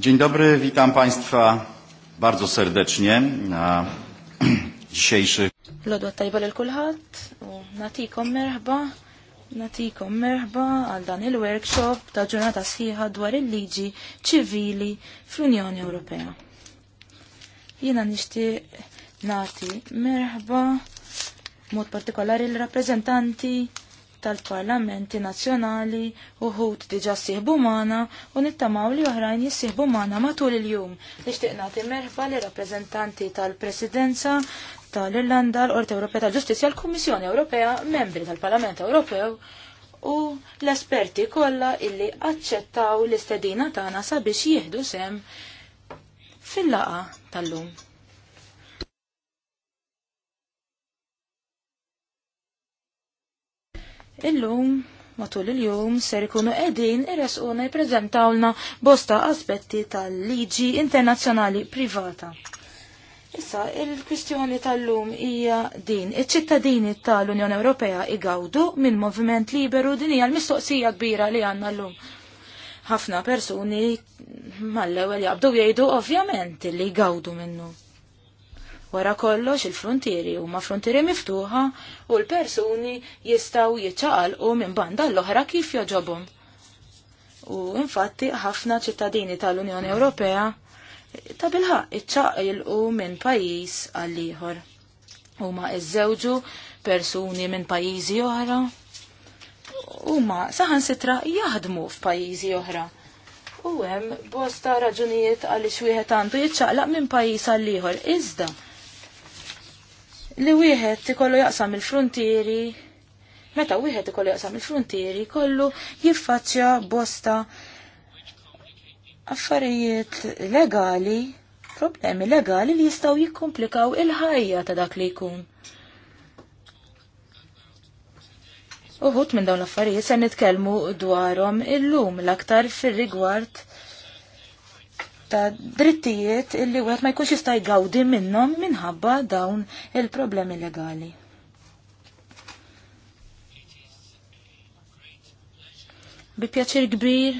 Dzień dobry, witam Państwa bardzo serdecznie na dzisiejszy. Lodwa tajba l-kulħat, u natikom merħba, natikom merħba għal dan il-workshop ta' ġurnata sħiħa dwar il-liġi ċivili fl-Unjoni Ewropea. Jiena nixti nati merħba mod partikolari l-rappresentanti tal-parlamenti nazzjonali uħut diġa siħbu mana u nittamaw li oħrajn jissieħbu mana matul il-jum. Nixtieq nagħti merħba li rappresentanti tal-Presidenza tal-Irlanda, l orta Ewropea tal-Ġustizzja, l-Kummissjoni Ewropea, membri tal-Parlament Ewropew u l-esperti kollha illi aċċettaw l-istedina tagħna sabiex jieħdu sem fil-laqa tal-lum. Illum, matul il-jum, ser ikunu edin irresquna jippreżentawlna bosta aspetti tal-liġi internazzjonali privata. Issa, il-kwistjoni tal-lum hija din. Iċ-ċittadini tal-Unjoni Ewropea igawdu minn moviment liberu din hija l-mistoqsija kbira li għandna llum. Ħafna persuni mal-ewwel jaqbdu jgħidu ovvjament li jgawdu minnu. Wara kollox il-frontieri huma frontieri miftuħa u l-persuni jistaw jiċċaqalqu minn banda l-oħra kif joġobhom. U infatti ħafna ċittadini tal-Unjoni Ewropea ta' bilħaq iċċaqilqu minn pajjiż għal ieħor. Huma iżżewġu persuni minn pajjiżi oħra huma saħansitra jaħdmu f'pajjiżi oħra. U hemm bosta raġunijiet għaliex wieħed għandu jiċċaqlaq minn pajjiż għal ieħor. Iżda li wieħed ikollu jaqsam il-frontieri meta wieħed ikollu jaqsam il-frontieri kollu jiffaċċja bosta affarijiet legali, problemi legali li jistgħu jikkomplikaw il-ħajja ta' dak li jkun. Uħut minn dawn l-affarijiet se nitkellmu dwarhom illum l-aktar fir-rigward ta' drittijiet illi wieħed ma jkunx jista' jgawdi minnhom minħabba dawn il-problemi legali. Bi pjaċir kbir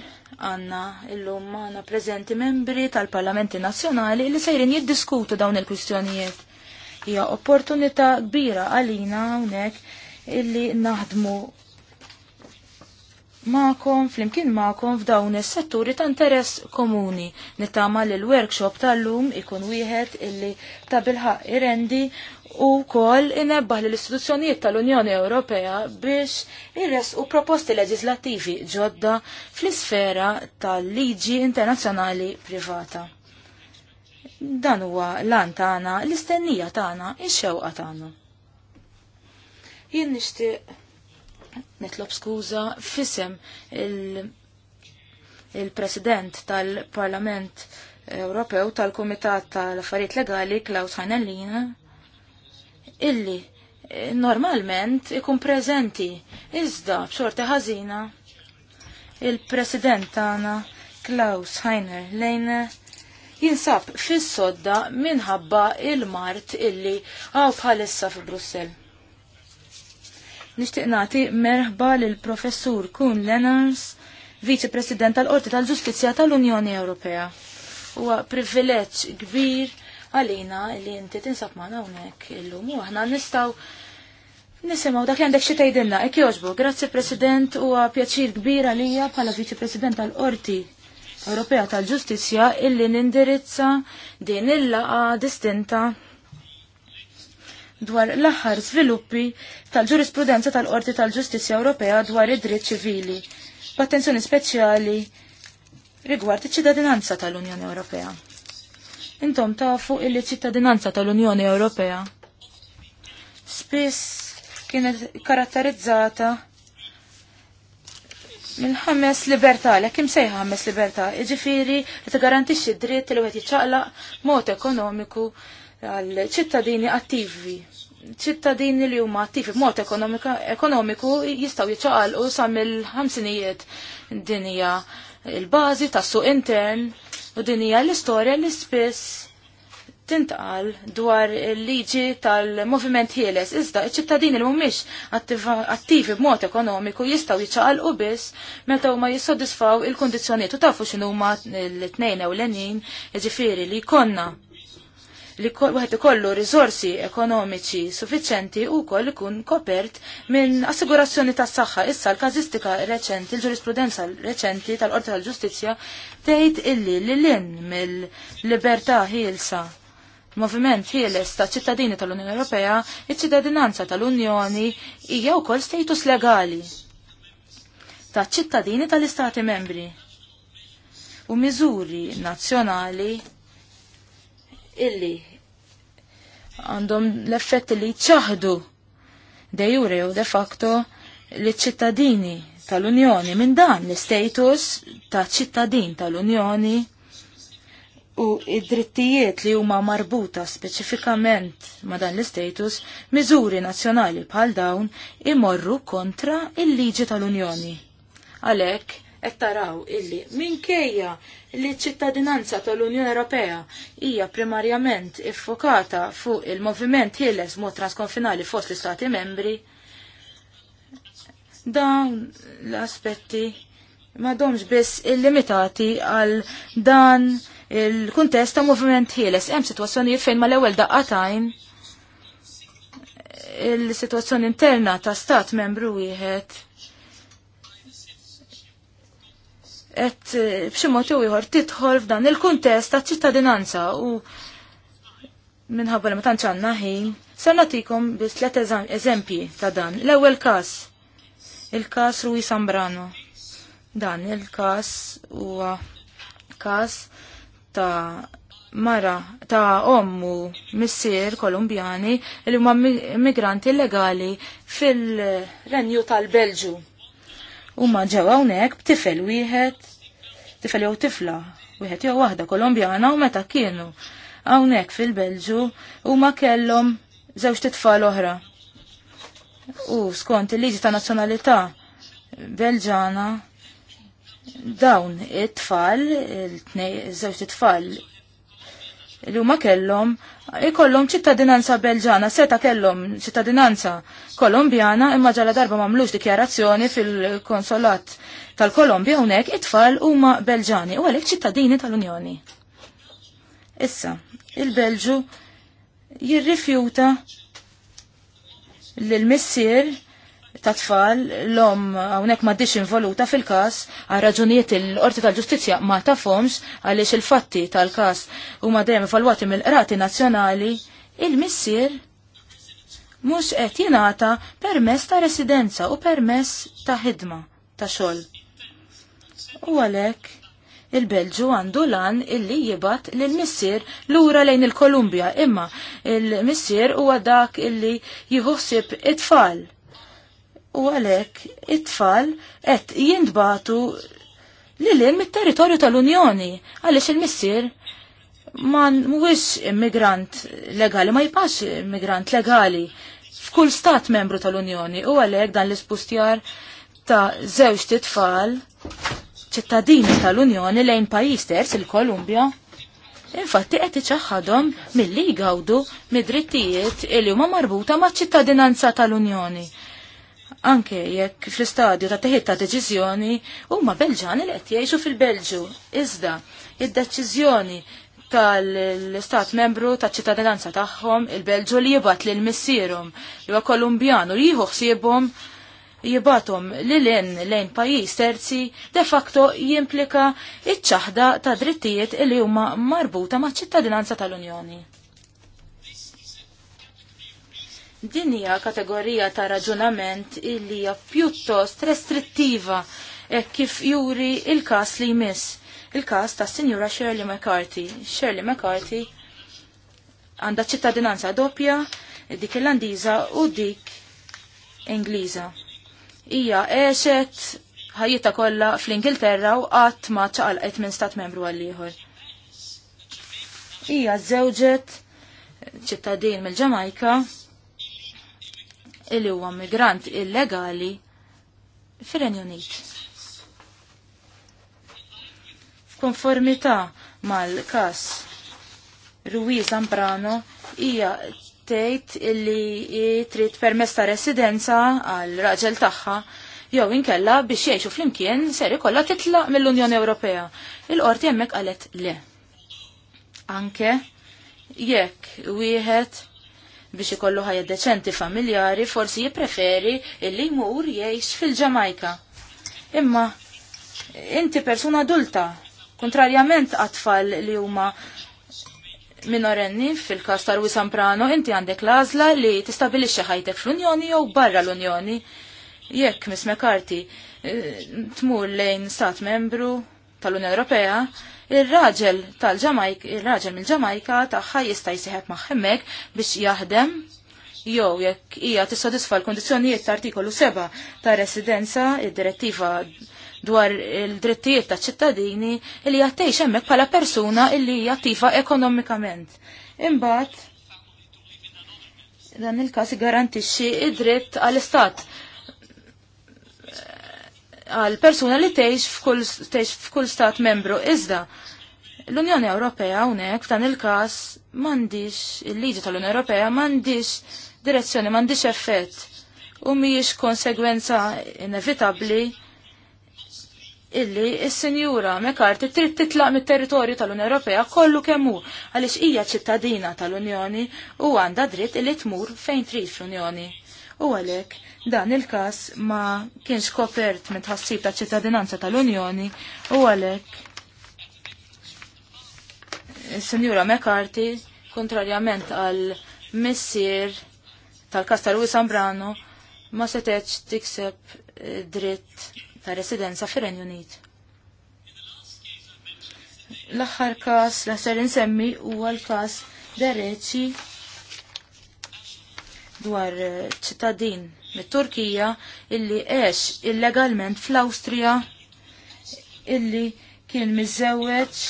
għanna illum għanna preżenti membri tal-Parlamenti Nazzjonali li sejrin jiddiskutu dawn il-kwistjonijiet. Hija opportunità kbira għalina hawnhekk illi naħdmu ma'kom flimkien ma'kom f'dawn is-setturi ta' interess komuni. Nittama li l-workshop tal-lum ikun wieħed illi ta' bilħaq irendi u kol inebbaħ l-istituzzjonijiet tal-Unjoni Ewropea biex irres u proposti leġislativi ġodda fl-isfera tal-liġi internazzjonali privata. Dan huwa lan tagħna, l-istennija tagħna, ix-xewqa tagħna. Jien nixtieq nitlob skuża fisem il-President il tal-Parlament Ewropew tal-Kumitat tal-Affarijiet Legali Klaus Heinellina illi eh, normalment ikun preżenti iżda b'xorta ħażina il-President tagħna Klaus Heiner Lejne jinsab fis-sodda minħabba il-mart illi għaw bħalissa fi Brussel. Nixtieq nagħti merħba lil professur Kun Lenars, Viċi President tal-Qorti tal-Ġustizzja tal-Unjoni Ewropea. Huwa privileġġ kbir għalina li inti tinsab magħna hawnhekk illum u aħna nistgħu Nisimaw, dak li għandek xi tgħidilna, ek jogħġbu, grazzi President, huwa pjaċir kbir għalija bħala Viċi President tal-Qorti Ewropea tal-Ġustizzja illi nindirizza din il-laqa distinta dwar l-aħħar sviluppi tal-ġurisprudenza tal-Qorti tal-Ġustizzja Ewropea dwar id-dritt ċivili, b'attenzjoni speċjali rigward iċ-ċittadinanza tal-Unjoni Ewropea. Intom tafu illi ċittadinanza tal-Unjoni Ewropea spiss kienet karatterizzata minn ħames libertà, l kim sejħa ħames libertà, iġifiri li t-garantixi dritt li għet jiċċaqlaq mod ekonomiku għal ċittadini attivi ċittadini li huma attivi b'mod ekonomiku jistgħu jiċċaqalqu sa mill-ħamsinijiet din hija l-bażi tas-suq intern u din hija l-istorja li spiss tintqal dwar il-liġi tal-moviment ħieles. Iżda iċ-ċittadini li mhumiex attivi b'mod ekonomiku jistgħu jiċċaqalqu biss meta huma jissodisfaw il-kundizzjonijiet u tafu x'inhuma l-tnejn ewlenin, jiġifieri li jkollna li wieħed ikollu rizorsi ekonomiċi suffiċenti u koll ikun kopert minn assigurazzjoni tas saħħa issa l-kazistika reċenti, l-ġurisprudenza reċenti tal-Qorti tal-Ġustizzja tgħid illi li l-in mill-libertà ħielsa moviment ħieles ta' ċittadini tal-Unjoni Ewropea, iċ-ċittadinanza tal-Unjoni hija wkoll status legali ta' ċittadini tal-Istati membri u miżuri nazzjonali illi għandhom l-effetti li ċaħdu de jure u de facto li ċittadini tal-Unjoni minn dan l-status ta' ċittadin tal-Unjoni u id-drittijiet li huma marbuta speċifikament ma' dan l-status miżuri nazzjonali bħal dawn imorru kontra il-liġi tal-Unjoni. Għalhekk qed taraw illi minkejja li ċ-ċittadinanza tal-Unjoni Ewropea hija primarjament iffokata fuq il-moviment ħieles mod transkonfinali fost l-Istati membri, dawn l-aspetti madomx biss illimitati għal dan il-kuntest ta' moviment ħieles. Hemm situazzjoni fejn mal-ewwel daqqatajn il-sitwazzjoni interna ta' stat membru wieħed et eh, b'ximot u ieħor titħol f'dan il-kuntest ta' ċittadinanza u minħabba li ma tantx għandna ħin, se nagħtikom bi tliet eżempji ta' dan. L-ewwel każ, il-każ Rui Sambrano. Dan il-każ huwa każ ta' mara ta' ommu missier kolumbjani li huma migranti illegali fil-renju tal-Belġu huma ġew hawnhekk b'tifel wieħed tifel jew tifla wieħed jew waħda Kolombjana u meta kienu hawnhekk fil-Belġu huma kellhom żewġ titfal oħra. U skont il-liġi ta' nazzjonalità Belġana dawn it-tfal, żewġ it-tfal li huma kellhom ikollhom ċittadinanza Belġana, seta kellhom ċittadinanza Kolombjana imma ġala darba m'għamlux dikjarazzjoni fil-konsolat tal-Kolombja hawnhekk it-tfal huma Belġani u għalhekk ċittadini tal-Unjoni. Issa, il-Belġu jirrifjuta l-missier ta' tfal l-om hawnhekk m'għaddix involuta fil-każ għal raġunijiet il-Qorti tal-Ġustizzja ma tafhomx għaliex il-fatti tal-każ huma dejjem evalwati mill-Qrati Nazzjonali, il-missier mhux qed jingħata permess ta' residenza u permess ta' ħidma ta' xogħol. U għalhekk il-Belġu għandu lan illi jibat l-missier lura lejn il-Kolumbja, imma il-missier huwa dak illi jħossib it-tfal u għalek it-tfal qed jindbatu lil mit-territorju tal-Unjoni għaliex il-missier ma mhuwiex immigrant legali, ma jibqa'x immigrant legali f'kull stat membru tal-Unjoni u għalek dan l-ispustjar ta' żewġ titfal ċittadini tal-Unjoni lejn pajjiż terz il-Kolumbja. Infatti qed iċaħħadhom milli jgawdu mid-drittijiet li huma marbuta maċ-ċittadinanza tal-Unjoni anke jekk fl-istadju ta' teħid ta' deċiżjoni huma Belġani li qed jgħixu fil-Belġu. Iżda id-deċiżjoni tal-istat membru ta' ċittadinanza tagħhom il-Belġu li jibgħat lil missierhom li huwa Kolumbjanu li jieħu ħsiebhom jibatom li l-in lejn pajis terzi de facto jimplika iċ-ċaħda ta' drittijiet li huma marbuta ma' ċittadinanza tal-Unjoni. Din hija kategorija ta' raġunament illi hija pjuttost restrittiva hekk kif juri il-każ li jmiss. Il-każ ta' Sinjura Shirley McCarthy. Shirley McCarthy għandha ċittadinanza doppja, dik irlandiża u dik Ingliża. Hija għexet ħajjita kollha fl-Ingilterra u qatt ma ċaqalqet minn stat membru għal ieħor. Hija żewġet ċittadin mill-Ġamajka illi huwa migrant illegali fil renju Unit. F'konformità mal-każ Ruiz Ambrano hija tgħid illi trid permess ta' residenza għal raġel tagħha jew inkella biex jgħixu flimkien ser ikollha titlaq mill-Unjoni Ewropea. Il-qorti hemmhekk qalet le. Anke jekk wieħed biex ikollu ħajja deċenti familjari forsi jippreferi illi jmur jgħix fil-Ġamajka. Imma inti persuna adulta, kontrarjament għat-tfal li huma minorenni fil-kas tar Samprano, inti għandek lażla li tistabilixxi ħajtek fl-Unjoni jew barra l-Unjoni. Jekk Miss McCarthy eh, tmur lejn stat membru tal-Unjoni Ewropea, ir-raġel tal ġamajk ir-raġel mill-Ġamajka tagħha jista' jseħeb maħemmek biex jaħdem jew jekk hija tissodisfa l-kondizzjonijiet ta' artikolu 7 ta' residenza id-direttiva dwar il-drittijiet ta' ċittadini li jattejx hemmhekk bħala persuna illi hija attiva ekonomikament. Imbagħad dan il-każ garantixxi id-dritt għall-istat għal persuna li tgħix f'kull stat membru. Iżda, l-Unjoni Ewropea hawnhekk f'dan il-każ m'għandix il-liġi tal-Unjoni Ewropea m'għandix direzzjoni, m'għandix effett u mhijiex konsegwenza inevitabbli illi s-Sinjura Mekarti trid titlaq mit-territorju tal-Unjoni Ewropea kollu kemm hu għaliex hija ċittadina tal-Unjoni u għandha dritt illi tmur fejn trid fl-Unjoni u għalhekk dan il-każ ma kienx kopert me tħassib ta' ċittadinanza tal-Unjoni u għalhekk il sinjura McCarthy kontrarjament għal missier tal-każ tal-Wisam Brano ma setgħetx tikseb eh, dritt ta' residenza fir-Renju Unit. L-aħħar każ la ser insemmi huwa l-każ Dereċi dwar eh, ċittadin mit-Turkija illi għex illegalment fl-Awstrija illi kien miżewweġ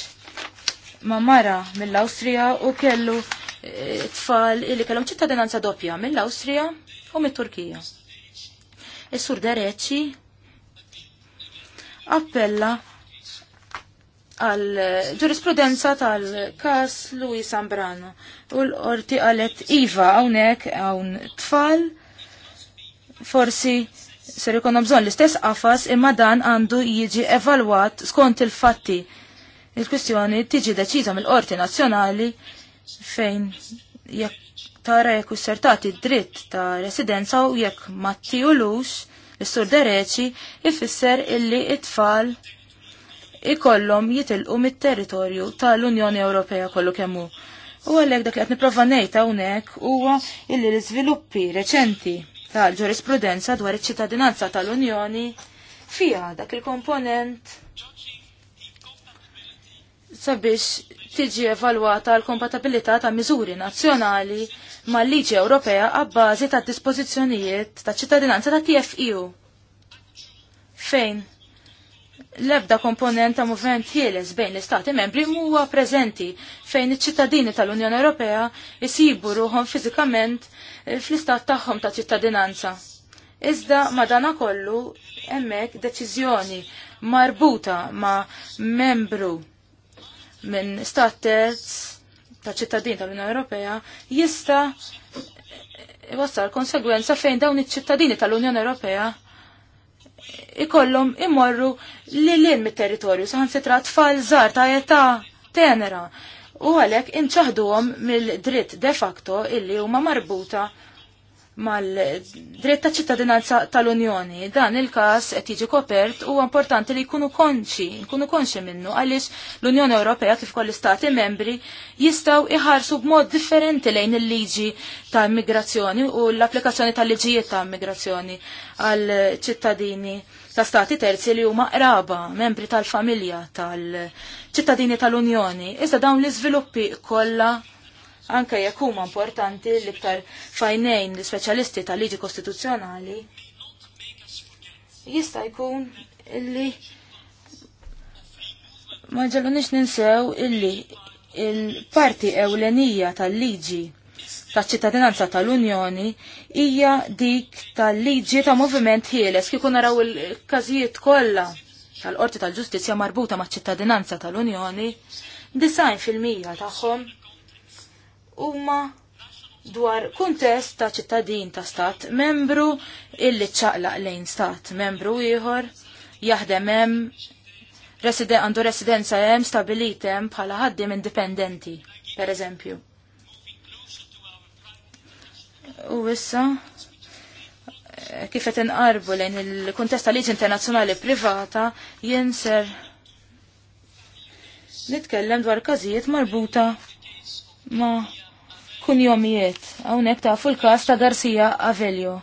ma' mara mill-Awstrija u kellu eh, tfal illi kellhom ċittadinanza doppja mill-Awstrija u mit-Turkija. Is-sur Dereċi appella għal ġurisprudenza tal-kas Luis Ambrano. U l-qorti għalet Iva għawnek għawn tfal, forsi ser ikon bżon l-istess qafas imma dan għandu jiġi evalwat skont il-fatti. Il-kwistjoni tiġi deċiża mill-qorti nazzjonali fejn jekk tara jekk sertati dritt ta' residenza u jekk ma tiulux l-sur dereċi ifisser illi it-tfal it tfal ikollhom jitilqu mit-territorju tal-Unjoni Ewropea kollu kemm hu. U għalhekk dak li qed nipprova ngħid hawnhekk huwa illi l-iżviluppi reċenti tal-ġurisprudenza dwar iċ-ċittadinanza tal-Unjoni fiha dak il-komponent sabiex tiġi evalwata l-kompatibilità ta' miżuri nazzjonali mal-liġi Ewropea għabbażi ta' dispożizzjonijiet ta' ċittadinanza ta' TFEU. Fejn? l-ebda komponent ta' movement bejn l-istati membri huwa preżenti fejn iċ-ċittadini tal-Unjoni Ewropea jisibu ruħom fiżikament eh, fl-istat tagħhom ta' ċittadinanza. Iżda madana kollu hemmhekk deċiżjoni marbuta ma' membru minn stat terz ta' ċittadin tal-Unjoni Ewropea jista' iwassal konsegwenza fejn dawn iċ-ċittadini tal-Unjoni Ewropea ikollhom imorru li lin mit-territorju sitra tfal żgħar ta' età tenera u għalhekk inċaħduhom mill-dritt de facto illi huma marbuta mal-dritt ta' ċittadinanza tal-Unjoni. Dan il-kas qed jiġi kopert u importanti li jkunu konxi, jkunu konxi minnu għaliex l-Unjoni Ewropea kif koll istati membri jistgħu iħarsu b'mod differenti lejn il-liġi ta' immigrazzjoni u l-applikazzjoni tal-liġijiet ta' immigrazzjoni għal ċittadini ta' stati terzi li huma qraba, membri tal-familja tal-ċittadini tal-Unjoni. Iżda dawn l-iżviluppi kollha anke jekk huma importanti l-iktar fajnejn l-speċjalisti tal-liġi kostituzzjonali jista' jkun illi ma ġellunix ninsew illi il-parti ewlenija tal-liġi taċ-ċittadinanza tal-Unjoni hija dik tal-liġi ta' moviment ħieles kieku naraw il-każijiet kollha tal-Qorti tal-Ġustizzja marbuta maċ-ċittadinanza tal-Unjoni, design fil-mija tagħhom huma dwar kuntest ta' ċittadin ta' stat membru illi ċaqlaq lejn stat membru ieħor jaħdem hemm residen, għandu residenza hemm stabilitem hemm bħala ħaddiem indipendenti, per eżempju. U issa kif qed inqarbu lejn il-kuntest tal-liġi internazzjonali privata jinser nitkellem dwar każijiet marbuta ma' kunjomijiet hawnhekk tafu l-każ ta' Garcia Avelio.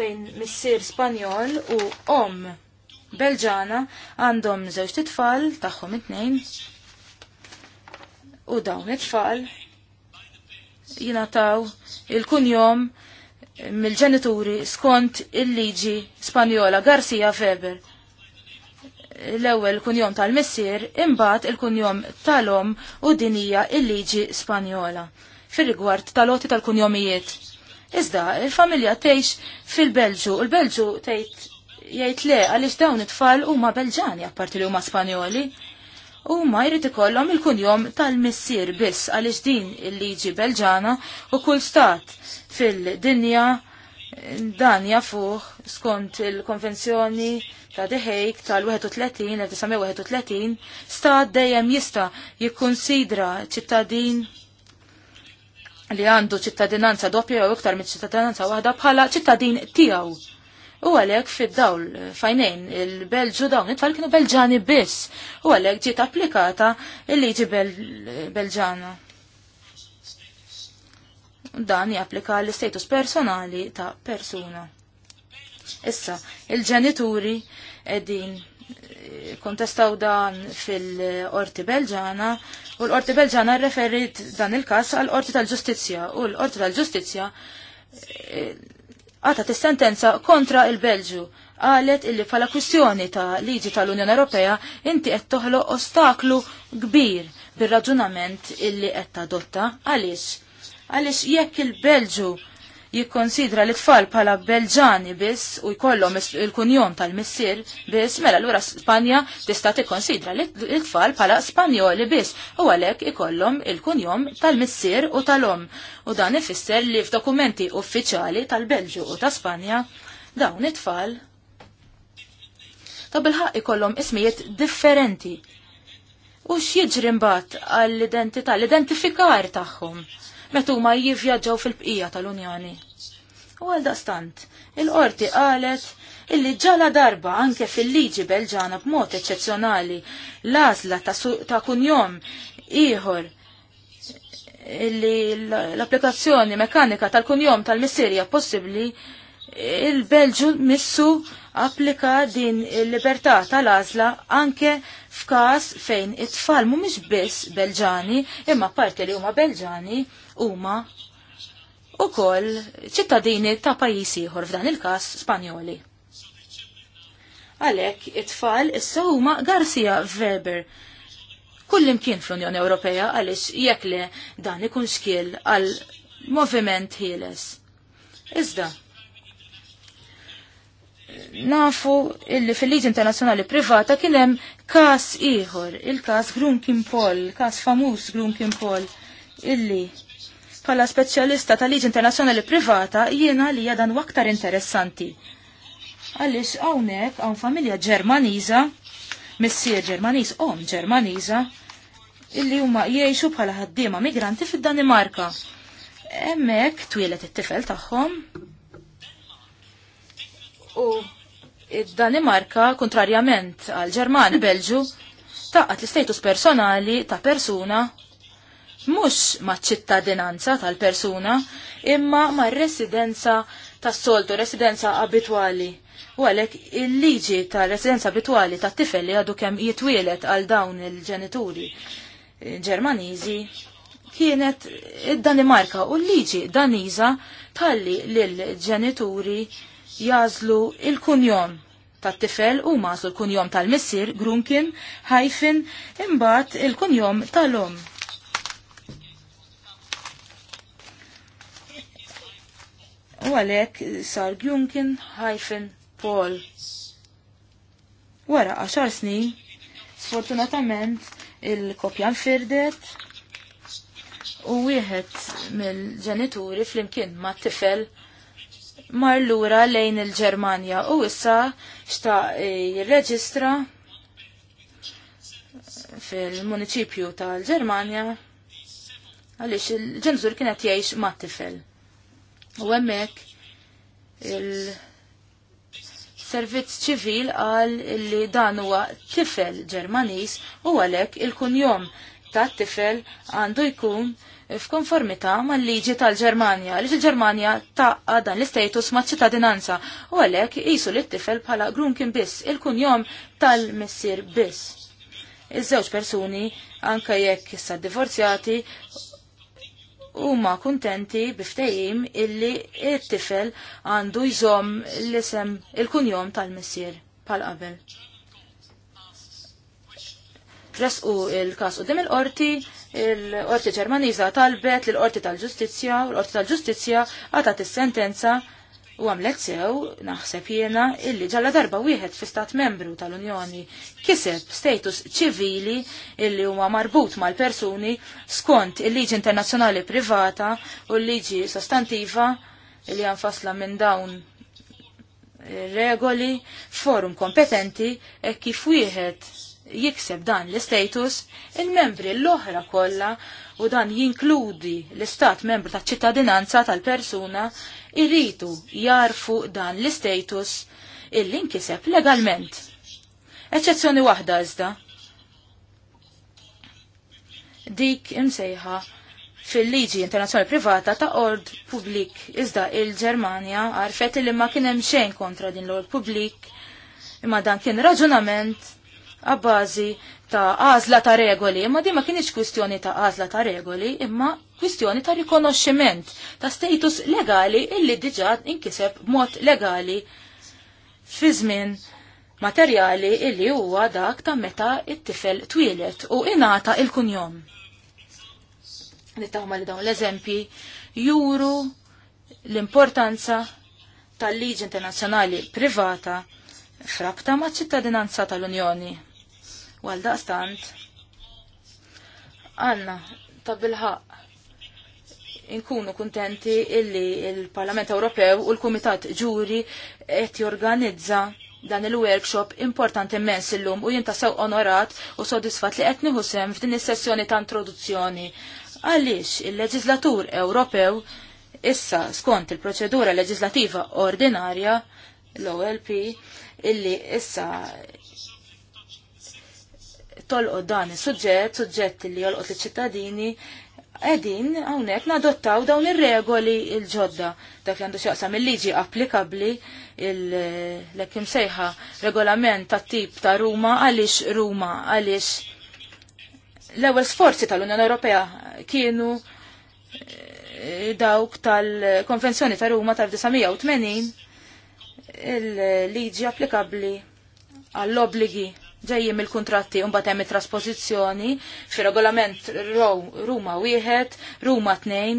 Fejn missier Spanjol u om Belġana għandhom żewġ titfal tagħhom it-tnejn u dawn it-tfal jinataw il-kunjom mill-ġenituri skont il-liġi Spanjola Garcia Feber. L-ewwel kunjom tal-missier imbagħad il-kunjom tal-om u dinija il-liġi Spanjola fil rigward tal-oti tal-kunjomijiet. Iżda, il-familja tgħix fil-Belġu, u l-Belġu tgħid jajt le għaliex dawn it-tfal huma Belġani apparti li huma Spanjoli huma jrid ikollhom il-kunjom tal-missier biss għaliex din il-liġi Belġana u kull stat fil-dinja dan jafuh skont il-konvenzjoni ta' The Hague tal-31 1931 stat dejjem jista' jikkonsidra ċittadin li għandu ċittadinanza doppja jew iktar minn ċittadinanza waħda bħala ċittadin tiegħu U għalek fid-dawl fajnejn il-Belġu dawn it-tfal kienu Belġani biss. U għalek ġiet applikata il-liġi Belġana. Dan japplika l-istatus personali ta' persuna. Issa, il-ġenituri edin eh, kontestaw dan fil-Orti Belġana u l-Orti Belġana referit dan il-kas għal-Orti tal-Ġustizja u l-Orti tal-Ġustizja eh, għatat is-sentenza kontra il-Belġu qalet illi pala kwistjoni ta' liġi tal-Unjoni Ewropea inti qed toħloq ostaklu kbir bir-raġunament illi qed tadotta għaliex. Għaliex jekk il-Belġu jikkonsidra li tfal bħala Belġani biss u jkollhom il-kunjon tal-missier biss, mela allura Spanja tista' tikkonsidra li tfal bħala Spanjoli biss u għalhekk ikollhom il-kunjom tal-missier u tal-om. U dan ifisser li f'dokumenti uffiċjali tal-Belġu u ta' Spanja dawn it-tfal ta' bilħaq ikollhom ismijiet differenti. U x'jiġri mbagħad għall-identità, l-identifikar tagħhom metu huma jivvjaġġaw fil-bqija tal-Unjoni. U għal daqstant, il-qorti qalet illi ġala darba anke fil-liġi Belġana b'mod eċċezzjonali l-għażla ta', ta kunjom ieħor illi l-applikazzjoni mekanika tal-kunjom tal-missirja possibbli il-Belġu missu applika din il-libertà tal azla anke f'każ fejn it-tfal mhumiex biss Belġani imma parti li huma Belġani huma ukoll ċittadini ta' pajjiż ieħor f'dan il-każ Spanjoli. Għalhekk it-tfal issa huma Garcia Weber kullimkien fl-Unjoni Ewropea għaliex jekk le dan ikun xkiel għal moviment ħieles. Iżda, nafu illi fil-liġi internazzjonali privata kien hemm każ ieħor, il-każ Grunkin Pol, każ famuż Grunkin Pol, illi Pala speċjalista tal-liġi internazzjonali privata jiena li dan waktar interessanti. Għaliex hawnhekk hawn familja Ġermaniża, missier Ġermaniż, om Ġermaniża, illi huma jgħixu bħala ħaddiema migranti fid-Danimarka. Hemmhekk twilet it-tifel tagħhom. U id-Danimarka, kontrarjament għal Ġermani Belġu, taqqat l-istatus personali ta' persuna mhux maċ-ċittadinanza tal-persuna imma mar-residenza tas-soltu, residenza abitwali. U għalhekk il-liġi tal-residenza abitwali tat-tifel li għadu kemm jitwielet għal dawn il-ġenituri Ġermaniżi kienet id-Danimarka u l-liġi Daniża talli lill-ġenituri jażlu il-kunjon tat-tifel u mażlu l-kunjom tal-missier Grunkin, ħajfin, imbagħad il-kunjom tal-om. U għalek sar Junkin, hyphen Paul. Wara għaxar snin, sfortunatament il-kopja nfirdet u wieħed mill-ġenituri flimkien ma' tifel mar lura lejn il-Ġermanja u issa xta jirreġistra fil-municipju tal-Ġermanja għalix il ġenzur kienet jgħix ma' tifel. U hemmhekk il-servizz ċivil qal li dan huwa tifel Ġermaniż u għalhekk il-kunjom ta' tifel għandu jkun f'konformità mal-liġi tal-Ġermanja, Liġi il-Ġermanja taqqa dan l-istatus ma' ċittadinanza u għalhekk qisu lit-tifel bħala grunkin biss, il-kunjom tal-missier biss. Iż-żewġ persuni anka jekk issa divorzjati huma kuntenti biftejim illi it-tifel għandu jżomm l-isem il-kunjom tal-missier pal qabel. Tresqu il-kas u dim il-qorti, il-qorti ġermaniza talbet l-qorti tal-ġustizja, l-qorti tal-ġustizja għatat il sentenza U għamlet sew naħseb jiena illi ġalla darba wieħed fi stat membru tal-Unjoni kiseb status ċivili illi huwa marbut mal-persuni skont il-liġi internazzjonali privata u l-liġi sostantiva illi għanfasla minn dawn regoli forum kompetenti e kif wieħed jikseb dan l-status il-membri l-oħra kollha u dan jinkludi l-istat membru ta' ċittadinanza tal-persuna irritu jarfu dan l-istatus illi nkiseb legalment. Eċezzjoni waħda iżda. Dik imsejħa fil-liġi internazzjonali privata ta' ord publik iżda il-Ġermanja għarfet li ma kien hemm xejn kontra din l-ord publik imma dan kien raġunament għabbażi ta' għażla ta' regoli, imma di ma kienx kwistjoni ta' għażla ta' regoli, imma kwistjoni ta' rikonoxximent ta' status legali illi diġà inkiseb mod legali fi żmien materjali illi huwa dak ta' meta it-tifel twilet u inata il-kunjom. Nittaħma li dawn l-eżempji juru l-importanza tal-liġi internazzjonali privata frabta ma' ċittadinanza tal-Unjoni. Għal daqstant, għanna ta' bilħaq inkunu kuntenti illi il-Parlament Ewropew u l-Kumitat Ġuri qed jorganizza dan il-workshop importanti immens illum u jintasaw onorat u sodisfat li qed nieħu sem f'din is-sessjoni ta' introduzzjoni. Għaliex il-Leġislatur Ewropew issa skont il-proċedura leġislativa ordinarja l-OLP illi issa tolqod dan is-suġġett, suġġetti li jolqot l-ċittadini, edin għawnek nadottaw dawn ir-regoli il-ġodda. Dak li għandu xaqsam il-liġi applikabli l-ekim sejħa regolament ta' tip ta' Ruma għalix Ruma għalix l-ewel sforzi tal-Unjoni Ewropea kienu eh, dawk tal-Konvenzjoni ta' Ruma tal-1980 il-liġi applikabli għall-obligi ġejjem il-kontratti un batem il-trasposizjoni fi regolament Ruma wieħed, Ruma tnejn,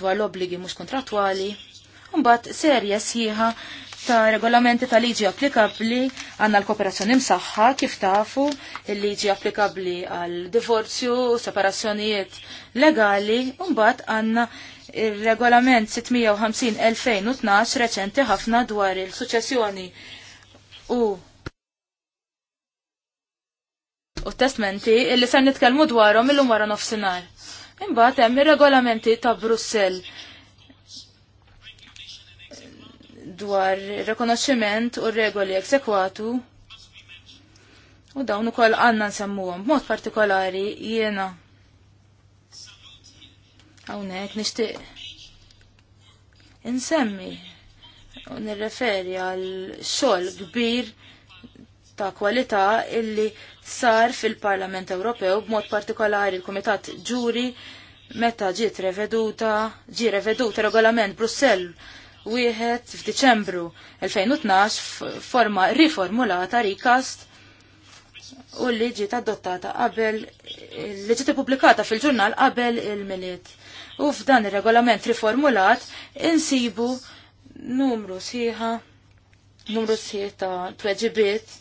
dwar l-obligi mux kontratwali, un-bat serja sħiħa ta' regolamenti ta' liġi applikabli għanna l-kooperazzjoni msaħħa kif tafu il-liġi applikabli għal divorzju, separazzjonijiet legali, un-bat għanna il-regolament 650-2012 reċenti ħafna dwar il-suċessjoni u u testmenti illi ser nitkellmu dwarhom illum wara nofsinhar. Imbagħad hemm ir-regolamenti ta' Brussell dwar rekonoxximent u regoli eksekwatu u dawn ukoll għandna nsemmuhom b'mod partikolari jiena. Hawnhekk nixtieq insemmi u nirreferi għal xogħol kbir ta' kwalità illi sar fil-Parlament Ewropew b'mod partikolari l-Kumitat Ġuri meta ġiet reveduta, ġi reveduta regolament Brussell wieħed f'Diċembru 2012 forma riformulata rikast u li ġiet adottata qabel li ġiet pubblikata fil-ġurnal qabel il-miliet. U f'dan ir-regolament riformulat insibu numru sħiħa numru sħiħ ta' tweġibiet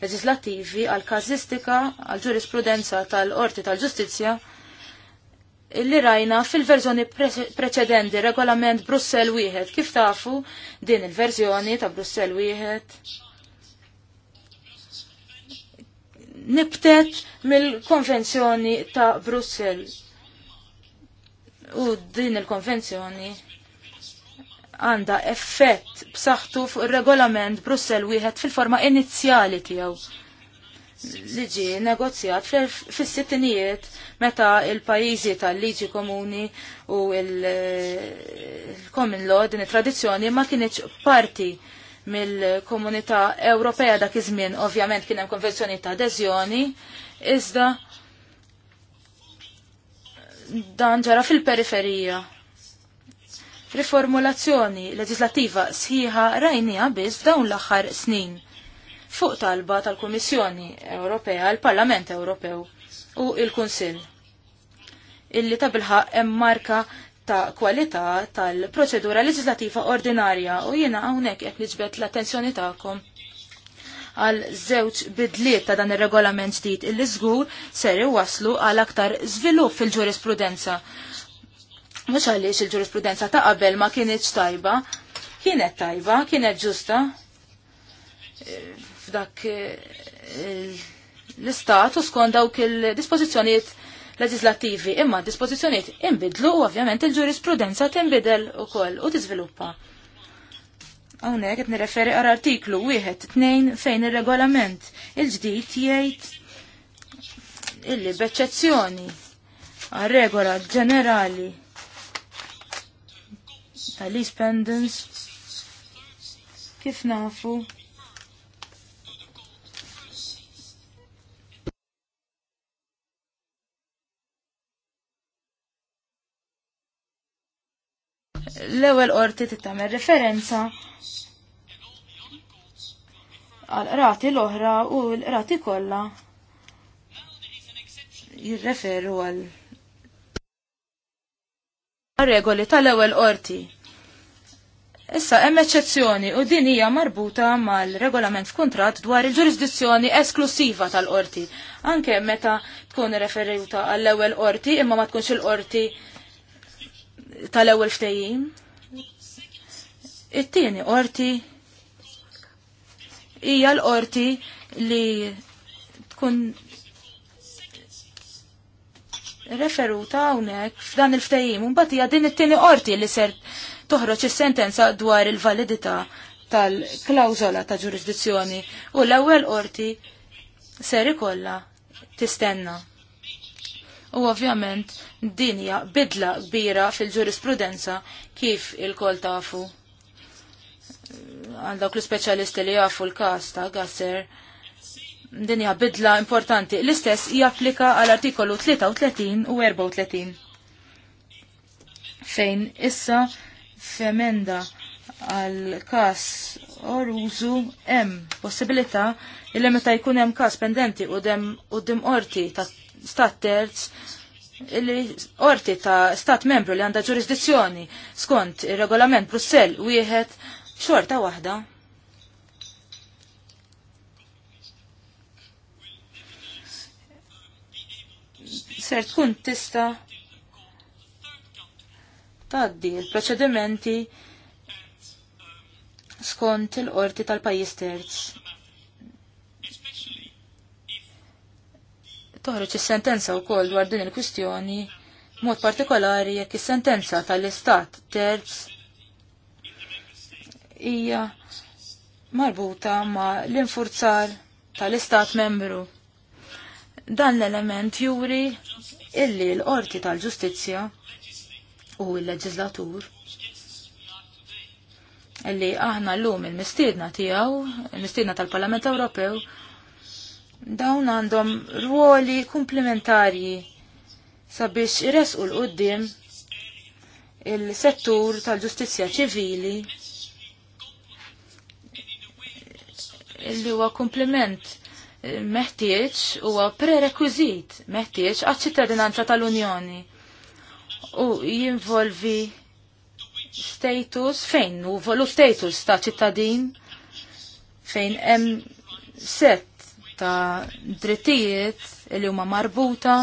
leġislattivi għal kazistika għal ġurisprudenza tal-Qorti tal-Ġustizzja illi rajna fil-verżjoni preċedenti regolament Brussel wieħed. Kif tafu din il-verżjoni ta' Brussel wieħed nibtet mill-konvenzjoni ta' Brussel. U din il-konvenzjoni għandha effett b'saħħtu fuq ir-regolament Brussell wieħed fil-forma inizjali tiegħu li ġie negozjat fis-sittinijiet meta il-pajjiżi tal-liġi komuni u l-common law din it-tradizzjoni ma kienx parti mill-komunità Ewropea dak iż-żmien ovvjament kien hemm konvenzjoni ta' adeżjoni iżda dan ġara fil-periferija Riformulazzjoni leġislattiva sħiħa rajnija biss f'dawn l-aħħar snin fuq talba tal-Kummissjoni Ewropea, l-Parlament Ewropew u il-Kunsill illi tabilħa hemm emmarka ta' kwalità tal-proċedura leġislativa ordinarja u jiena hawnhekk qed niġbed l-attenzjoni tagħkom għal żewġ bidliet ta' dan ir-regolament ġdid illi żgur ser iwasslu għal aktar żvilupp fil-ġurisprudenza Mux għaliex il-ġurisprudenza ta' qabel ma kienieċ tajba, kienet tajba, kienet ġusta e, f'dak e, l-istat u skont dawk il-dispożizzjonijiet leġislattivi, imma dispożizzjonijiet imbidlu u ovvjament il-ġurisprudenza tinbidel ukoll u tiżviluppa. Hawnhekk qed nirreferi għal artiklu wieħed tnejn fejn ir-regolament il-ġdid jgħid illi b'eċċezzjoni għar regola ġenerali Alice Pendens kif nafu l-ewwel qorti tagħmel referenza għal qrati l-oħra u l-qrati kollha jirreferu għal regoli tal-ewwel qorti. Issa hemm eċċezzjoni u din hija marbuta mal-regolament f'kuntratt dwar il-ġurisdizzjoni esklusiva tal-qorti. Anke meta tkun referuta għall-ewwel qorti imma ma tkunx il-qorti tal-ewwel ftehim. It-tieni qorti hija l-qorti li tkun referuta hawnhekk f'dan il-ftehim un mbagħad hija din it-tieni qorti li ser toħroġ is-sentenza dwar il-validità tal klawzola ta' ġurisdizzjoni u l-ewwel qorti ser ikolla tistenna. U ovvjament din hija bidla kbira fil-ġurisprudenza kif il-kol tafu għal dawk l-speċjalisti li jafu l-każ ta' Gasser dinja bidla importanti. L-istess japplika għal artikolu 33 u 34. Fejn issa f'emenda għal kas orużu hemm possibilità il meta jkun hemm kas pendenti u dem u dem orti ta' stat terz illi orti ta' stat membru li għandha ġurisdizzjoni skont ir-regolament Brussell wieħed xorta waħda ser tkun tista' tgħaddi l-proċedimenti skont il-qorti tal-pajjiż terz. Toħroġ is-sentenza wkoll dwar din il-kwistjoni mod partikolari jekk is-sentenza tal-istat terz hija marbuta ma l-infurzar tal-istat membru. Dan l-element juri illi l-qorti tal-ġustizzja u l-leġislatur illi aħna l-lum il-mistidna tijaw, il-mistidna tal-Parlament Ewropew, dawn għandhom ruoli komplementarji sabiex u l-qoddim il-settur tal-ġustizja ċivili illi huwa komplement meħtieġ huwa prerekwiżit meħtieġ għaċ-ċittadinanza tal-Unjoni u jinvolvi status fejn u volu status ta' ċittadin fejn hemm set ta' drittijiet li huma marbuta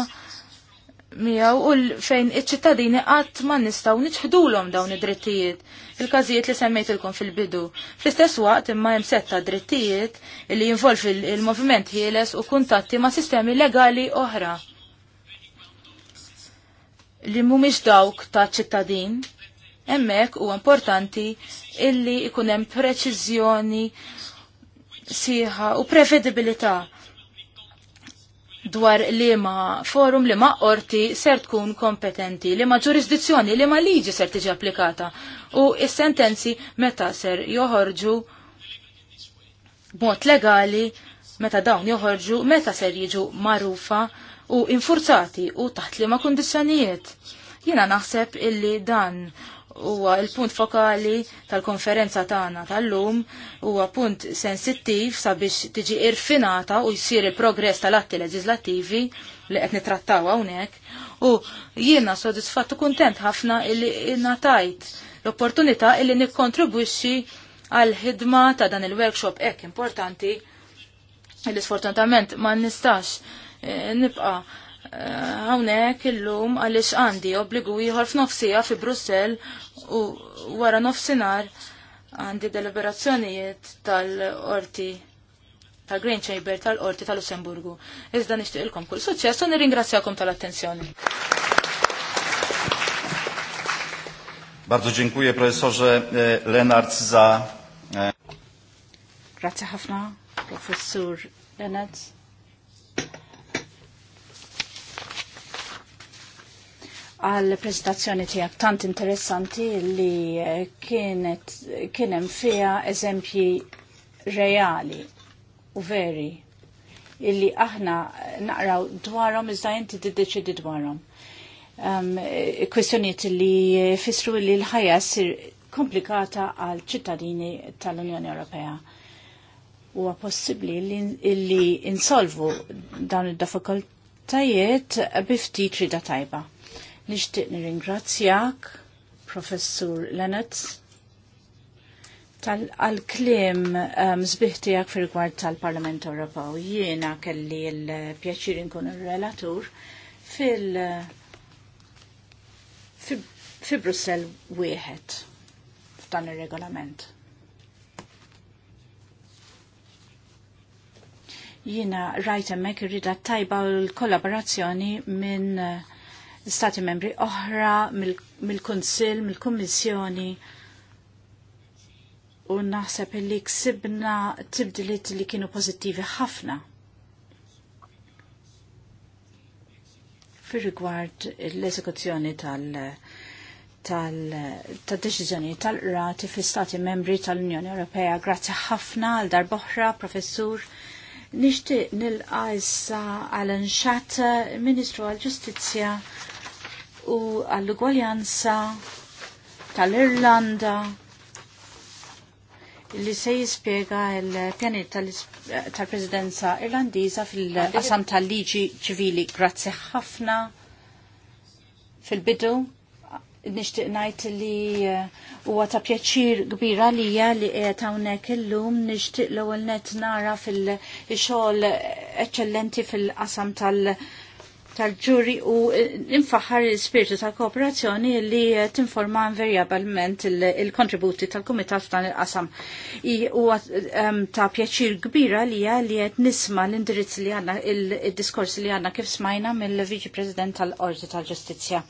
miegħu u fejn iċ-ċittadini qatt ma nistgħu niċħdulhom dawn id-drittijiet il-każijiet li semmejtilkom fil-bidu. Fl-istess waqt imma hemm setta drittijiet li jinvolvi il movement ħieles u kuntatti ma' sistemi legali oħra li mhumiex dawk ta' ċittadin. Hemmhekk huwa importanti illi ikun hemm preċiżjoni siħa u prevedibilità dwar li ma forum li ma qorti ser tkun kompetenti, li ma ġurisdizzjoni, li ma liġi ser tiġi applikata u is-sentenzi meta ser joħorġu b'mod legali meta dawn joħorġu meta ser jiġu marufa u infurzati u taħt li ma kundizzjonijiet. Jiena naħseb illi dan huwa il-punt fokali tal-konferenza tagħna tal-lum huwa punt sensittiv sabiex tiġi irfinata u jsir il-progress tal-atti leġislattivi li qed nitrattaw hawnhekk u jiena sodisfatt u kuntent ħafna illi ngħatajt l-opportunità illi nikkontribwixxi għal ħidma ta' dan il-workshop hekk importanti illi sfortunatament ma nistax eh, nibqa' eh, hawnhekk illum għaliex għandi obbligu ieħor f'nofsija fi Brussell u wara nofsinar għandi deliberazzjonijiet tal-orti tal Green Chamber tal-Orti tal-Lussemburgu. Iżda nixtieqilkom kull suċċess u nirringrazzjakom tal-attenzjoni. Bardzo dziękuję profesorze e, Lenart za e, Grazie ħafna, professur Lenart. għal prezentazzjoni tiegħek tant interessanti li eh, kienet kienem fija eżempji reali u veri illi aħna naqraw dwarhom iżda inti tiddeċidi dwarhom. Um, Kwestjonijiet li fissru li l-ħajja sir komplikata għal ċittadini tal-Unjoni Ewropea. Huwa possibbli li insolvu dawn id-diffikultajiet biftit rida tajba Nixtieq nirringrazzjak, Professur Lennet tal-klim zbihtijak um, fil gwart tal-Parlament Ewropew. Jiena kelli l-pjaċir nkun il relatur fil- fi Brussel wieħed f'dan ir-regolament. Jiena rajt hemmhekk irrida tajba l-kollaborazzjoni minn uh, stati membri oħra mill-Kunsill, mill-Kummissjoni u naħseb li ksibna tibdilit li kienu pozittivi ħafna. fir rigward l-esekuzzjoni tal- tal-deċiżjoni tal tal-rati fi stati membri tal-Unjoni Ewropea. Grazzi ħafna għal darboħra, professur. Nishtiq nil issa għal nxat Ministru għal Ġustizzja u għall-ugwaljanza tal-Irlanda li se jispiega il-pjani tal-Presidenza Irlandiza fil-qasam tal-liġi ċivili. Grazzi ħafna fil-bidu nishtiq najt li eh, huwa ta' pjaċir li għalija li qiegħed hawnhekk illum nixtieq l-ewwel net nara fil-xogħol eċċellenti fil-qasam tal-liġi tal-ġuri u infaħar l-spiritu tal-kooperazzjoni li tinforma invariablement il-kontributi tal-Kumitat f'dan il-qasam. U ehm, ta' pjaċir kbira li li qed nisma l-indirizz li għanna il-diskors li għanna kif smajna mill-Viċi President tal-Ordi tal-Ġustizzja.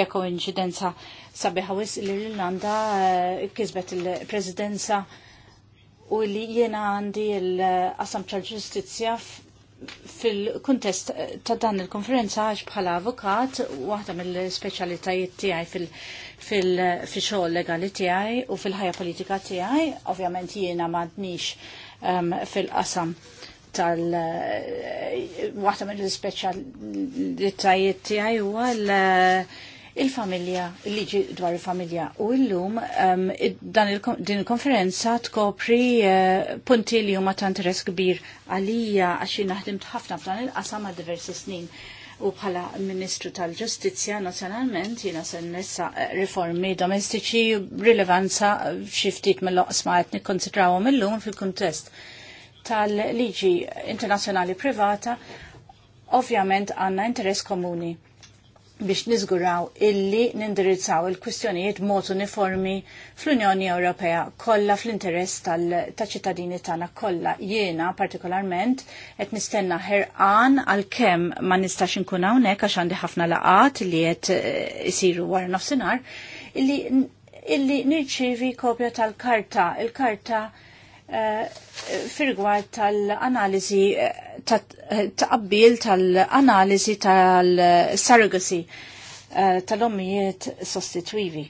Jekk inċidenza sabiħawis li l-Irlanda eh, kisbet il-Presidenza u li jiena għandi l-qasam tal-ġustizja fil-kontest ta' dan il-konferenza għax bħala avukat, waħda mill-speċalitajiet tiegħi fil-xogħol legali tiegħi u fil-ħajja politika tiegħi, ovvjament jiena m'għandniex um, fil-qasam tal waħda mill-speċalitajiet tiegħi huwa l- il-familja, liġi dwar il-familja. U illum um, din il-konferenza tkopri uh, punti li huma ta' interess kbir għalija għax naħdim ħafna f'dan il-qasam għal diversi snin. U bħala Ministru tal-Ġustizzja nazzjonalment jiena se nessa uh, riformi domestiċi rilevanza ftit mill-oqsma qed nikkonsidrawhom illum fil-kuntest tal-liġi internazzjonali privata ovvjament għandna interess komuni biex nizguraw illi nindirizzaw il-kwistjonijiet mod uniformi fl-Unjoni Ewropea kollha fl-interess tal-ċittadini tagħna kollha. Jiena partikolarment qed nistenna ħerqan għal kemm ma nistax inkun hawnhekk għax għandi ħafna laqat li qed eh, isiru wara nofsinhar illi illi nirċievi kopja tal-karta, il-karta il karta Eh, Firgwar tal-analizi eh, eh, taqbil tal-analizi tal-surrogacy tal-ommijiet sostitwivi.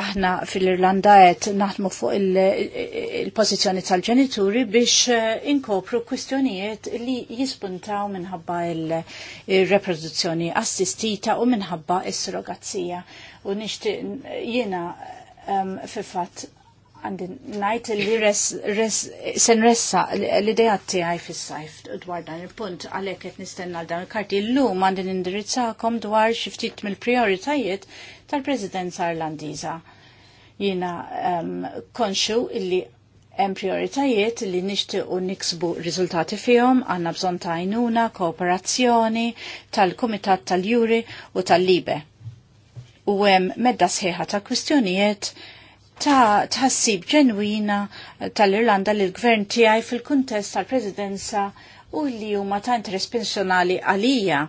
Aħna fil-Irlanda qed naħdmu fuq il-pożizzjoni tal-ġenituri biex inkopru kwistjonijiet li jispuntaw minħabba il-reproduzzjoni assistita u minħabba il surrogazzija U nixtieq jina um, fil fat għandin najt li sen ressa l-idejat tiegħi fis-sajf dwar dan il-punt għalhekk qed nistenna għal dan il-karti llum għandin indirizzakom dwar xi ftit mill prioritajiet tal-Presidenza Irlandiża. Jiena um, konxu illi hemm prioritajiet li nixtiequ niksbu riżultati fihom għandna bżonn ta' għajnuna, kooperazzjoni tal-Kumitat tal-Juri u tal-Libe. U hemm medda sħiħa ta' kwistjonijiet ta' tħassib ġenwina tal-Irlanda li l gvern tiegħi fil-kuntest tal-Presidenza u li huma ta' interess pensjonali għalija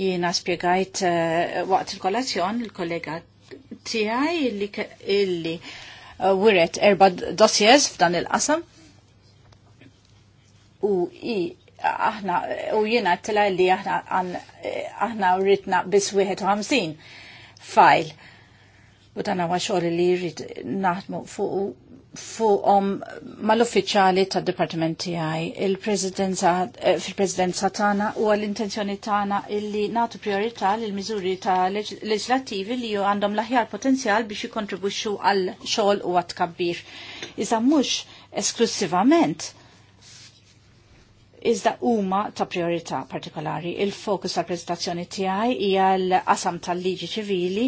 jiena spjegajt uh, waqt il-kolazzjon il-kollega tiegħi illi, li uh, eh, wiret erba dossiers f'dan il-qasam u i aħna u jiena tela li aħna eh, aħna rritna bis 51 file u dan huwa li jrid naħdmu fuq fuqhom mal-uffiċjali tad-dipartiment tiegħi il-Presidenza eh, fil-Presidenza tagħna u l-intenzjoni tagħna illi nagħtu priorità l miżuri ta' leġislattivi li għandhom l-aħjar potenzjal biex jikontribwixxu għal xogħol u għat kabbir. Iżda esklusivament iżda huma ta' priorità partikolari. Il-fokus tal-prezentazzjoni tiegħi hija l-qasam tal-liġi ċivili,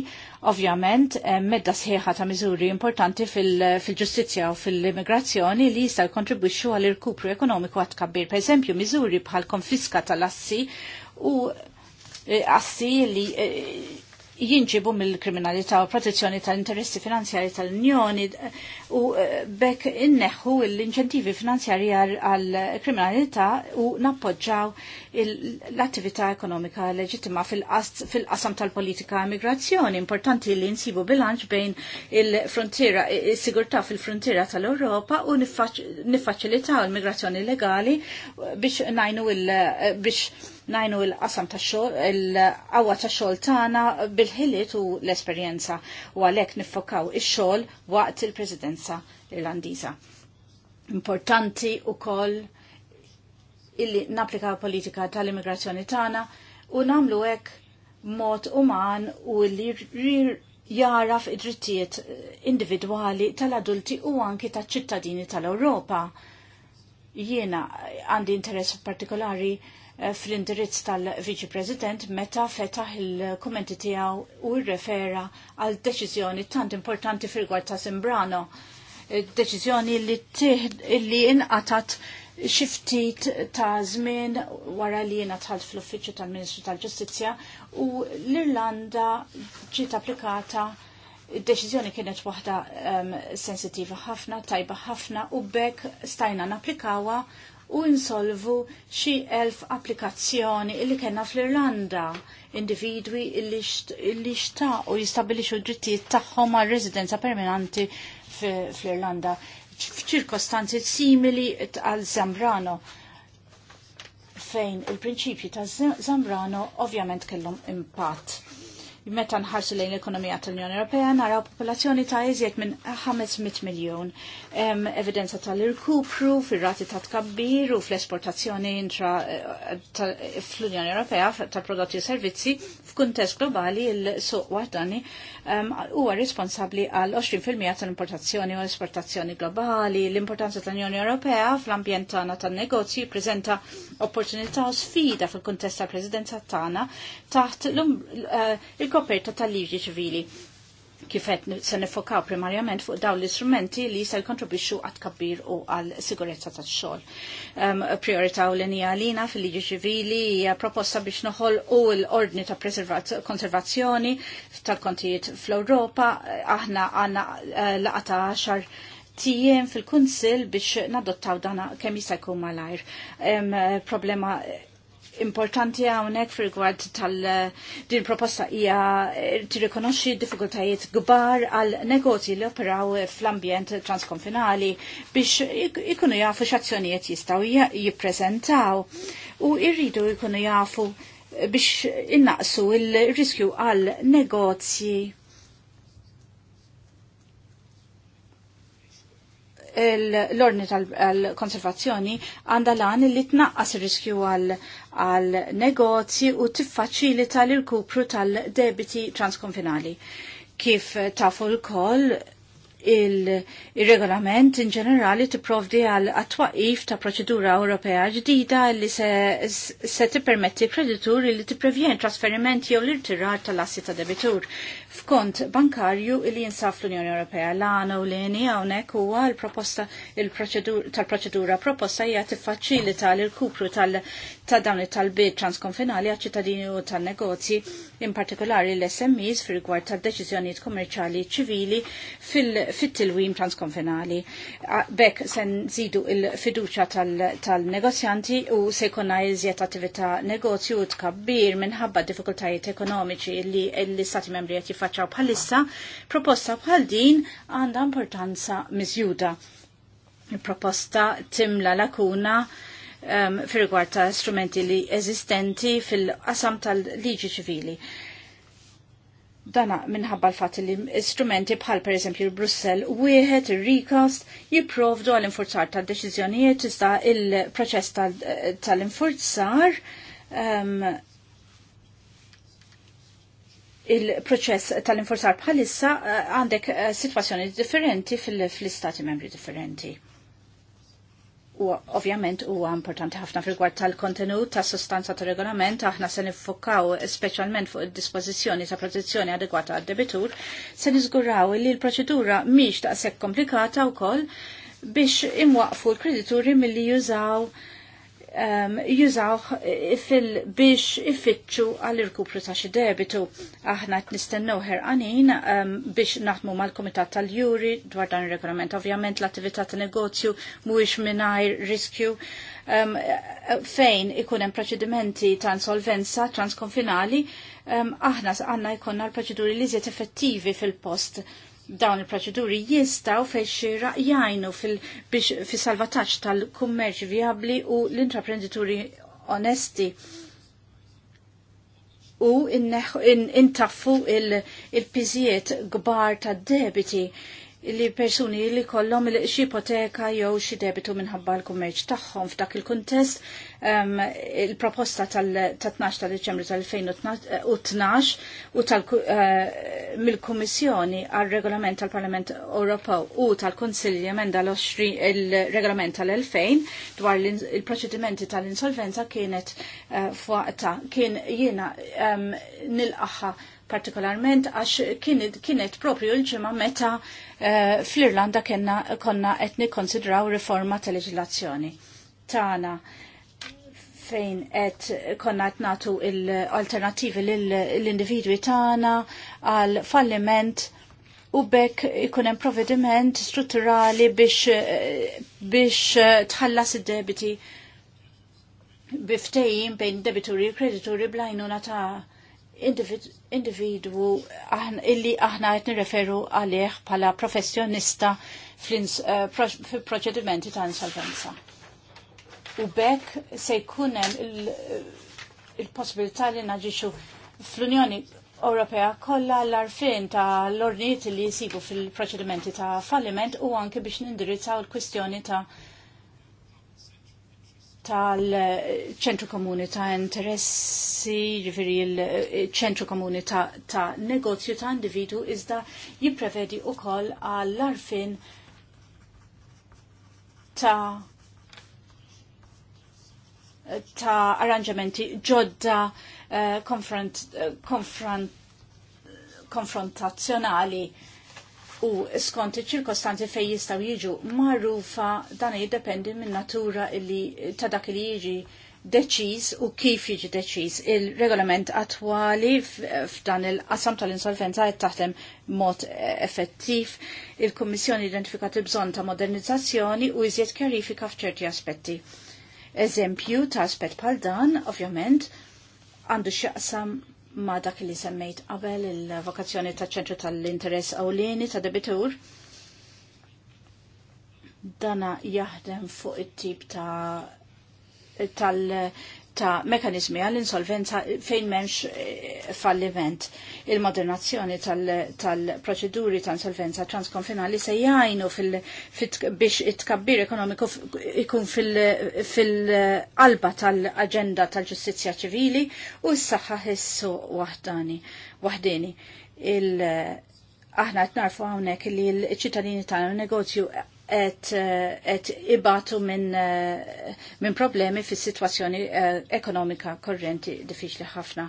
ovvjament medda sħiħa ta' miżuri importanti fil-ġustizzja u fil-immigrazzjoni li jista' jkontribwixxu għal irkupru ekonomiku għat kabbir. Pereżempju, miżuri bħal konfiska tal-assi u eh, assi li eh, jinġibu mill-kriminalità u protezzjoni tal-interessi finanzjari tal-Unjoni eh, u eh, bekk inneħħu l-inċentivi finanzjari għal-kriminalità u nappoġġaw l-attività ekonomika leġittima fil-qasam tal-politika migrazzjoni. Importanti li nsibu bilanċ bejn il-frontiera, il-sigurtà fil-frontiera tal-Europa u niffaċilitaw l-migrazzjoni legali biex najnu il- biex najnu il-qasam ta' xol, il-qawa ta' xol tana bil-ħiliet u l-esperienza u għalek nifokaw il-xol waqt il-presidenza irlandiza. Importanti u koll illi naplika politika tal-immigrazzjoni tana u namlu hekk mod uman u li jaraf id-drittijiet individuali tal-adulti u anki taċ ċittadini tal-Europa. Jiena għandi interess partikolari Eh, fl-indirizz tal-Viċi President meta fetaħ il-kommenti tiegħu u rrefera għal deċiżjoni tant importanti fil-gwar ta' Sembrano. Deċiżjoni li inqatat xiftit ta' żmien wara li jiena tħalt fl-Uffiċċju tal-Ministru tal-Ġustizzja u l-Irlanda ġiet applikata id-deċiżjoni kienet waħda um, sensitiva ħafna, tajba ħafna u bekk stajna napplikawa u insolvu xi elf applikazzjoni illi kena fl-Irlanda individwi illi xta' u jistabilixu drittijiet tagħhom għal residenza permanenti fl-Irlanda f'ċirkostanzi simili għal Zambrano fejn il-prinċipji ta' Zambrano ovvjament kellhom impatt meta nħarsu lejn l-ekonomija tal-Unjoni Ewropea naraw popolazzjoni ta' iżjed minn 500 miljon. evidenza tal-irkupru fir-rati ta' tkabbir u fl-esportazzjoni intra eh, fl-Unjoni Ewropea ta' prodotti u servizzi f'kuntest globali il-suq waħdani ehm, huwa responsabbli għal 20% tal-importazzjoni u esportazzjoni globali. L-importanza tal-Unjoni Ewropea fl-ambjent tagħna tan-negozji jippreżenta opportunità u sfida fil-kuntest tal-Presidenza tagħna taħt -l skoperta tal-liġi ċivili kifet se nifokaw primarjament fuq dawn l-istrumenti li se jkontribwixxu għat kabbir u għal sigurezza tax-xogħol. Um, priorità u l-inja għalina fil-liġi ċivili hija proposta biex noħol u l-ordni ta' konservazzjoni tal-kontijiet fl-Ewropa. Aħna għandna uh, eh, laqa ta' xar fil-Kunsil biex nadottaw dana kemm jista' jkun malajr. Um, problema importanti hawnhekk fil-gwad tal-din eh, proposta hija eh, tirrikonoxxi diffikultajiet kbar għal negozji li operaw fl-ambjent transkonfinali biex ikunu jafu x'azzjonijiet jistgħu jippreżentaw u jridu jkunu jafu biex innaqsu il-riskju għal negozji l-ordni tal-konservazzjoni għandalan lan li tnaqqas il-riskju għal għal negozji u tiffaċilita l-irkupru tal-debiti transkonfinali. Kif tafu l-koll il-regolament in ġenerali tipprovdi għal attwaqif ta' proċedura Ewropea ġdida li se, se tippermetti kreditur li tipprevjen trasferimenti jew l-irtirar tal-assi ta' debitur f'kont bankarju li jinsaf l-Unjoni Ewropea l-għana u l għini għonek u għal-proposta tal-proċedura proposta hija tiffaċilita l-kupru tal-dawn tal-bid transkonfinali għal-ċittadini u tal-negozji, in partikolari l-SMEs fil rigward tal-deċizjoniet kommerċali ċivili fit-tilwim transkonfinali. Bek sen zidu il-fiduċa tal-negozjanti u se jkunna iżjed attività negozju u tkabbir minħabba diffikultajiet ekonomiċi li l-Stati membri qed niffaċċaw bħalissa, proposta bħal din għandha importanza miżjuda. Il-proposta timla lakuna um, fil rigward ta' strumenti li eżistenti fil-qasam tal-liġi ċivili dana minħabba l-fat li strumenti bħal per eżempju Brussel u wieħed ir-recast jipprovdu għal infurzar ta' deċiżjonijiet iżda il-proċess eh, tal-infurzar um, il-proċess tal-infurzar bħalissa eh, għandek eh, situazzjoni differenti fil-istati membri differenti. U ovvjament huwa importanti ħafna fil-gwart tal-kontenut ta' sostanza ta' regolament aħna se niffokkaw speċjalment fuq id-dispożizzjoni ta' protezzjoni adegwata għad debitur se niżguraw li l-proċedura mhix sekk komplikata wkoll biex imwaqfu l-kredituri milli jużaw um, jużawh fil biex ifittxu għall-irkupru ta' xi debitu. Aħna qed nistennew ħerqanin um, biex naħdmu mal-Kumitat tal-Juri dwar dan ir-regolament. Ovvjament l-attività ta' negozju mhuwiex mingħajr riskju um, fejn ikun hemm proċedimenti ta' insolvenza transkonfinali, um, aħna għandna jkollna l-proċeduri li effettivi fil-post dawn il-proċeduri jistaw fej jajnu fil-salvataċ fil tal-kummerċ viabli u l-intraprenditori onesti u intaffu il pizziet gbar ta' debiti li persuni li kollom xi ipoteka jew xi debitu minħabba l-kummerċ tagħhom f'dak il-kuntest il-proposta tal-12 tal deċembru tal-2012 u tal-Komissjoni eh, għal-Regolament tal-Parlament Ewropew u tal-Konsilli emenda l-20 regolament tal-2000 dwar il-proċedimenti tal-insolvenza kienet eh, fuqta kien jiena nilqaħħa partikolarment għax kienet propju l-ġimma meta eh, fl-Irlanda konna etni konsidraw riforma tal-leġilazzjoni tana fejn qed konna qed nagħtu l-alternattivi l-individwi tagħna għal falliment u bekk ikun hemm provvediment strutturali biex biex tħallas id-debiti biftejjin bejn debituri u kredituri blajnuna ta' individwu illi aħna qed nirreferu għalih bħala professjonista eh, fil-proċedimenti ta' insolvenza u bekk se jkun hemm il-possibilità li naġixxu fl-Unjoni Ewropea kollha l-arfin ta' l-ornijiet li jisibu fil-proċedimenti ta' falliment u anke biex nindirizzaw il-kwistjoni ta' tal-ċentru komuni ta' interessi, ġifiri il-ċentru komuni ta', ta negozju ta' individu, iżda jipprevedi u koll għall-arfin ta' ta' arranġamenti ġodda eh, eh, konfrontazzjonali u skont iċ-ċirkostanzi fej jistaw jiġu marrufa dan jiddependi minn natura illi ta' dak li jiġi deċiż u kif jiġi deċiż. Il-regolament attwali f'dan il-qasam tal-insolvenza qed taħdem mod eh, effettiv. Il-Kummissjoni identifikat il-bżonn ta' modernizzazzjoni u iżjed kjarifika f'ċerti aspetti Eżempju ta' aspet pal dan, ovvjament, għandu xaqsam ma dak li semmejt qabel il-vokazzjoni ta' ċentru tal-interess awlieni ta' debitur. Dana jaħdem fuq it-tip ta' tal- ta' mekanizmi għall-insolvenza fejn memx eh, falliment. Il-modernazzjoni tal-proċeduri tal insolvenza transkonfinali se jgħajnu biex it-kabbir ekonomiku ikun fil-qalba tal-agenda tal-ġustizja ċivili u s-saxħa ħessu wahdini. Aħna t-narfu għawnek li l-ċittadini tal-negozju et, et ibatu minn eh, min problemi fis situazzjoni eh, ekonomika korrenti diffiċli ħafna.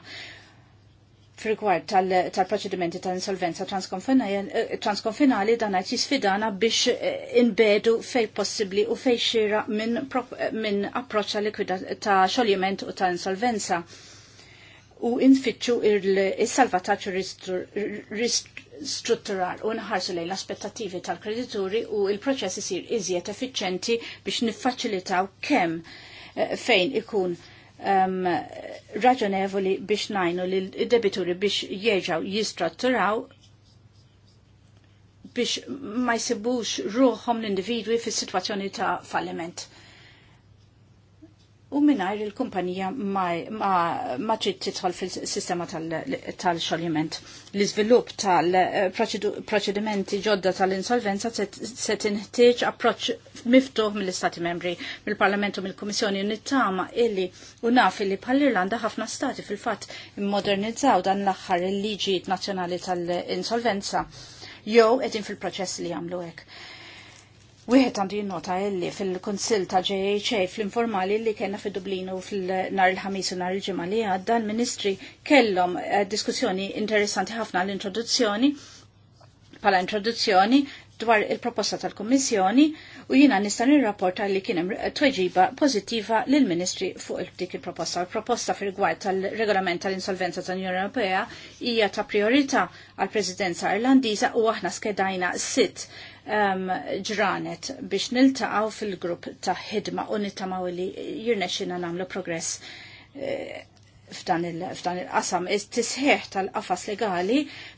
Frigward tal-proċedimenti tal tal-insolvenza eh, transkonfinali dan għajt jisfidana biex inbedu fej possibli u fej xira minn min approċċa likwida ta' xoljiment u ta' insolvenza u infittxu il-salvataċ il salvataċu strutturar u nħarsu lejn l-aspettativi tal-kredituri u il-proċess isir iżjed effiċenti biex niffaċilitaw kemm eh, fejn ikun um, raġonevoli biex najnu li debituri biex jieġaw jistrutturaw biex ma jisibux ruħom l-individwi fis situazzjoni ta' falliment u minnajr il-kumpanija ma trid tidħol fil-sistema tal xoljiment L-iżvilupp tal-proċedimenti eh, ġodda tal-insolvenza se tinħtieġ approċċ miftuħ mill-Istati membri, mill-Parlament u mill-Kummissjoni nittama illi u naf illi pal irlanda ħafna stati fil-fatt immodernizzaw dan l-aħħar il-liġi nazzjonali tal-insolvenza jew edin fil-proċess li jagħmlu hekk Wieħed għandu jinnota illi fil kunsill ta' JHA fl-informali li kena fi Dublinu fil-nar il-ħamis u nar il-ġimgħa li għadda l-Ministri kellhom eh, diskussjoni interessanti ħafna l-introduzzjoni pala introduzzjoni dwar il-proposta tal-Kommissjoni u jina nista' nirrapporta li kien hemm tweġiba pożittiva lill ministri fuq dik il-proposta. Il-proposta fil rigward tal-regolament tal-insolvenza tal-Unjoni Ewropea hija ta' priorità għall-Presidenza Irlandiża u aħna skedajna sitt Um, ġranet biex niltaqgħu fil-grupp ta' ħidma u nittamaw li jirnexxina nagħmlu progress eh, f'dan il-qasam tisħeħ tal-qafas legali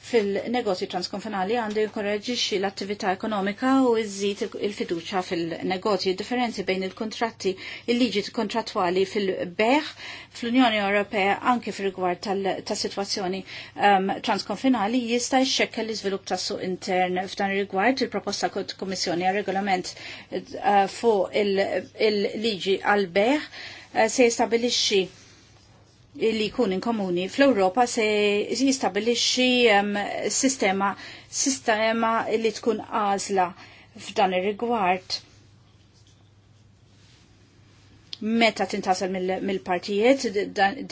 fil-negozju transkonfinali għandu jinkoraġġixxi l-attività ekonomika u iżżid il-fiduċa fil-negozju differenzi bejn il-kontratti il-liġi kontrattwali fil-beħ fl-Unjoni Ewropea anke fil-rigward tal-sitwazzjoni ehm, transkonfinali jista' jxekkel l-iżvilupp tas-suq intern f'dan eh, il rigward il-proposta Kommissjoni għal-regolament fuq il-liġi għal-beħ eh, se jistabilixxi li jkun inkomuni fl-Europa se jistabilixxi sistema sistema li tkun għażla f'dan ir-rigward meta tintasal mill-partijiet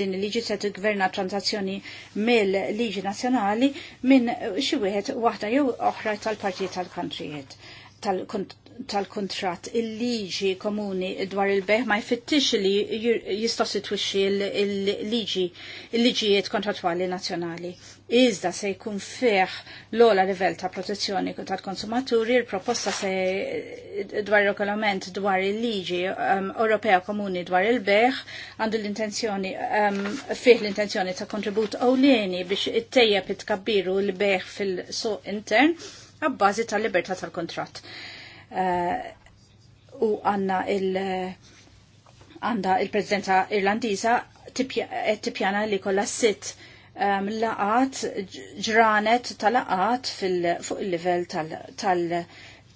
din il-liġi se tgverna transazzjoni mill-liġi nazzjonali minn xi wieħed waħda jew oħra tal-partijiet tal-kantrijiet tal-kontrat, il-liġi komuni dwar il-beħ ma jfittix li jistostitwixxi il-liġi, il-liġijiet kontratwali nazzjonali. Iżda se jkun feħ l-ola livell ta' protezzjoni tal-konsumaturi, il-proposta se dwar regolament dwar il-liġi um, Ewropea komuni dwar il-beħ għandu l-intenzjoni, um, fih l-intenzjoni ta' kontribut ewlieni biex it tejja pit kabbiru l-beħ fil-suq intern għabbażi tal-libertà tal-kontratt. Eh, u għanna il- għanda il prezidenta irlandiza tipjana eh, li kolla sitt um, laqat, ġranet tal-laqat fuq il-level tal-grupp tal,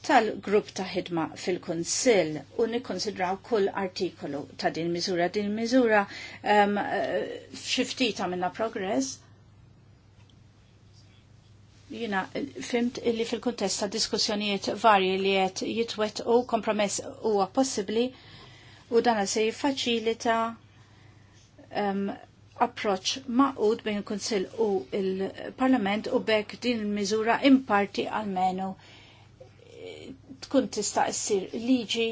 tal, ta' ħidma fil-Kunsill u nikkonsidraw kull artikolu ta' din miżura. Din miżura um, ehm, eh, xiftita minna progress Jina, fimt illi fil-kontest ta' diskussjonijiet varji li jett jitwet u kompromess huwa possibli u dana se jiffaċilita um, approċ maqud bejn il konsil u il-Parlament u bekk din il-miżura imparti għalmenu eh, tkun tista' issir liġi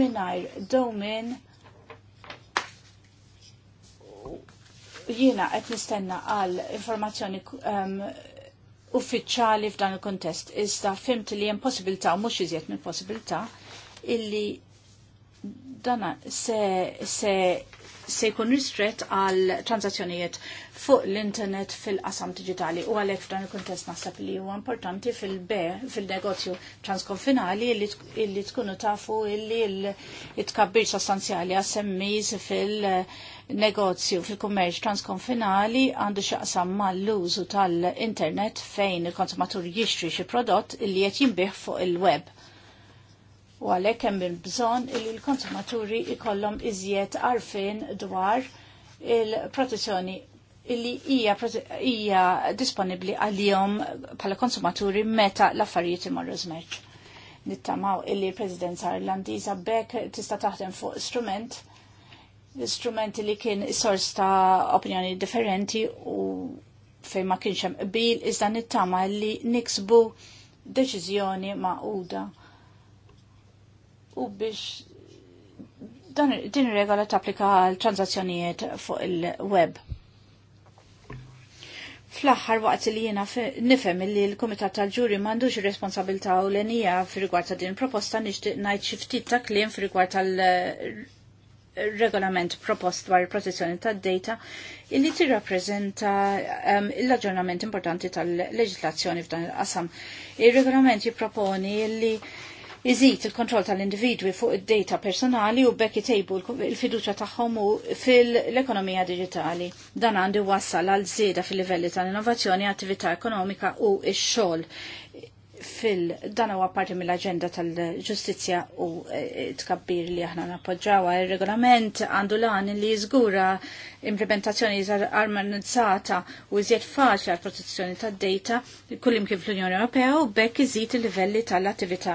mingħajr domin jiena qed nistenna għal informazzjoni um, uffiċjali f'dan il-kontest. Iżda fimt li hemm possibilità u mhux iżjed minn possibilità illi dana se, se se jkun ristret għal transazzjonijiet fuq l-internet fil-qasam digitali u għalek f'dan il-kontest naħseb li huwa importanti fil-be fil-negozju transkonfinali illi tkunu tafu illi il-tkabbir sostanzjali għas fil- negozju fil-kummerċ transkonfinali għandu xaqsam mal-użu tal-internet fejn il-konsumatur jixtri xi prodott li qed jinbih fuq il-web. U għalhekk hemm bżonn li l-konsumaturi jkollhom iżjed għarfien dwar il-protezzjoni illi hija hija disponibbli għalihom bħala konsumaturi meta l-affarijiet imorru żmerġ. Nittamaw illi l-Presidenza Irlandiża bekk tista' taħdem fuq strument l-istrumenti li kien sors ta' opinjoni differenti u fej ma kienx hemm qbil iżda nittama li niksbu deċiżjoni maquda. U biex din regola tapplika għal tranzazzjonijiet fuq il-web. Fl-aħħar waqt li jiena nifhem li l-Kumitat tal-Ġuri m'għandux responsabilta' u l-enija fi rigward ta' din proposta nixtieq ngħid xi ftit ta' kliem fi rigward tal- regolament propost dwar il-protezzjoni tad-data illi tirrappreżenta um, l-aġġornament importanti tal-leġislazzjoni f'dan il-qasam. Il-regolament jipproponi illi iżid il-kontroll tal-individwi fuq id-data personali u bekk tejbu il-fiduċa tagħhom fil-ekonomija digitali. Dan għandu wassal għal żieda fil-livelli tal-innovazzjoni, attività ekonomika u ix xogħol fil-dan huwa parti mill-aġenda tal-ġustizzja u eh, tkabbir li aħna nappoġġawha ir-regolament għandu lan li jiżgura implementazzjoni armonizzata u iżjed faċli għal protezzjoni tad-data kullim kif l-Unjoni Ewropea u bekk iżid il-livelli tal-attività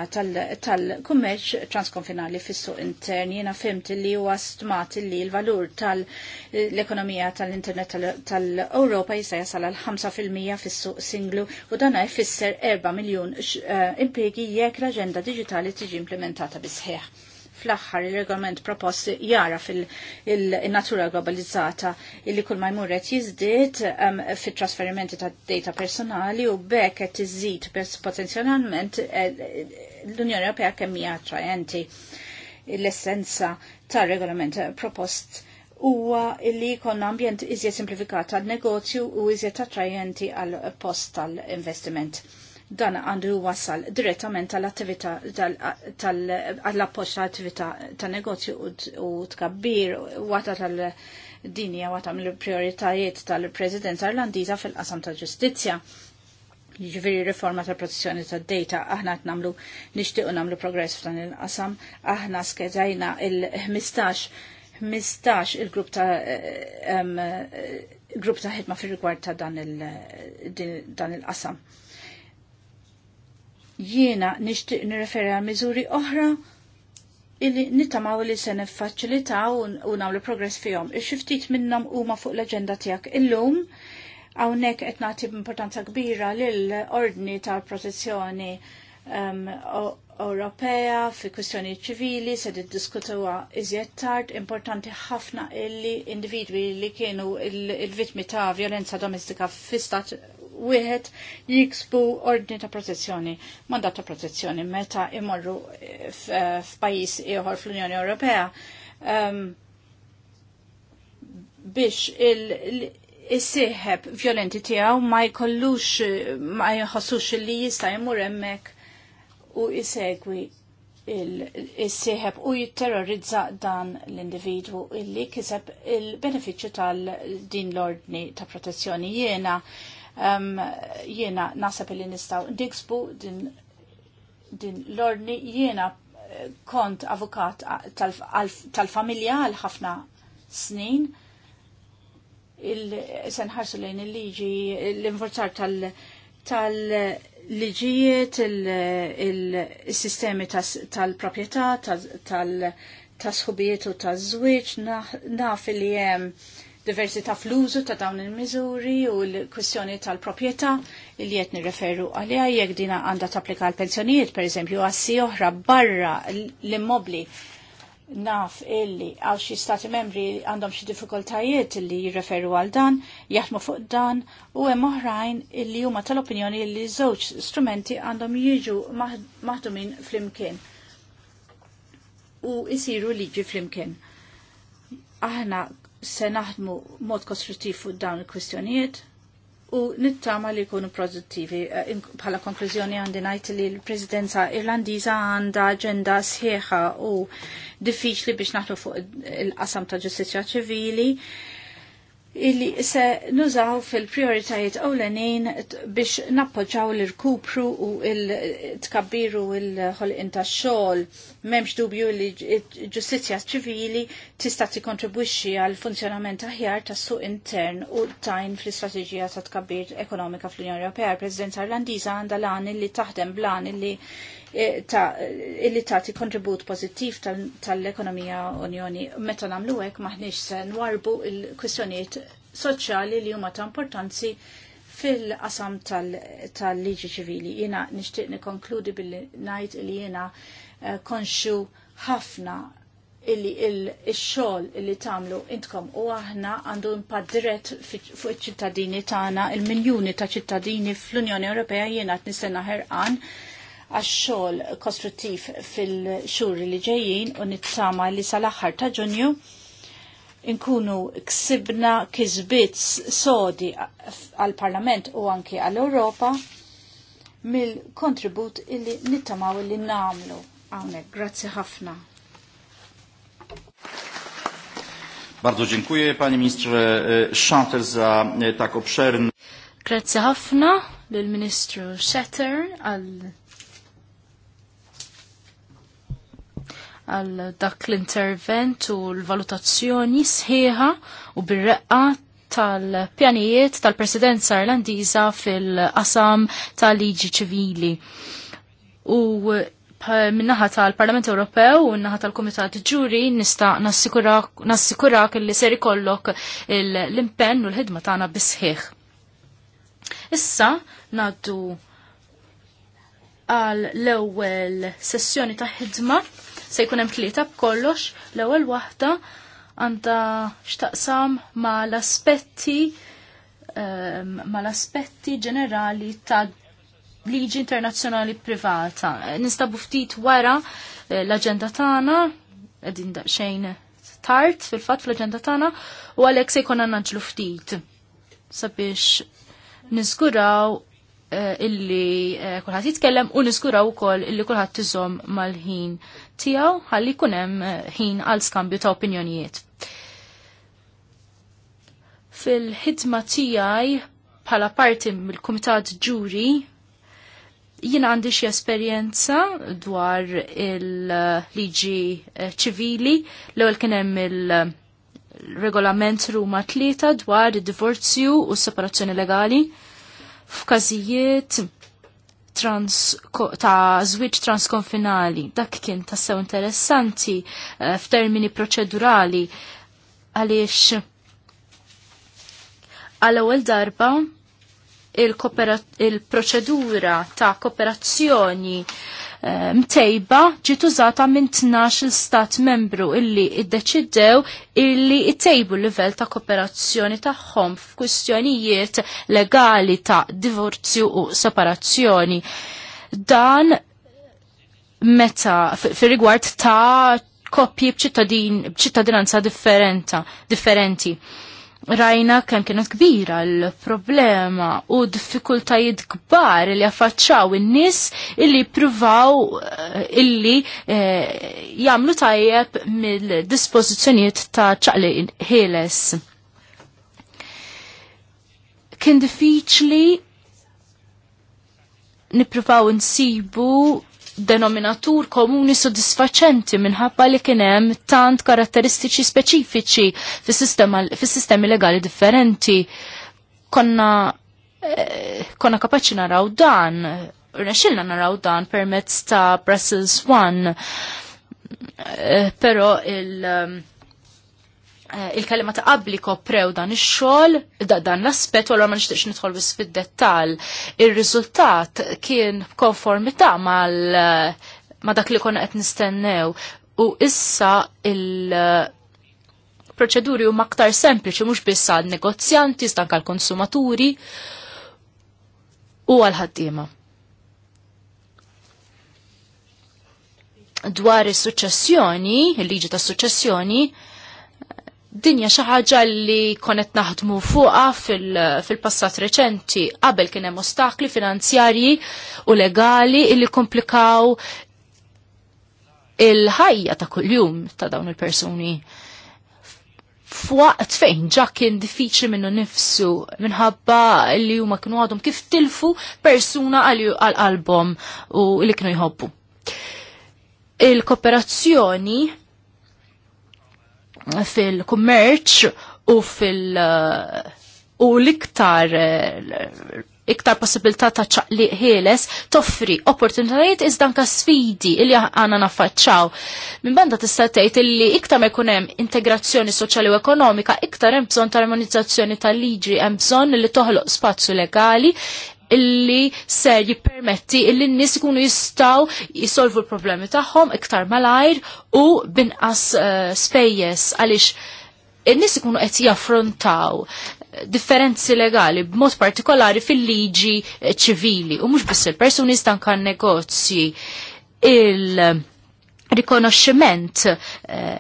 tal-kummerċ transkonfinali fis-suq interni, Jiena fimt li huwa stmat li l-valur tal-ekonomija tal-internet tal-Ewropa jista' jasal għal 5% fis-suq singlu u dan jfisser 4 miljun eh, impiegi jekk l-aġenda digitali tiġi implementata bisħeħ fl-aħħar il-regolament propost jara fil-natura globalizzata illi kull ma jmurret jizdiet um, fit-trasferimenti ta' data personali u bekk qed iżid bes potenzjalment eh, l-Unjoni Ewropea kemm hija attrajenti l-essenza tar-regolament propost huwa li jkollna ambjent iżjed simplifikat għal negozju u iżjed attrajenti għal post tal-investiment dan għandu wasal direttament tal-attività tal-appoċ tal-attività tal-negozju u tkabbir wata tal-dini wata mill-prioritajiet tal-Presidenza Irlandiża fil-qasam tal-ġustizzja. Ġviri riforma tal protezzjoni tad data aħna qed nagħmlu nixtiequ nagħmlu progress f'dan il-qasam, aħna skedajna il-15 15 il grupp ta' eh, grupp ta' ħidma fir rigward ta' dan il-qasam. Jiena nixtieq nirreferi għal miżuri oħra illi nittamaw li se niffaċilitaw u nagħmlu progress fihom. Ix-xiftit minnhom huma fuq l-aġenda tiegħek illum hawnhekk qed nagħti importanza kbira lill ordni tal-protezzjoni um, Ewropea fi kwistjoni ċivili se diskutuwa iżjed tard importanti ħafna illi individwi li kienu il vittmi ta' violenza domestika fi stat wieħed jiksbu ordni ta' protezzjoni, mandat ta' protezzjoni meta imorru eh, eh, f'pajjiż ieħor fl-Unjoni Ewropea ehm, biex il is-sieħeb violenti tiegħu ma jkollux ma jħossux li jista' jmur hemmhekk u jsegwi is-sieħeb u jitterrorizza dan l-individwu illi kiseb il-benefiċċju tal din l-ordni ta' protezzjoni jiena jiena nasab li nistaw ndiksbu din, din l-ordni jiena eh, kont avukat tal-familja għal ħafna snin il ħarsu lejn il-liġi l inforzar tal-liġijiet il-sistemi tal-propieta tal-sħubijiet u tal zwiċ naf li jem diversità fl-użu ta' dawn il-miżuri u l-kwistjoni tal-proprjetà li qed nirreferu għaliha jekk dina għandha tapplika għal pensjonijiet pereżempju għassi oħra barra l-immobli naf illi għaw xi stati membri għandhom xi diffikultajiet li jirreferu għal dan, jaħdmu fuq dan u hemm oħrajn illi huma tal-opinjoni li żewġ strumenti għandhom jiġu maħdumin flimkien u jisiru liġi flimkien aħna se naħdmu mod kostruttiv fuq dawn il-kwistjonijiet u nittama li jkunu produttivi. Eh, bħala konklużjoni għandi ngħid li l-Presidenza Irlandiża għandha aġenda sħiħa u diffiċli biex naħdu fuq il-qasam ta' ġustizzja ċivili illi se nużaw fil-prioritajiet ewlenin biex nappoġġaw l-irkupru u l-tkabbiru l-ħolqin tax xogħol. M'hemmx dubju li ġustizzja ċivili tista' tikkontribwixxi għal funzjonament aħjar tas-suq intern u tajn fl-istrateġija ta' tkabbir ekonomika fl-Unjoni Ewropea. Il-Presidenza Irlandiża għandha lan li taħdem blan li Eh, ta' eh, illi kontribut pożittiv tal-ekonomija tal Unjoni. Meta nagħmlu hekk maħniex se nwarbu l-kwistjonijiet soċjali li huma ta' importanzi fil-qasam tal-liġi tal ċivili. Jiena nixtieq nikkonkludi billi ngħid li jiena eh, konxu ħafna illi il-xol illi tamlu intkom u aħna għandu impad dirett fuq iċ-ċittadini tagħna, il-miljuni ta' ċittadini fl-Unjoni Ewropea jiena qed nistenna ħerqan għax-xogħol kostruttiv fil-xhur li ġejjin u nittama li sal-aħħar ta' Ġunju inkunu ksibna kisbiet sodi għal-Parlament u anki għall-Ewropa mill-kontribut illi nittamaw illi namlu għawnek. Grazzi ħafna. Bardzo dziękuję Pani Ministr e, Schatter za e, tak obszerny. Grazie ħafna lill-Ministru Shatter għal għal dak l-intervent u l-valutazzjoni sħiħa u bir-reqqa tal-pjanijiet tal-presidenza irlandiża fil-qasam tal-liġi ċivili. U minnaħa tal-Parlament Ewropew u minnaħa tal-Komitat Ġuri nista nassikurak li ser ikollok l-impenn u l-ħidma tagħna bisħiħ. Issa naddu għal l-ewwel sessjoni ta' ħidma se jkun hemm tlieta b'kollox, l-ewwel waħda għandha x'taqsam ma' l-aspetti ehm, ma l-aspetti ġenerali ta' liġi internazzjonali privata. Nistabu ftit wara eh, l aġenda tagħna, qegħdin daqsxejn tard fil-fatt fl aġenda tagħna u għalhekk se jkun ġlu ftit sabiex niżguraw eh, illi eh, kulħadd jitkellem u niżguraw ukoll illi kulħadd iżomm mal-ħin tiegħu ħalli jkun hemm eh, ħin għal skambju ta' opinjonijiet. Fil-ħidma tiegħi bħala parti mill-Kumitat Ġuri jina għandi xie esperienza dwar il-liġi eh, ċivili, l ewwel kien hemm il-regolament Ruma tlieta dwar id-divorzju u s-separazzjoni legali f'każijiet trans ta' żwieġ transkonfinali. Dak kien tassew interessanti eh, f'termini proċedurali għaliex għal ewwel darba il-proċedura il ta' kooperazzjoni mtejba um, ġiet użata minn 12 stat membru illi iddeċiddew illi ittejbu l-livell ta' kooperazzjoni tagħhom f'kwistjonijiet legali ta' divorzju u separazzjoni. Dan meta fir-rigward ta' koppji b'ċittadinanza differenti rajna kemm kienet kbira l-problema u diffikultajiet kbar li affaċċaw in-nies illi pruvaw eh, illi eh, jagħmlu tajjeb mill-dispożizzjonijiet ta' ċaqli ħieles. Kien diffiċli nippruvaw insibu denominatur komuni sodisfaċenti minħabba li kien hemm tant karatteristiċi speċifiċi fis-sistemi legali differenti. Konna eh, konna kapaċi naraw dan, rnexilna naraw dan permezz ta' Brussels 1. Eh, pero il- ehm, Eh, il kalima ta' qabli koprew dan ix-xogħol, dan l-aspett u allura ma nixtieqx nidħol biss fid-dettall. Ir-riżultat kien konformità mal eh, ma dak li konna qed nistennew u issa il proċeduri huma aktar sempliċi mhux biss għal negozjanti, stanka għal konsumaturi u għal ħaddiema. Dwar is-suċċessjoni, il-liġi tas-suċċessjoni, dinja xi ħaġa li konet naħdmu fuqha fil-passat fil reċenti qabel kien hemm ostakli finanzjarji u legali li komplikaw il-ħajja ta' kuljum ta' dawn il-persuni. Fwaqt fejn ġa kien diffiċli minnu nifsu minħabba li huma kienu għadhom kif tilfu persuna għal-album u li kienu jħobbu. Il-kooperazzjoni fil-kummerċ u fil- u l-iktar iktar possibilità ta' ċaqli ħieles toffri opportunitajiet iż danka sfidi illi għana naffaċċaw. Minn banda tista' tgħid illi iktar ma jkun hemm integrazzjoni soċjali u ekonomika, iktar hemm bżonn ta' armonizzazzjoni tal-liġi, hemm bżonn li toħloq spazju legali illi ser jippermetti illi n-nis ikunu jistaw jisolvu l-problemi tagħhom iktar malajr u binqas uh, eh, spejjes għaliex in-nis ikunu qed jaffrontaw differenzi legali b'mod partikolari fil-liġi eh, ċivili u mhux biss il-persuni stanka negozji il- eh, rikonoxximent uh,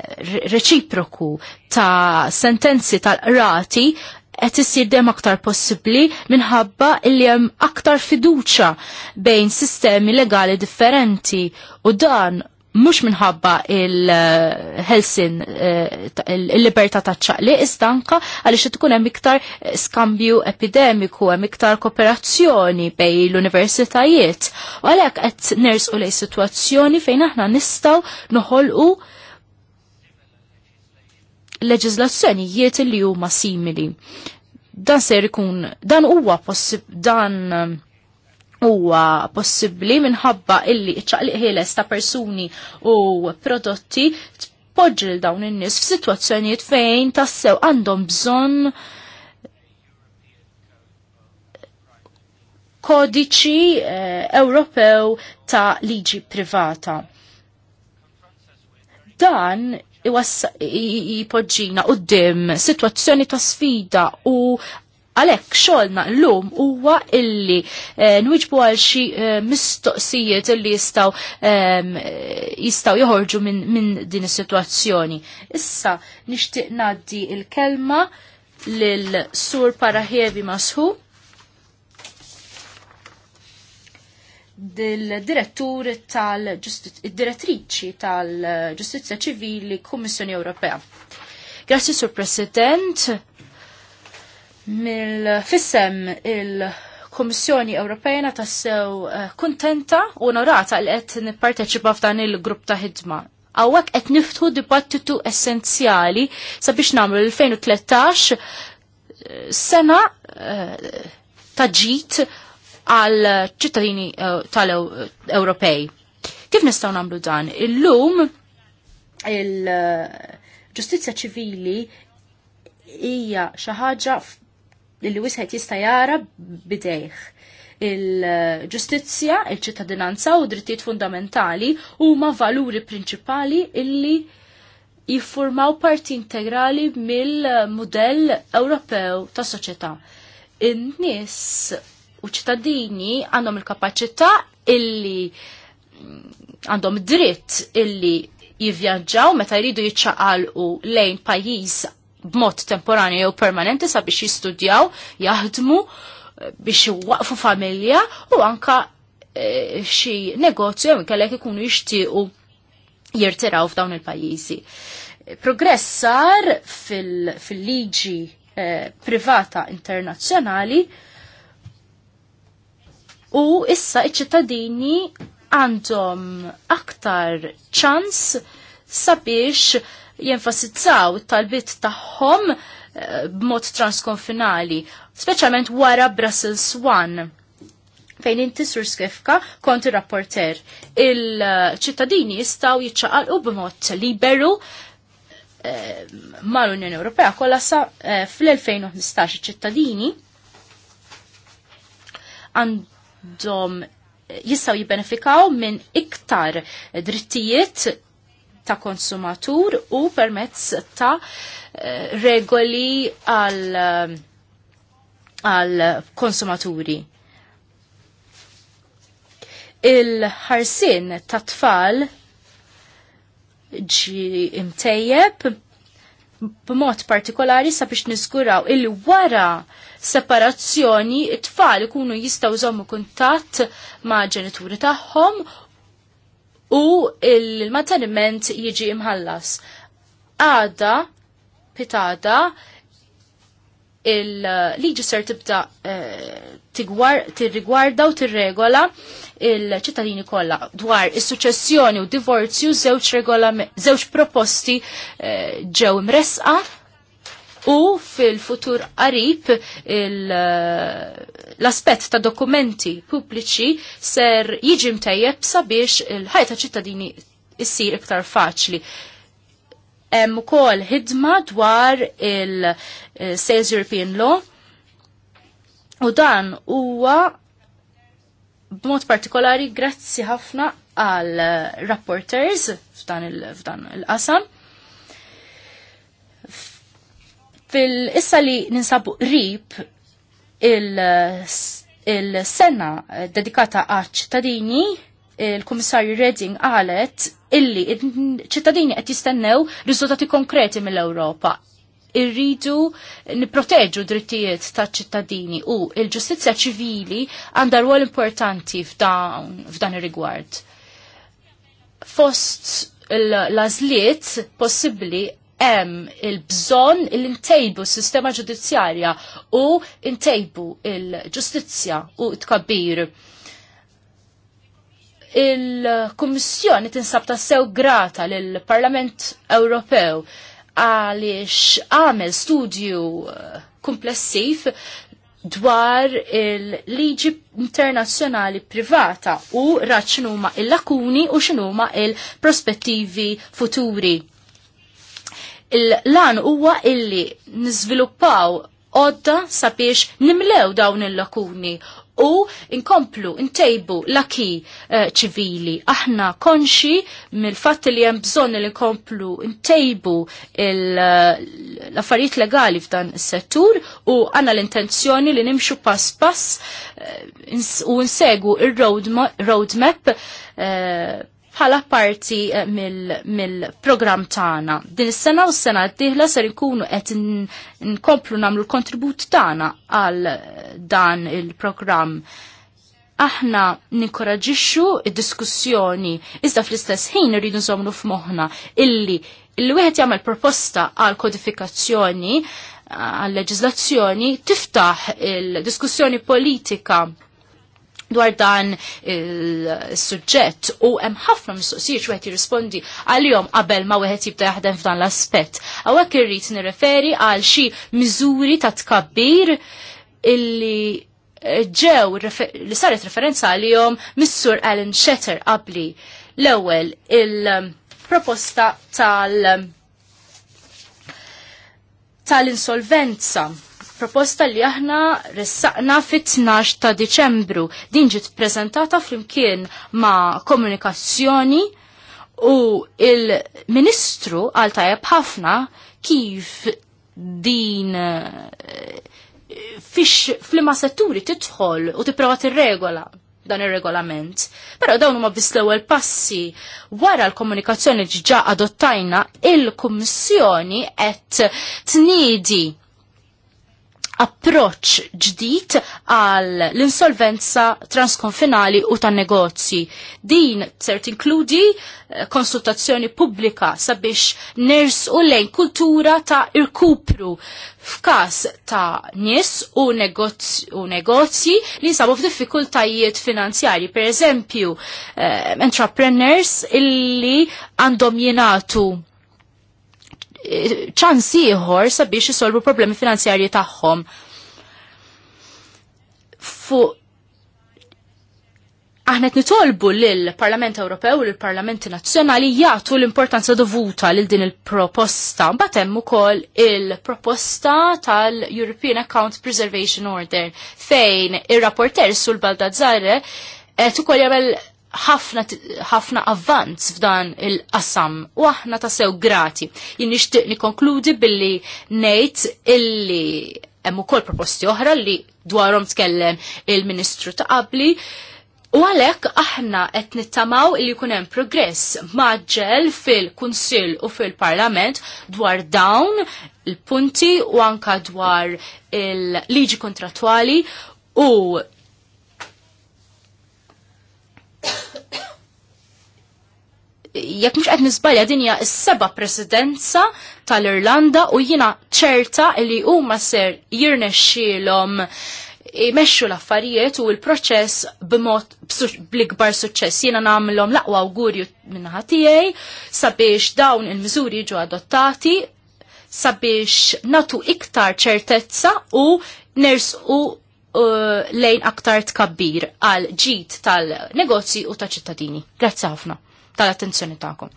reċiproku ta' sentenzi tal uh, qed issir dem aktar possibbli minħabba li hemm aktar fiduċa bejn sistemi legali differenti u dan mhux minħabba il-ħelsin eh, il-libertà taċċaqli iżda anka għaliex tkun hemm iktar skambju epidemiku, hemm iktar kooperazzjoni bej l-universitajiet. U għalhekk qed nersqu lej sitwazzjoni fejn aħna nistgħu noħolqu leġizlazzjonijiet li huma simili. Dan ser ikun dan huwa possib dan um, huwa possibbli minħabba illi ċaqliq ħieles ta' persuni u prodotti tpoġġil dawn in-nies f'sitwazzjonijiet fejn tassew għandhom bżonn kodiċi eh, Ewropew ta' liġi privata. Dan jipoġġina u dim situazzjoni ta' sfida u għalek xolna l-lum huwa illi eh, nwiġbu għal xi eh, mistoqsijiet illi jistaw ehm, jistaw joħorġu minn din is-sitwazzjoni. Issa nixtieq ngħaddi il-kelma lil Sur Parahievi Masħu dil-direttur tal-direttriċi tal-ġustizja ċivili Kummissjoni Ewropea. Grazzi, Sur President, mill-fissem il-Kommissjoni Ewropea tassew eh, kontenta u onorata li qed nipparteċipa f'dan il-grupp ta' ħidma għawak qed niftħu dibattitu essenzjali sabiex nagħmlu l-2013 eh, sena eh, ta' ġit għal ċittadini eh, tal-Ewropej. Kif nistgħu nagħmlu dan? Illum il-ġustizzja ċivili hija xi ħaġa li wisħet jista' jara bidejh il-ġustizzja, il-ċittadinanza u drittijiet fundamentali huma valuri prinċipali illi jiffurmaw parti integrali mill-modell Ewropew ta' soċjetà. In-nies u ċittadini għandhom il-kapacità illi għandhom dritt illi jivvjaġġaw meta jridu jiċċaqalqu lejn pajjiż b'mod temporani jew permanenti sabiex jistudjaw, jaħdmu biex waqfu familja u anka eh, xi negozju jew kellek ikunu jixtiequ jirtiraw f'dawn il-pajjiżi. Progress sar fil-liġi eh, privata internazzjonali U issa iċ-ċittadini għandhom aktar ċans sabiex jenfasizzaw it-talbit tagħhom eh, b'mod transkonfinali, speċjalment wara Brussels 1 fejn inti sur skefka konti rapporter. Il-ċittadini jistaw jitċaqalqu b'mod liberu ma' eh, mal-Unjoni Ewropea kollha sa eh, fl-2015 ċittadini dom jistaw jibbenefikaw minn iktar drittijiet ta' konsumatur u permezz ta' eh, regoli għal, eh, għal konsumaturi. Il-ħarsin ta' tfal ġi imtejjeb b'mod partikolari sabiex niskuraw il wara separazzjoni it-tfal ikunu jistaw żommu kuntatt ma' ġenituri tagħhom u il-manteniment jiġi imħallas. Għada, pitada, il-liġi ser tibda eh, tirrigwarda u tirregola il-ċittadini kollha dwar is-suċessjoni u divorzju żewġ proposti eh, ġew imresqa u fil-futur qarib eh, l-aspett ta' dokumenti pubbliċi ser jiġi mtejjeb sabiex il-ħajta ċittadini issir iktar faċli. Hemm ukoll ħidma dwar il-Sales eh, European Law u dan huwa b'mod partikolari grazzi ħafna għal eh, rapporters f'dan il-qasam. Il Fil-issa li ninsabu rib eh, il-sena dedikata għal ċittadini il-Kummissarju Redding qalet illi ċittadini qed jistennew riżultati konkreti mill-Ewropa irridu niproteġu drittijiet ta' ċittadini u il-ġustizja ċivili għandha rwol importanti f'dan ir-rigward. Fost l-azliet possibbli hemm il-bżonn il intejbu s-sistema ġudizzjarja u intejbu il-ġustizzja u tkabbir. kabbir il-Kummissjoni tinsab tassew grata lill-Parlament Ewropew għaliex għamel studju eh, komplessiv dwar il-liġi internazzjonali privata u raċ xinuma il-lakuni u xinuma il-prospettivi futuri. Il-lan huwa illi nizviluppaw odda sabiex nimlew dawn il-lakuni u inkomplu, intejbu laki eh, ċivili. Uh, Aħna konxi mill-fatt li hemm bżonn li nkomplu intejbu eh, l-affarijiet legali f'dan is-settur u għanna l-intenzjoni li nimxu pass pass uh, ins u nsegu il roadmap uh, bħala parti eh, mill-programm tana. tagħna. Din is-sena u s-sena d-dieħla ser ikunu qed nkomplu nagħmlu l-kontribut tagħna għal eh, dan il-programm. Aħna ninkoraġixxu il diskussjoni iżda fl-istess ħin irridu nżomlu f'moħħna illi illi wieħed jagħmel proposta għal kodifikazzjoni għal leġiżlazzjoni tiftaħ il-diskussjoni politika dwar dan il-sujġett u hemm ħafna mistoqsijiet wieħed jirrispondi għalihom qabel ma wieħed jibda jaħdem f'dan l-aspett. Hawnhekk irrid nirreferi għal xi miżuri ta' tkabbir illi ġew li saret referenza għalihom Mr. Alan Shetter qabli l-ewwel il-proposta tal- tal-insolvenza proposta li aħna ressaqna fit-12 ta' Diċembru. Din ġiet prezentata flimkien ma' komunikazzjoni u il-Ministru għal tajab ħafna kif din eh, fix flima setturi titħol u tipprova tirregola dan ir-regolament. Però dawn huma biss l-ewwel passi wara l-komunikazzjoni ġa adottajna il-Kummissjoni qed tniedi approċ ġdid għal l-insolvenza transkonfinali u tan negozji. Din ser tinkludi eh, konsultazzjoni pubblika sabiex nirs u lejn kultura ta' irkupru f'kas ta' nies u, u negozji li sabu f'diffikultajiet finanzjari. Per eżempju, eh, entrepreneurs illi għandhom jenatu ċans ieħor sabiex jisolbu problemi finanzjarji tagħhom. Fu aħna qed nitolbu lil Parlament Ewropew u lill Parlamenti Nazzjonali jagħtu l-importanza dovuta lil din il-proposta. Mbagħad hemm ukoll il-proposta tal-European Account Preservation Order fejn ir-rapporter sul Baldazzare qed ukoll jagħmel ħafna ħafna avvanz f'dan il-qasam u aħna ta' sew grati. Jien nixtieq nikkonkludi billi ngħid illi hemm ukoll proposti oħra li dwarhom tkellem il-Ministru ta' qabli. U għalhekk aħna qed nittamaw li jkun hemm progress maġġel fil-Kunsill u fil-Parlament dwar dawn il-punti u anka dwar il-liġi kontratwali u jekk mhux qed nisbalja din hija s-seba' presidenza tal-Irlanda u jiena ċerta li huma ser jirnexxielhom imexxu l-affarijiet u l-proċess b'mod bl-ikbar suċċess. Jiena nagħmilhom l-aqwa awgurju minnaħa tiegħi sabiex dawn il-miżuri jiġu adottati sabiex natu iktar ċertezza u nersqu lejn aktar tkabbir għal ġid tal-negozji u ta' ċittadini. Grazzi ħafna tal-attenzjoni ta'kom.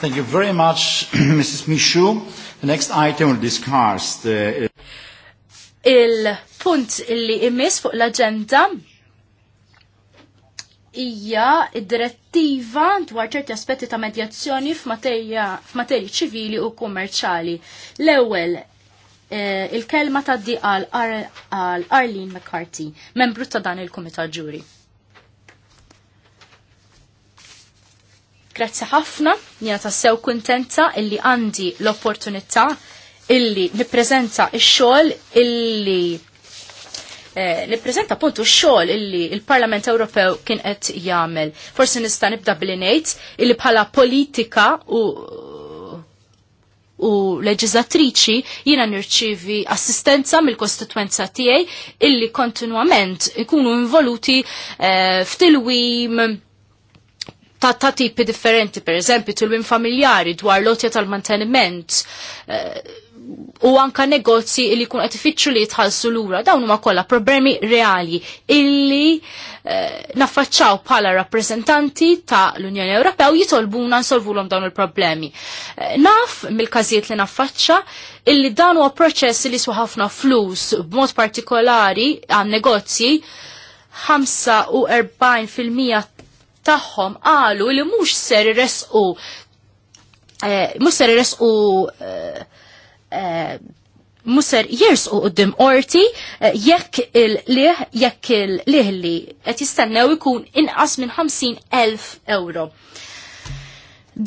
Thank you very much, Mrs. Michu. The next item will discuss the... Uh, Il-punt illi immis fuq l-agenda hija id-direttiva dwar ċerti aspetti ta' medjazzjoni f'materji ċivili u kummerċali. L-ewwel Eh, il-kelma taddi għal Arlene McCarthy, membru ta' dan il-Kumitat Ġuri. Grazzi ħafna, jena ta' sew kuntenta illi għandi l-opportunità illi nipprezenta il-xol illi eh, nipprezenta appuntu x-xogħol illi il-Parlament Ewropew kien qed jagħmel. Forsi nista' nibda billi ngħid illi bħala politika u u leġizatriċi jina nirċivi assistenza mill-kostituenza tiegħi illi kontinuament ikunu involuti e, f'tilwim ta' ta' tipi differenti, per eżempju, tilwim familjari dwar lotja tal-manteniment, e, u anka negozji li kun qed ifittxu li jitħallsu lura dawn huma kollha problemi reali illi eh, naffaċċaw bħala rappreżentanti ta' l-Unjoni Ewropea u jitolbuna nsolvulhom dawn il-problemi. Eh, naf mill-każijiet li naffaċċa illi dan huwa proċess li su ħafna flus b'mod partikolari għan negozji 45% tagħhom qalu li mhux ser resqu eh, mhux ser resqu eh, Eh, muser u qoddim orti eh, jekk il-liħ jekk il-liħ li qed jistennew ikun inqas minn 50,000 euro.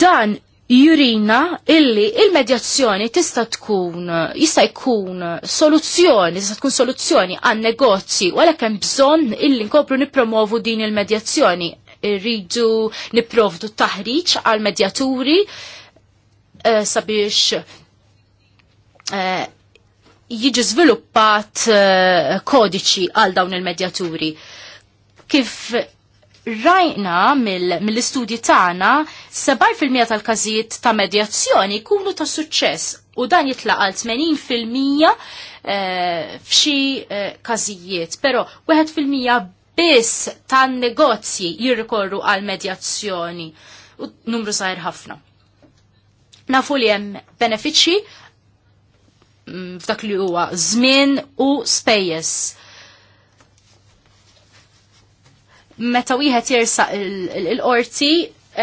Dan jurina illi il-medjazzjoni tista' tkun jista' jkun soluzzjoni, tista' tkun soluzzjoni għan negozji u għalhekk hemm bżonn illi nkopru nippromovu din il-medjazzjoni. Irridu nipprovdu taħriġ għal medjaturi eh, sabiex Eh, jiġi żviluppat eh, kodiċi għal dawn il-medjaturi. Kif rajna mill-istudji tagħna 70% tal-każijiet ta' medjazzjoni jkunu ta' suċċess u dan jitlaq għal 80% e, eh, f'xi każijiet, però 1% biss tan-negozji jirrikorru għal medjazzjoni u numru żgħir ħafna. Nafu li hemm benefiċċji Mm, f'dak li huwa żmien u spejjeż. Meta wieħed jersaq il-qorti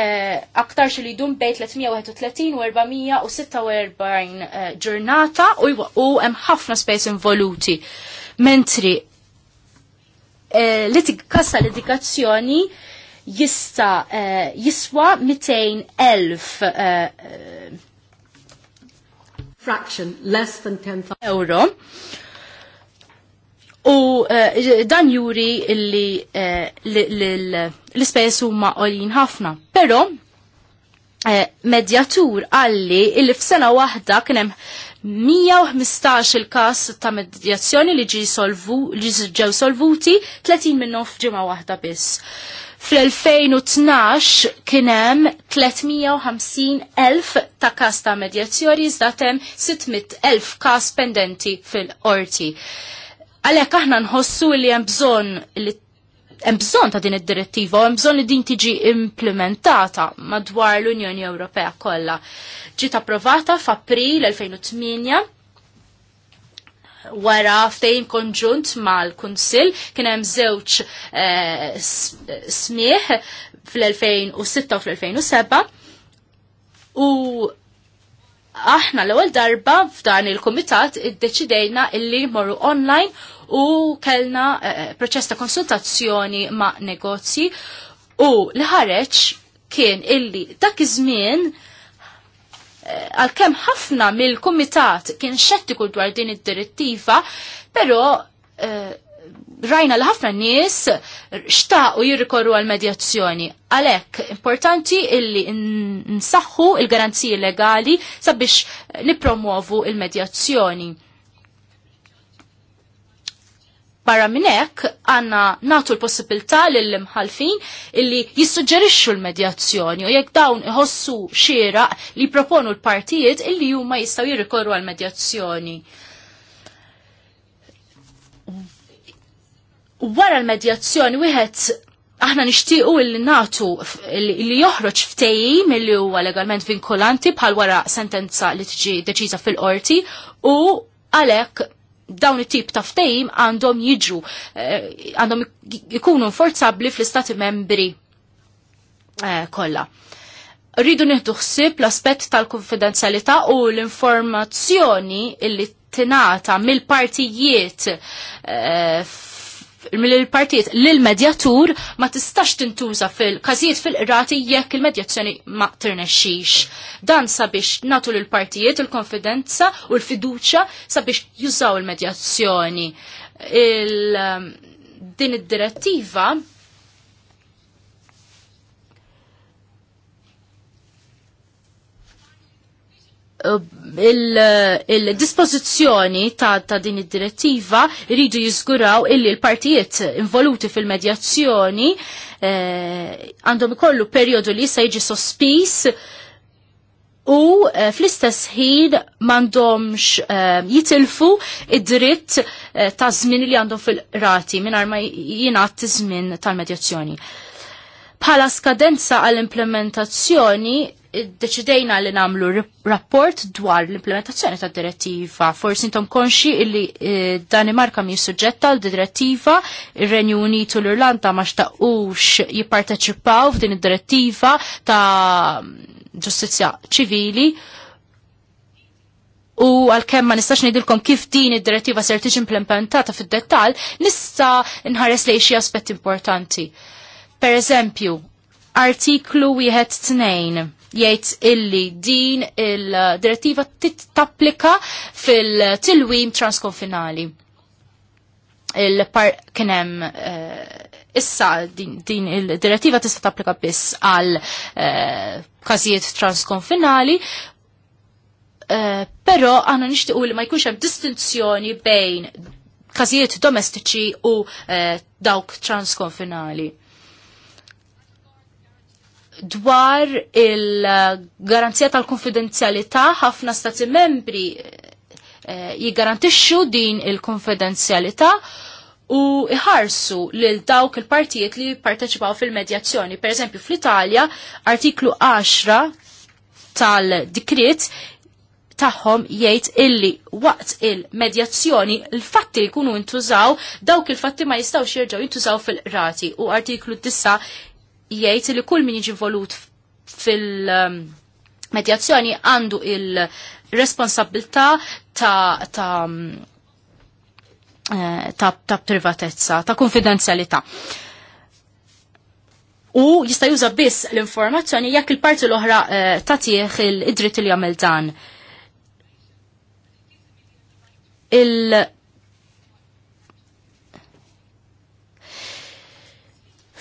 eh, aktar xi jidum bej 331 u 446 e eh, ġurnata u hemm ħafna spejs involuti. Mentri eh, li tikkassa l edikazzjoni jista jiswa 200.000 fraction, less than 10,000 euro. U eh, dan juri illi eh, l-ispess huma qolin ħafna. Però eh, medjatur għalli illi f'sena waħda kien hemm 115 il-każ ta' medjazzjoni li ġi li ġew solvuti 30 minnhom f'ġimgħa waħda biss. Fl-2012 kienem 350 elf ta' kas ta' medjazzjoni zdatem 600 elf kas pendenti fil-orti. Għalek aħna nħossu li hemm bżonn li hemm bżonn ta' din id-direttiva u hemm bżonn li din tiġi implementata madwar l-Unjoni Ewropea kollha. Ġiet approvata f'April 2008 wara fejn konġunt mal-Kunsil kien hemm żewġ eh, smieħ fl-2006 u fl-2007 u aħna l-ewwel darba f'dan il-kumitat iddeċidejna illi morru online u kellna eh, proċess ta' konsultazzjoni ma' negozji u li ħareġ kien illi dak iż-żmien Eh, għalkemm ħafna mill-kumitat kien xettiku dwar din id-direttiva, però eh, rajna li ħafna nies xtaqu jirrikorru għal medjazzjoni. Għalhekk importanti illi nsaħħu il-garanziji legali sabiex nipromuovu il-medjazzjoni. Barra minnek, għanna natu l-possibilità l-imħalfin illi jissuġġerixxu l-medjazzjoni u jekk dawn iħossu xira li proponu l-partijiet illi huma jistaw jirrikorru għal-medjazzjoni. Wara l-medjazzjoni wieħed aħna nixtiequ illi natu illi joħroġ ftejim illi huwa legalment vinkolanti bħal wara sentenza li tiġi deċiża fil-qorti u għalhekk dawn it-tip ta' ftejim għandhom jiġu eh, għandhom ikunu forzabli fl-istati membri eh, kollha. Rridu nieħdu ħsieb l-aspett tal-konfidenzjalità u l-informazzjoni illi tingħata mill-partijiet eh, mill-partijiet l-medjatur ma tistax tintuża fil-każijiet fil-qrati jekk il-medjazzjoni ma tirnexxix. Dan sabiex natu l-partijiet il-konfidenza u l-fiduċa sabiex jużaw il-medjazzjoni. Il um, din id-direttiva il-dispozizjoni ta', din id-direttiva rridu jizguraw illi l-partijiet involuti fil-medjazzjoni eh, għandhom ikollu periodu li jista' jiġi sospis u eh, fl-istess ħin m'għandhomx eh, jitilfu id-dritt ta' żmien li għandhom fil-rati mingħajr ma jingħat żmien tal-medjazzjoni. Bħala skadenza għall-implementazzjoni deċidejna li namlu rapport dwar l-implementazzjoni ta' direttiva. Forsi intom konxi illi eh, Danimarka mi suġġetta l-direttiva, il-Renju Unitu l-Irlanda ma xtaqux jipparteċipaw f'din id-direttiva ta' ġustizja ċivili. U għal-kem ma nistax nidilkom kif din id-direttiva ser tiġi implementata fid dettall nista nħares li xi aspett importanti. Per eżempju, artiklu wieħed tnejn jgħid illi din il-direttiva tapplika fil-tilwim transkonfinali. Il-par kienem eh, issa din, din il-direttiva tista' tapplika biss għal eh, każijiet transkonfinali, Uh, però għanna nixtiequ li ma jkunx hemm distinzjoni bejn każijiet domestiċi u uh, dawk transkonfinali dwar il-garanzija tal-konfidenzjalità ħafna stati membri eh, jiggarantixxu din il-konfidenzjalità u iħarsu lil dawk il-partijiet li parteċipaw fil-medjazzjoni. Per eżempju, fl-Italja, artiklu 10 tal-dikrit taħħom jgħid illi waqt il-medjazzjoni l-fatti li jkunu intużaw dawk il-fatti ma jistgħux jerġgħu jintużaw fil-rati u artiklu 9 jgħid li kull min jiġi volut fil-medjazzjoni għandu il-responsabilta ta', ta eh, ta', ta privatezza, ta' konfidenzjalità. U jista' juża biss l-informazzjoni jekk il-parti l-oħra eh, tagħtih il idrit li jagħmel dan. Il-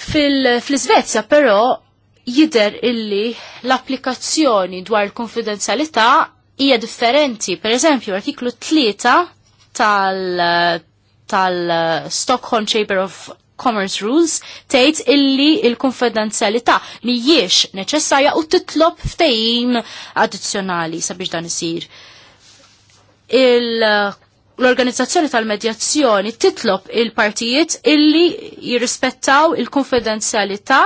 Fil-Svezja però jider illi l-applikazzjoni dwar il-konfidenzjalità hija differenti. Per eżempju, artiklu 3 tal- tal-Stockholm Chamber of Commerce Rules tgħid illi il-konfidenzjalità mhijiex neċessarja u titlob ftehim addizzjonali sabiex dan isir. il l-organizzazzjoni tal-medjazzjoni titlob il-partijiet illi jirrispettaw il-konfidenzjalità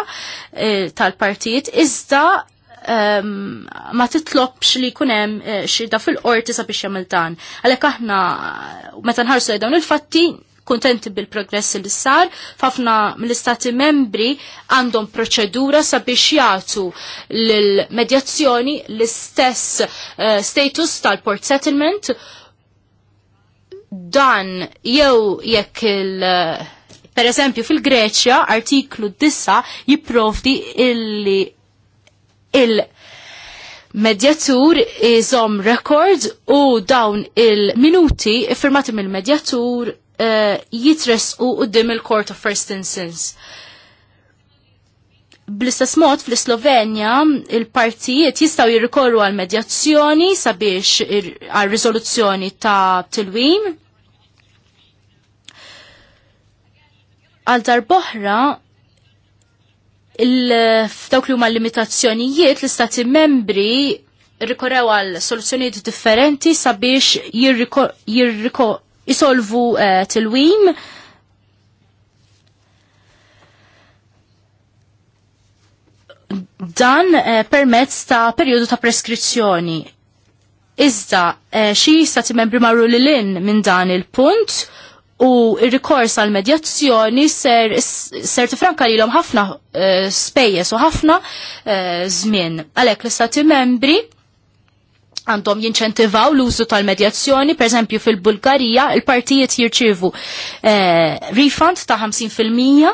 eh, tal-partijiet iżda um, ma titlobx li kunem uh, eh, xida fil-qorti sabiex jamil dan. Għalhekk aħna meta nħarsu dawn il-fatti kontenti bil-progress li sar, fafna mill-istati membri għandhom proċedura sabiex jagħtu l-medjazzjoni l-istess uh, status tal-port settlement dan jew jekk il- eh, Per eżempju, fil-Greċja, artiklu 9 jipprovdi illi il medjatur iżom rekord u dawn il-minuti firmati mill-medjatur uh, jitres u il-Court of First Instance. Bl-istess mod fl-Slovenja il-partijiet jistaw jirrikorru għal medjazzjoni sabiex għal riżoluzzjoni ta' tilwim. Għal darboħra f'dawk li huma limitazzjonijiet l-istati membri rikorew għal soluzzjonijiet differenti sabiex jirriko jisolvu uh, tilwim. dan eh, permezz ta' periodu ta' preskrizzjoni. Iżda eh, xi stati membri marru li l-in minn dan il-punt u il-rikors għal medjazzjoni ser, ser tifranka li l-om ħafna eh, spejjes u ħafna eh, zmin. Għalek l-istati membri għandhom jinċentivaw l-użu tal-medjazzjoni, per eżempju fil-Bulgarija il-partijiet jirċivu eh, refund ta' 50%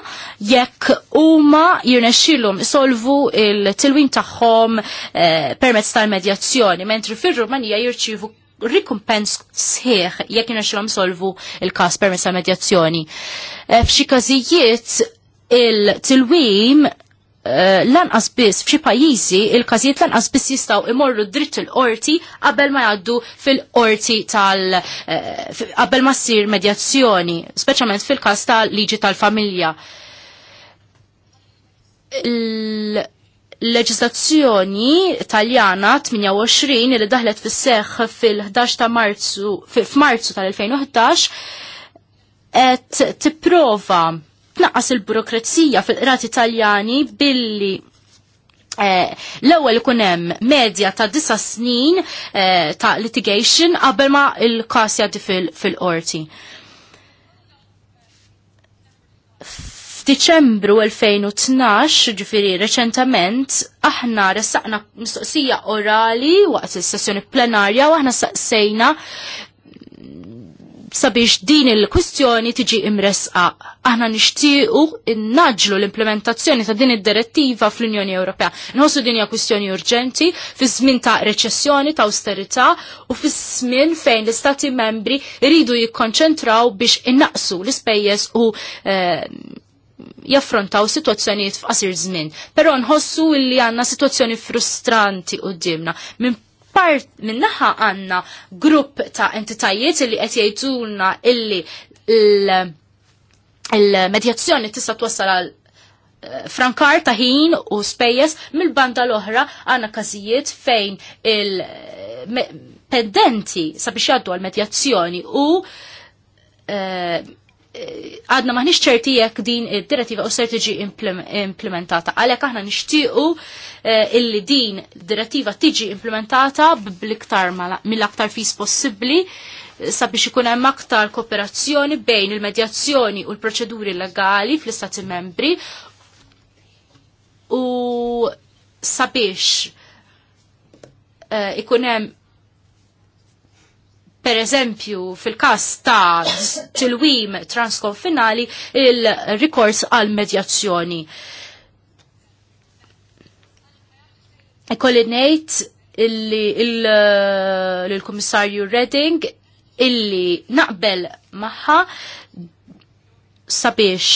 jekk huma jirnexxilhom solvu il-tilwin tagħhom eh, permezz tal-medjazzjoni, mentri fir-Rumanija jirċivu rikumpens sħiħ jekk jirnexxilhom solvu il-każ permezz tal-medjazzjoni. Eh, F'xi każijiet il-tilwim Eh, lanqas biss f'xi pajjiżi il-każijiet lanqas biss jistgħu imorru dritt il-qorti qabel ma jgħaddu fil-qorti tal eh, qabel ma ssir medjazzjoni, speċjalment fil-każ tal-liġi tal-familja. L-leġislazzjoni taljana 28 li daħlet fis-seħħ fil-11 ta' Marzu f'Marzu tal-2011 qed tipprova tnaqqas il-burokrazija fil-qrati taljani billi eh, l-ewwel ikun hemm medja ta' disa snin eh, ta' litigation qabel ma il-każ jgħaddi fil-qorti. F'Diċembru 2012, ġifiri reċentament, aħna ressaqna mistoqsija orali waqt is-sessjoni plenarja u aħna saqsejna sabiex din il-kwistjoni tiġi imresqa. Aħna nixtiequ innaġlu l-implementazzjoni ta' din id-direttiva fl-Unjoni Ewropea. Nħossu din hija kwistjoni urġenti fi żmien ta' reċessjoni, ta' austerità u fi żmien fejn l-Istati membri jridu jikkonċentraw biex innaqsu l-ispejjeż u eh, jaffrontaw situazzjonijiet f'qasir żmien. Però nħossu li għandna situazzjoni frustranti qudiemna minn part minnaħa għanna grupp ta' entitajiet li qed jgħidulna illi il-medjazzjoni tista' twassal għal eh, frankar ta' ħin u spejjes mill-banda l-oħra għanna każijiet fejn il-pendenti sabiex jgħaddu għal medjazzjoni u eh, għadna maħniċ ċerti jekk din id-direttiva u strategi tiġi implementata. Għalek aħna nixtiequ eh, illi din direttiva tiġi implementata bl-iktar mill-aktar fis possibbli eh, sabiex ikun hemm aktar kooperazzjoni bejn il-medjazzjoni u l-proċeduri legali fl-istati membri u sabiex eh, ikun hemm Per eżempju, fil-kas ta' tilwim transkonfinali il-rikors għal medjazzjoni. Ikolli ngħid il-Kummissarju Redding illi naqbel maħħa sabiex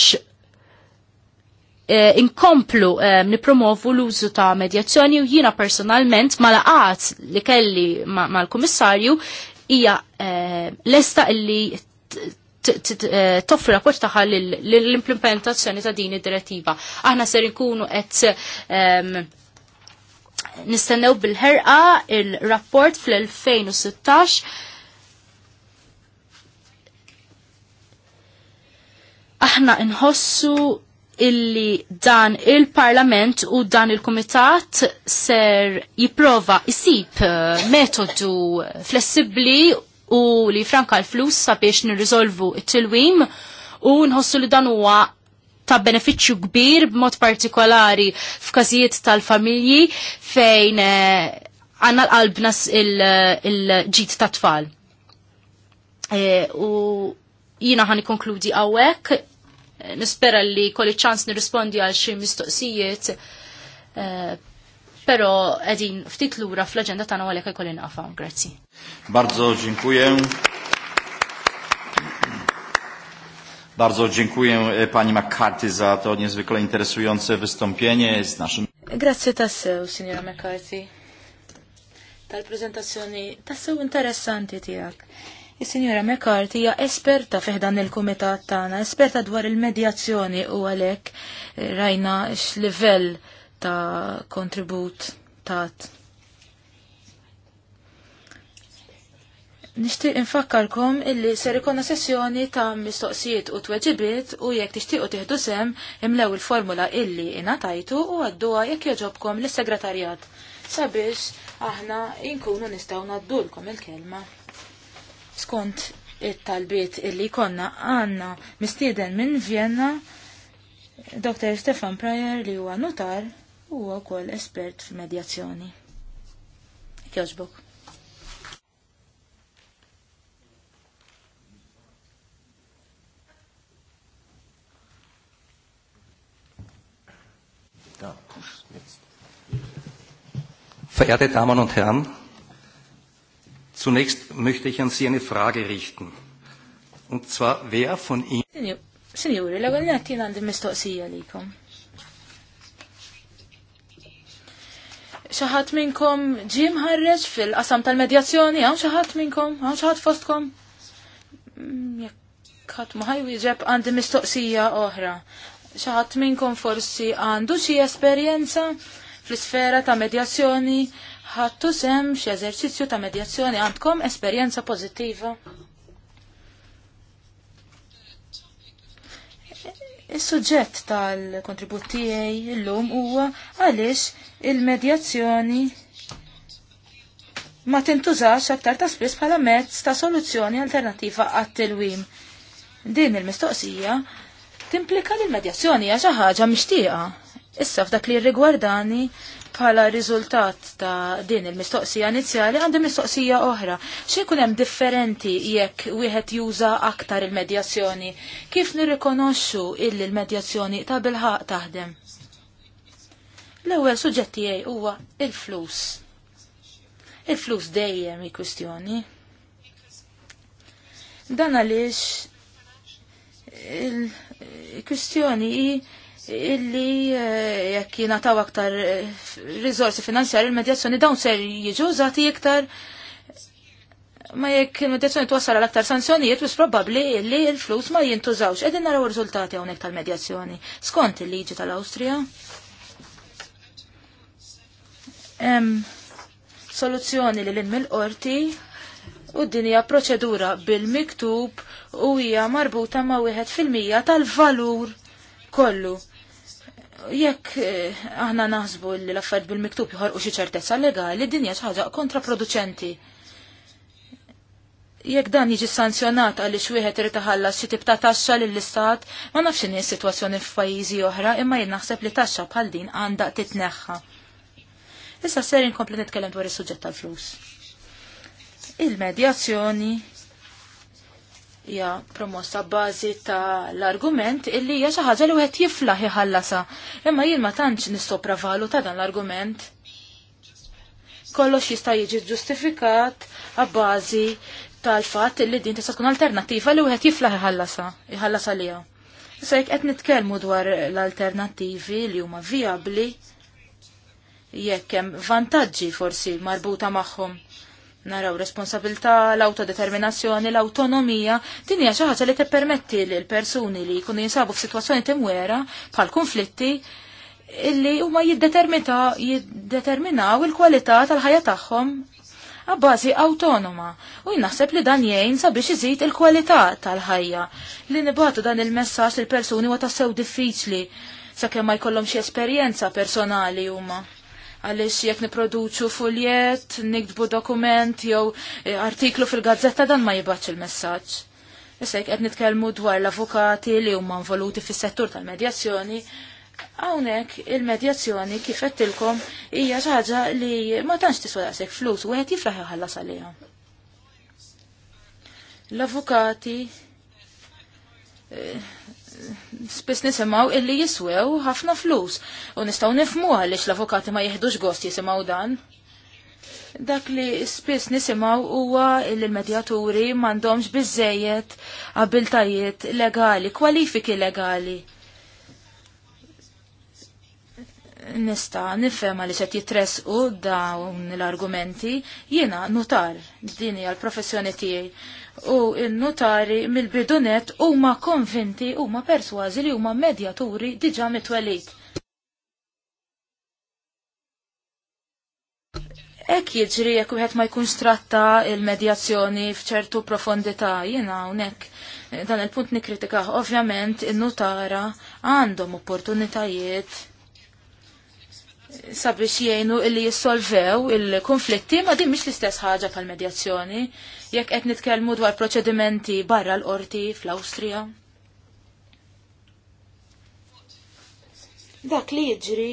eh, inkomplu um, nipromovu l-użu ta' medjazzjoni u jina personalment ma li kelli ma, ma l-komissarju hija eh, lesta illi eh, toffri rapport l-implementazzjoni ta' din id-direttiva. Aħna ser ikunu qed ehm, nistennew bil-ħerqa il-rapport fl-2016 aħna nħossu illi dan il-parlament u dan il-komitat ser jiprova isib eh, metodu flessibli u li franka l-flus sabiex nirriżolvu it-tilwim u nħossu li dan huwa ta' beneficju kbir b'mod partikolari f'każijiet tal-familji fejn eh, għanna l-qalbna il-ġit il ta' tfal. E, u jina ħani konkludi għawek nispera li kolli ċans nirrispondi għal xie mistoqsijiet, eh, pero edin ftit lura fl-agenda tagħna għaj kolli nafa. Grazzi. Bardzo dziękuję. Bardzo dziękuję e, pani McCarthy za to niezwykle interesujące wystąpienie z naszym... Grazie tasseu, signora McCarthy, tal-prezentazzjoni tasseu interessanti tijak. Is-Sinjora McCarthy hija esperta dan il-kumitat tagħna, esperta dwar il-medjazzjoni u għalhekk eh, rajna x'livell ta' kontribut tat. Nixtieq infakkarkom illi ser ikonna sessjoni ta' mistoqsijiet u tweġibiet u jekk tixtiequ tieħdu sem imlew il-formula illi ingħatajtu u għadduha jekk joġobkom lis-segretarjat sabiex aħna inkunu nistgħu naddulkom il-kelma skont it-talbiet illi konna għanna mistieden minn Vienna Dr. Stefan Prajer li huwa notar huwa wkoll espert f'medjazzjoni. Jogħġbok. Verehrte Damen und Herren, Zunächst möchte ich an Sie eine Frage richten. Und zwar, wer von Ihnen... Signori, la għalina għattin għandi mistoqsija likom. Xaħat minnkom ġim ħarreġ fil-qasam tal-medjazzjoni, għan xaħat minnkom, għan xaħat fostkom. Mm, jekk muħaj u wieġeb għandi mistoqsija oħra. Xaħat minnkom forsi għandu xie esperienza fil sfera ta' medjazzjoni ħattu sem xie eżerċizzju ta' medjazzjoni għandkom esperjenza pożittiva. Is-suġġett tal-kontribut tiegħi llum huwa għaliex il-medjazzjoni ma tintużax aktar ta' spiss bħala mezz ta' soluzzjoni alternattiva għat-tilwim. Din il-mistoqsija timplika li l-medjazzjoni hija xi ħaġa mixtieqa. Issa f'dak li rigwardani bħala riżultat ta' din il-mistoqsija inizjali għandhom mistoqsija oħra. Xejkun hemm differenti jekk wieħed juża aktar il-medjazzjoni? Kif nirrikonoxxu illi l-medjazzjoni ta' bilħaq taħdem? L-ewwel suġġett tiegħi huwa il-flus. Il-flus dejjem il kwistjoni. Dan għaliex il-kwistjoni hi illi eh, jekk jingħataw aktar eh, rizorsi finanzjari il-medjazzjoni dawn ser jiġu użati iktar ma jekk il-medjazzjoni twassal għal aktar sanzjonijiet wis probabbli illi l-flus ma jintużawx. Qegħdin naraw riżultati hawnhekk tal-medjazzjoni. Skont il-liġi tal-Awstrija. Soluzzjoni li l immil qorti u dinja hija proċedura bil-miktub u hija marbuta ma' wieħed fil-mija tal-valur kollu jekk eh, aħna naħsbu li l-affarijiet bil-miktub jħorqu xi ċertezza legali din hija xi ħaġa kontraproduċenti. Jekk dan jiġi sanzjonat għaliex wieħed irid iħallas xi tip ta' taxxa lill-istat, ma nafx inhi s-sitwazzjoni f'pajjiżi oħra, imma jien naħseb li taxxa bħal din għandha titneħħa. Issa ser inkompli nitkellem dwar is-suġġett tal-flus. Il-medjazzjoni hija promossa bażi ta' l-argument illi hija xi ħaġa li wieħed jiflaħ iħallasa. Imma jien ma tantx nissopravalu ta' dan l-argument. Kollox jista' jiġi ġustifikat għabbażi tal-fatt illi din tista' tkun alternattiva li wieħed jiflaħ iħallasa, iħallasa liha. Issa jekk qed nitkellmu dwar l-alternattivi li huma vijabbli jekk hemm vantaġġi forsi marbuta magħhom naraw responsabilità, l-autodeterminazzjoni, l-autonomija, din hija xi ħaġa li tippermetti l persuni li jkunu jinsabu f'sitwazzjoni timwera bħal konflitti illi huma jiddeterminaw il-kwalità tal-ħajja tagħhom għabbażi autonoma u jnaħseb li dan jgħin sabiex iżid il-kwalità tal-ħajja. Li nibatu dan il-messaġġ il persuni wa tassew diffiċli sakemm ma jkollhom xi esperjenza personali huma għaliex jekk niproduċu fuljet, nikdbu dokument jew eh, artiklu fil-gazzetta dan ma jibbaċ il-messaġġ. Issa jekk qed nitkellmu dwar l-avukati li huma involuti fis-settur tal-medjazzjoni, hawnhekk il-medjazzjoni kif għettilkom hija xi ħaġa li ma tantx tiswa daqshekk flus u għet jifraħi iħallas għaliha. L-avukati eh, spiss nisimgħu illi jiswew ħafna flus u nistgħu nifmu għaliex l-avukati ma jieħdux gost jisimgħu dan. Dak li spiss nisimgħu huwa illi l-medjaturi m'għandhomx biżejjed abiltajiet legali, kwalifiki legali. Nista nifhem għaliex qed jitresqu dawn l-argumenti, jiena nutar din hija l-professjoni tiegħi u n-notari mill-bidunet huma konvinti huma persważi li huma medjaturi diġà mitwelit. Ek jiġri jekk wieħed ma jkunx tratta il-medjazzjoni f'ċertu profondità, jiena hawnhekk eh, dan il-punt nikkritika, ovvjament in-nutara għandhom opportunitajiet sabiex jgħinu illi jissolvew il-konflitti ma din mhix l-istess ħaġa tal-medjazzjoni jekk qed nitkellmu dwar proċedimenti barra l-qorti fl-Awstrija. Dak li jiġri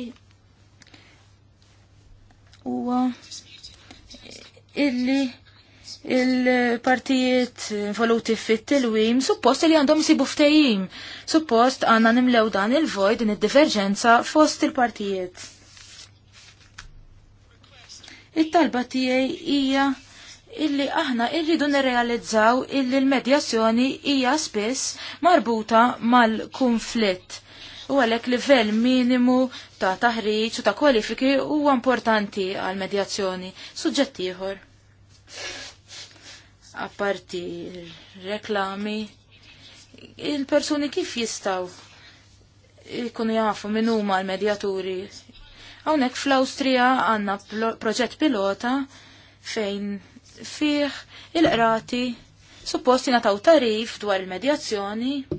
huwa illi il-partijiet involuti fit-tilwim suppost li għandhom jisibu ftejim. Suppost għandna nimlew dan il-vojt din id-diverġenza fost il-partijiet it-talba tiegħi hija illi aħna irridu nirrealizzaw illi l-medjazzjoni hija spess marbuta mal-konflitt. U għalhekk livell minimu ta' taħriġ u ta' kwalifiki huwa importanti għal medjazzjoni suġġett ieħor. Apparti reklami, il-persuni kif jistaw ikunu jafu minnu huma l-medjaturi Hawnhekk fl-Awstrija għandna proġett pilota fejn fih il-qrati supposti nataw tarif dwar il-medjazzjoni u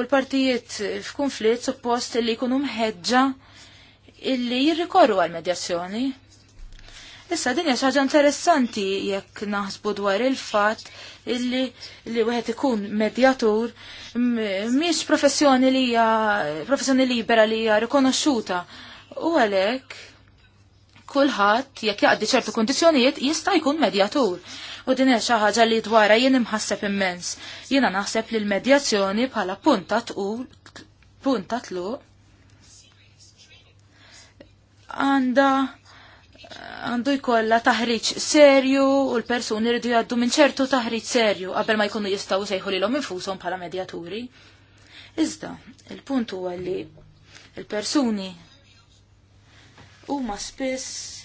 l-partijiet f'kunflitt suppost li jkunu mħeġġa illi jirrikorru għal-medjazzjoni. Issa din hija xi ħaġa interessanti jekk naħsbu dwar il-fatt illi li wieħed ikun medjatur mhix professjoni li hija professjoni libera li hija rikonoxxuta. U għalhekk kulħadd jekk jaqdi ċertu kundizzjonijiet jista' jkun medjatur. U din hija xi ħaġa li dwarha jien imħasseb immens. Jiena naħseb li l-medjazzjoni bħala punta tqul punta tluq għanda għandu jkollha taħriġ serju u l-persuni rridu jgħaddu minn ċertu taħriġ serju qabel ma jkunu jistgħu sejħu lilhom infushom bħala medjaturi. Iżda, il-punt huwa li il-persuni huma spiss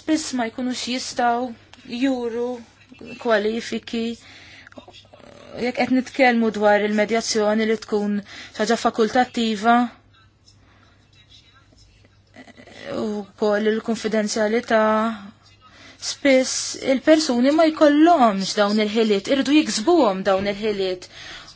spiss ma jkunux jistgħu juru kwalifiki jekk qed nitkellmu dwar il-medjazzjoni li tkun ħaġa fakultattiva u koll il-konfidenzjalità spiss il-persuni ma jkollhomx dawn il-ħiliet, irridu jiksbuhom dawn il-ħiliet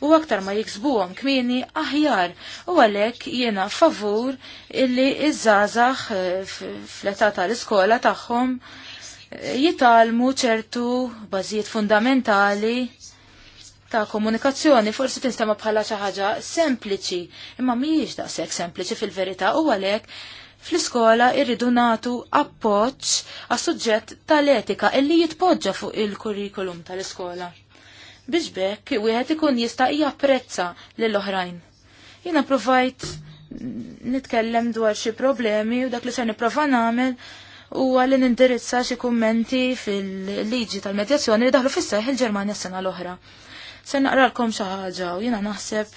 u aktar ma jiksbuhom kmini aħjar u għalhekk jiena favur illi iż-żgħażagħ eh, fl-età tal-iskola tagħhom eh, jitalmu ċertu bażijiet fundamentali ta' komunikazzjoni forsi tinstema bħala xi ħaġa sempliċi, imma mhijiex daqshekk sempliċi fil-verità u għalhekk fl-iskola irridu natu appoġġ għas suġġett tal-etika illi jitpoġġa fuq il-kurrikulum tal-iskola. Biex bekk wieħed ikun jista' japprezza lill oħrajn Jiena provajt nitkellem dwar xi problemi u dak li se nipprova nagħmel u li nindirizza xi kummenti fil-liġi tal-medjazzjoni li daħlu fis-seħħ il-Ġermanja s-sena l-oħra. Se naqralkom xi ħaġa u jiena naħseb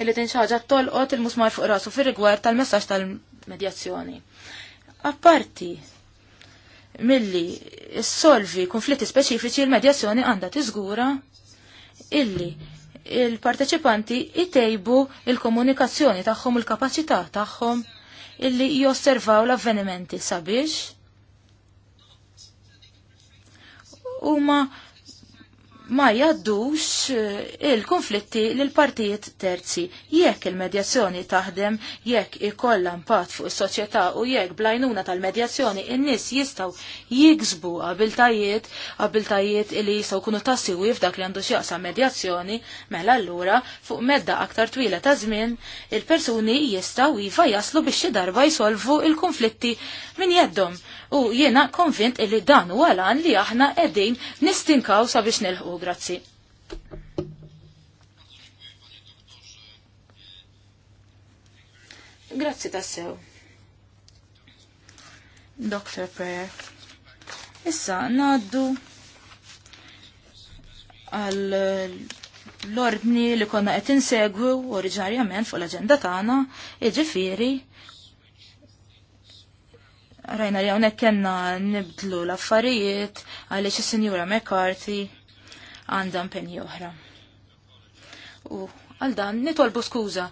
il-li din xi ħaġa tolqot il-musmar fuq rasu fir rigward tal-messaġġ medjazzjoni. Apparti milli solvi konflitti speċifiċi l-medjazzjoni għandha tiżgura illi il-parteċipanti itejbu il-komunikazzjoni tagħhom il-kapaċità tagħhom illi josservaw l-avvenimenti sabiex huma ma jaddux eh, il-konflitti l partijiet terzi. Jekk il-medjazzjoni taħdem, jekk ikolla impatt fuq is-soċjetà u jekk blajnuna tal-medjazzjoni in-nies jistgħu jiksbu abiltajiet, abiltajiet li jistgħu kunu tassiwi f'dak li għandu x'jaqsa medjazzjoni, mela allura fuq medda aktar twila ta' żmien, il-persuni jistgħu iva jaslu biex xi darba jsolvu il-konflitti minn jeddhom. U jiena konvint li dan huwa lan li aħna qegħdin nistinkaw sabiex nilħu grazzi. Grazzi tassew. Dr. Prayer. Issa, naddu għal l-ordni li konna qed insegwu oriġinarjament fuq l-aġenda tagħna, iġifieri. rajna li hawnhekk kellna nibdlu l-affarijiet għaliex is-Sinjura McCarthy għandha impenji oħra. U għal dan nitolbu skuża.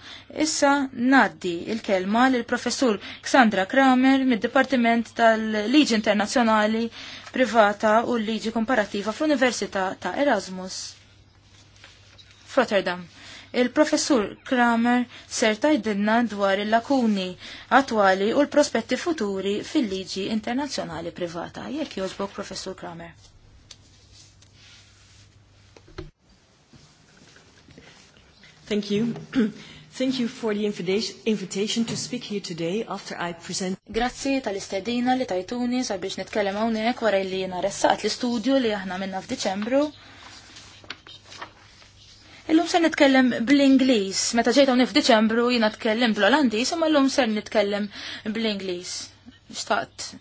Issa naddi il-kelma l professur Ksandra Kramer mid-Dipartiment tal-Liġi Internazzjonali Privata u l-Liġi Komparativa fl-Università ta' Erasmus f'Rotterdam il-professur Kramer ser tajdinna dwar il-lakuni attwali u l-prospetti futuri fil-liġi internazzjonali privata. Jekk jogħġbok, professur Kramer. Thank you. Thank you for the invitation to speak here today after I present. Grazzi tal-istedina li tajtuni sabiex nitkellem hawnhekk wara li jiena ressaqt l-istudju li aħna minna f'Diċembru. Illum ser nitkellem bl-Ingliż. Meta ġejt hawnhekk f'Diċembru jiena tkellem bl-Olandiż, imma llum ser nitkellem bl-Ingliż. Xtaqt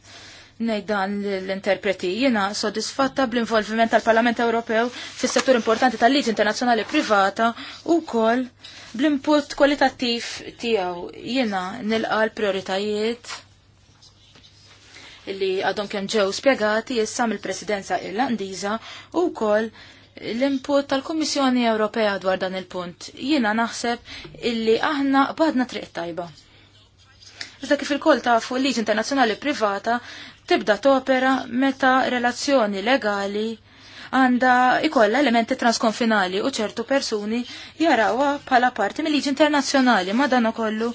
nejdan l-interpreti. Jina sodisfatta bl-involviment tal-Parlament Ewropew fis settur importanti tal-liġi internazzjonali privata u kol bl-input kwalitattiv tijaw. Jina nilqa l-prioritajiet li għadhom kemm ġew spjegati issa mill-Presidenza Irlandiża u wkoll l-input tal-Kummissjoni Ewropea dwar dan il-punt. Jiena naħseb illi aħna badna triq tajba. Iżda kif il-kol tafu l-liġi internazzjonali privata tibda topera meta relazzjoni legali għanda ikolla elementi transkonfinali u ċertu persuni jarawa pala parti mill-liġi internazzjonali ma dan kollu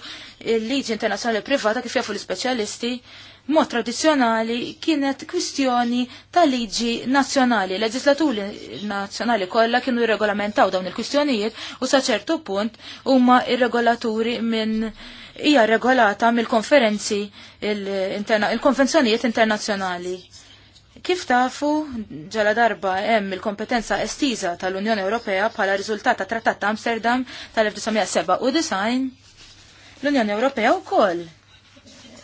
il-liġi internazzjonali privata kif jafu l specialisti mo tradizjonali kienet kwistjoni tal liġi nazzjonali. Leġislaturi nazzjonali kollha kienu jirregolamentaw dawn il-kwistjonijiet u sa ċertu punt huma irregolaturi minn hija regolata mill-konferenzi il-konvenzjonijiet internazzjonali. Kif tafu ġala darba hemm il-kompetenza estiża tal-Unjoni Ewropea bħala riżultat ta' Trattat ta' Amsterdam tal-1997, l-Unjoni Ewropea wkoll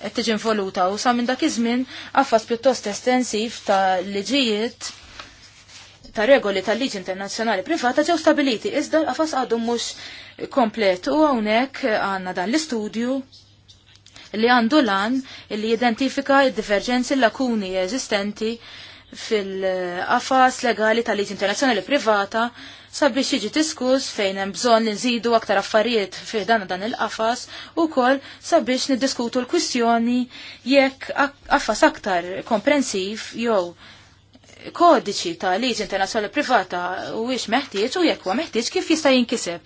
qed tiġi involuta u sa minn dak iż-żmien affas pjuttost estensiv ta' liġijiet ta' regoli tal-liġi internazzjonali privata ġew stabiliti, iżda l-qafas għadu mhux komplet u hawnhekk għandna dan l-istudju li għandu lan li jidentifika il divergenzi l-lakuni eżistenti fil-qafas legali tal-liġi internazzjonali privata sabiex jiġi diskus fejn hemm bżonn li nżidu aktar affarijiet fih dan dan il-qafas ukoll sabiex niddiskutu l-kwistjoni jekk qafas aktar komprensiv jew kodiċi ta' liġi internazjonali privata u wiex meħtieġ u jekk huwa meħtieġ kif jista' jinkiseb.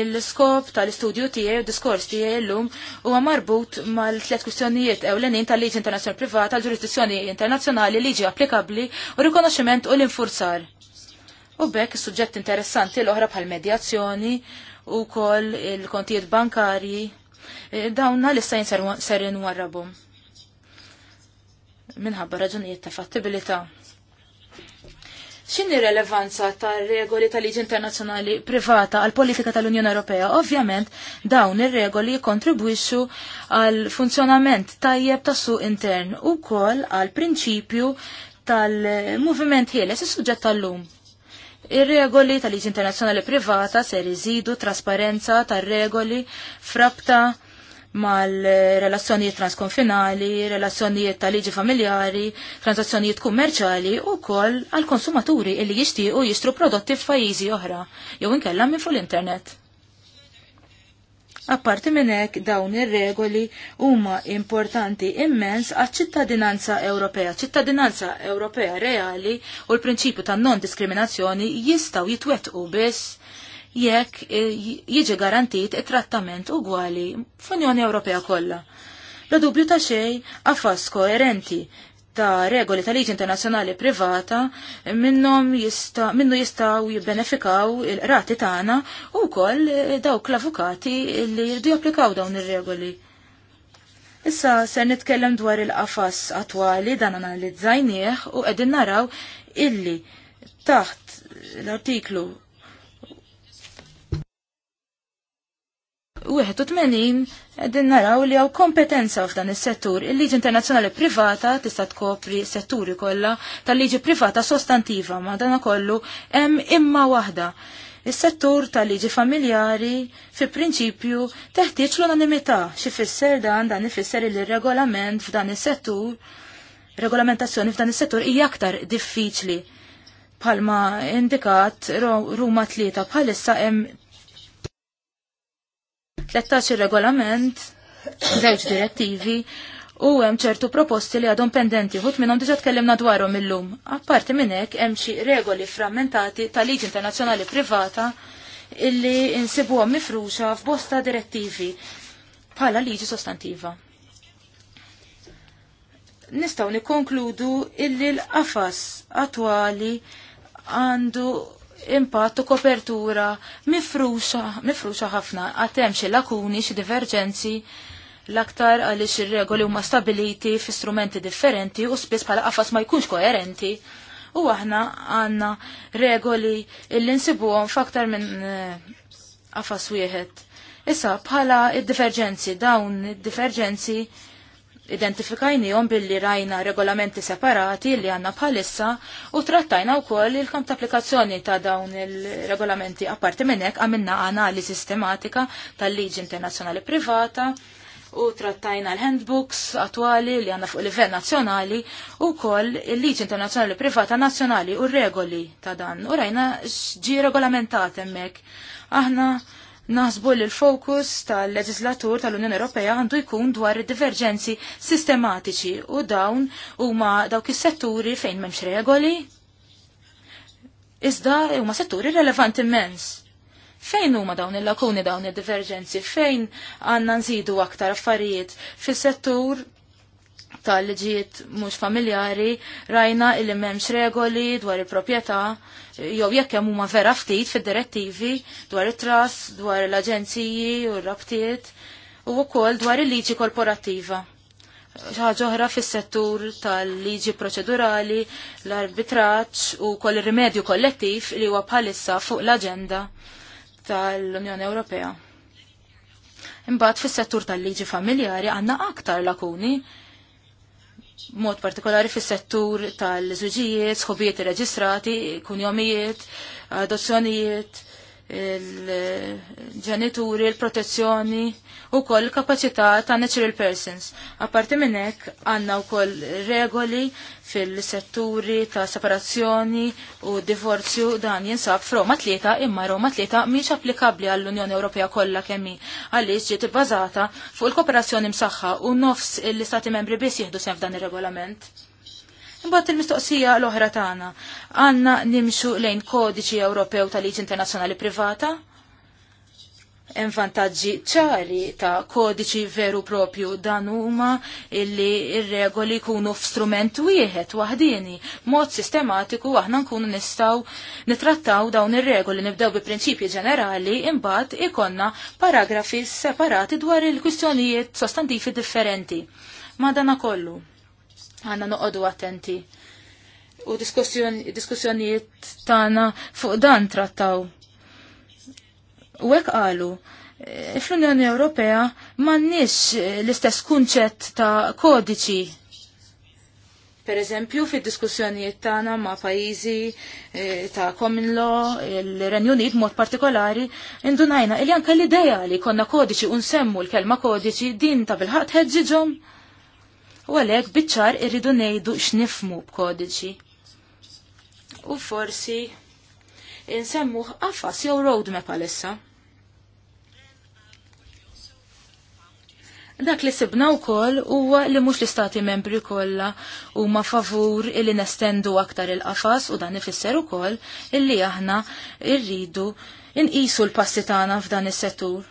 Il-skop tal-istudju tiegħi u diskors tiegħi llum huwa marbut mal-tliet kwistjonijiet ewlenin tal-liġi internazjonali privata, l-ġurisdizzjoni internazzjonali, liġi applikabbli u rikonoxximent u l-infurzar. U bekk is-suġġett interessanti l-oħra bħal-medjazzjoni u kol il-kontijiet bankari e, dawna l-issa serin warrabum minħabba raġunijiet ta' fattibilita' X'inhi relevanza tar-regoli tal-liġi internazzjonali privata għal politika tal-Unjoni Ewropea? Ovvjament dawn ir-regoli kontribwixxu għal funzjonament tajjeb tas-suq intern u wkoll għal prinċipju tal-moviment ħieles is-suġġett tal-lum. Ir-regoli tal-liġi internazzjonali privata ser iżidu trasparenza tar-regoli frabta mal-relazzjonijiet transkonfinali, relazzjonijiet ta' liġi familjari, transazzjonijiet kummerċali u kol għal-konsumaturi illi jishtiqu jistru prodotti f'pajjiżi oħra, jew inkella minn fuq l-internet. Apparti minn hekk dawn ir-regoli huma importanti immens għaċ-ċittadinanza Ewropea. ċittadinanza Ewropea reali u l-prinċipju tan non-diskriminazzjoni jistgħu jitwettqu biss jekk eh, jiġi garantit it-trattament ugwali f'Unjoni Ewropea kollha. La dubju ta' xejn affas koerenti ta' regoli tal-liġi internazzjonali privata minnhom jista' minnu jistgħu jibbenefikaw il-rati tagħna u wkoll eh, dawk l-avukati li jirdu japplikaw dawn ir-regoli. Issa ser nitkellem dwar il-qafas attwali dan analizzajnieh u qegħdin naraw illi taħt l-artiklu 81 din naraw li għaw kompetenza f'dan is-settur. Il-liġi internazzjonali privata tista' tkopri setturi kollha tal-liġi privata sostantiva ma dan kollu hemm imma waħda. Is-settur tal-liġi familjari fi prinċipju teħtieġ l-unanimità xi fisser dan dan ifisser li regolament f'dan is-settur regolamentazzjoni f'dan is-settur hija aktar diffiċli. Palma indikat Ruma tlieta bħalissa hemm 13 regolament, żewġ direttivi, u hemm ċertu proposti li għadhom pendenti, ħut minnhom diġà tkellimna dwarhom illum. Apparti minn hekk hemm xi regoli frammentati tal liġi internazzjonali privata illi insibuhom mifruxa f'bosta direttivi bħala liġi sostantiva. Nistgħu nikkonkludu illi l-qafas attwali għandu impatt u kopertura mifruxa, mifruxa ħafna, għatem xie lakuni, xie divergenzi, l-aktar għalix ir-regoli huma stabiliti strumenti differenti u spiss bħala qafas ma jkunx koerenti. U aħna għanna regoli illi nsibuhom f'aktar minn eh, qafas wieħed. Issa bħala id-divergenzi, dawn id-divergenzi jom billi rajna regolamenti separati li għanna bħalissa u trattajna wkoll il-kamp ta' applikazzjoni ta' dawn il-regolamenti. Apparti minn hekk għamilna analiżi sistematika tal-liġi internazzjonali privata u trattajna l-handbooks attwali li għanna fuq livell nazzjonali u koll il-liġi internazzjonali privata nazzjonali u regoli ta' dan u rajna xġi regolamentat hemmhekk. Aħna Naħsbu li l-fokus tal-leġislatur tal-Unjoni Ewropea għandu jkun dwar diverġenzi sistematiċi u dawn huma dawk is-setturi fejn m'hemmx regoli. Iżda huma setturi relevanti immens. Fejn huma dawn il-lakuni dawn id divergenzi Fejn għandna nżidu aktar affarijiet fis-settur tal-liġijiet mhux familjari rajna illi m'hemmx regoli dwar il-proprjetà jew jekk hemm huma vera ftit fid-direttivi dwar it tras dwar l-aġenziji u r-rabtiet u wkoll dwar il-liġi korporattiva. ħaġa oħra fis-settur tal-liġi proċedurali, l-arbitraġġ u ir rimedju kollettiv li huwa bħalissa fuq l-aġenda tal-Unjoni Ewropea. Imbagħad fis-settur tal-liġi familjari għandna aktar lakuni mod partikolari fis settur tal-żuġijiet, sħobijiet irreġistrati, kunjomijiet, adozzjonijiet, il-ġenituri, il-protezzjoni u koll kapacità ta' natural persons. Apparti minnek għanna u koll regoli fil-setturi ta' separazzjoni u divorzju dan jinsab f'Roma tlieta imma Roma tlieta miex applikabli għall-Unjoni Ewropea kollha kemmi għaliex ġiet ibbażata fuq il-kooperazzjoni msaħħa u nofs l-istati membri biss jieħdu sem f'dan ir-regolament. Imbagħad il-mistoqsija l-oħra tagħna. Għandna nimxu lejn kodiċi Ewropew tal liġi internazzjonali privata? Hemm vantaġġi ċari ta' kodiċi veru propju dan huma illi r regoli jkunu f'strument wieħed waħdini. Mod sistematiku aħna nkunu nistgħu nitrattaw dawn ir-regoli nibdew bi prinċipji ġenerali imbagħad ikonna paragrafi separati dwar il-kwistjonijiet sostantivi differenti. Madana kollu Għanna noqodu attenti. U diskussjonijiet tagħna fuq dan trattaw. U hekk qalu eh, fl-Unjoni Ewropea m'għandniex eh, l-istess kunċett ta' kodiċi. Per eżempju, fid-diskussjonijiet tagħna ma' pajjiżi eh, ta' common law, il-Renju Unit mod partikolari, indunajna li anke l ideja li konna kodiċi unsemmu l-kelma kodiċi din ta' bil-ħadd ħedġiġom. U għalhekk biċċar irridu ngħidu x'nifmu b'kodiċi. U forsi insemmuh qafas jew roadmap għalissa. Dak li sibna u koll huwa li mhux l-istati membri kollha huma favur illi nestendu aktar il-qafas u dan ifisser ukoll illi aħna rridu inqisu l-passi tagħna f'dan is-settur.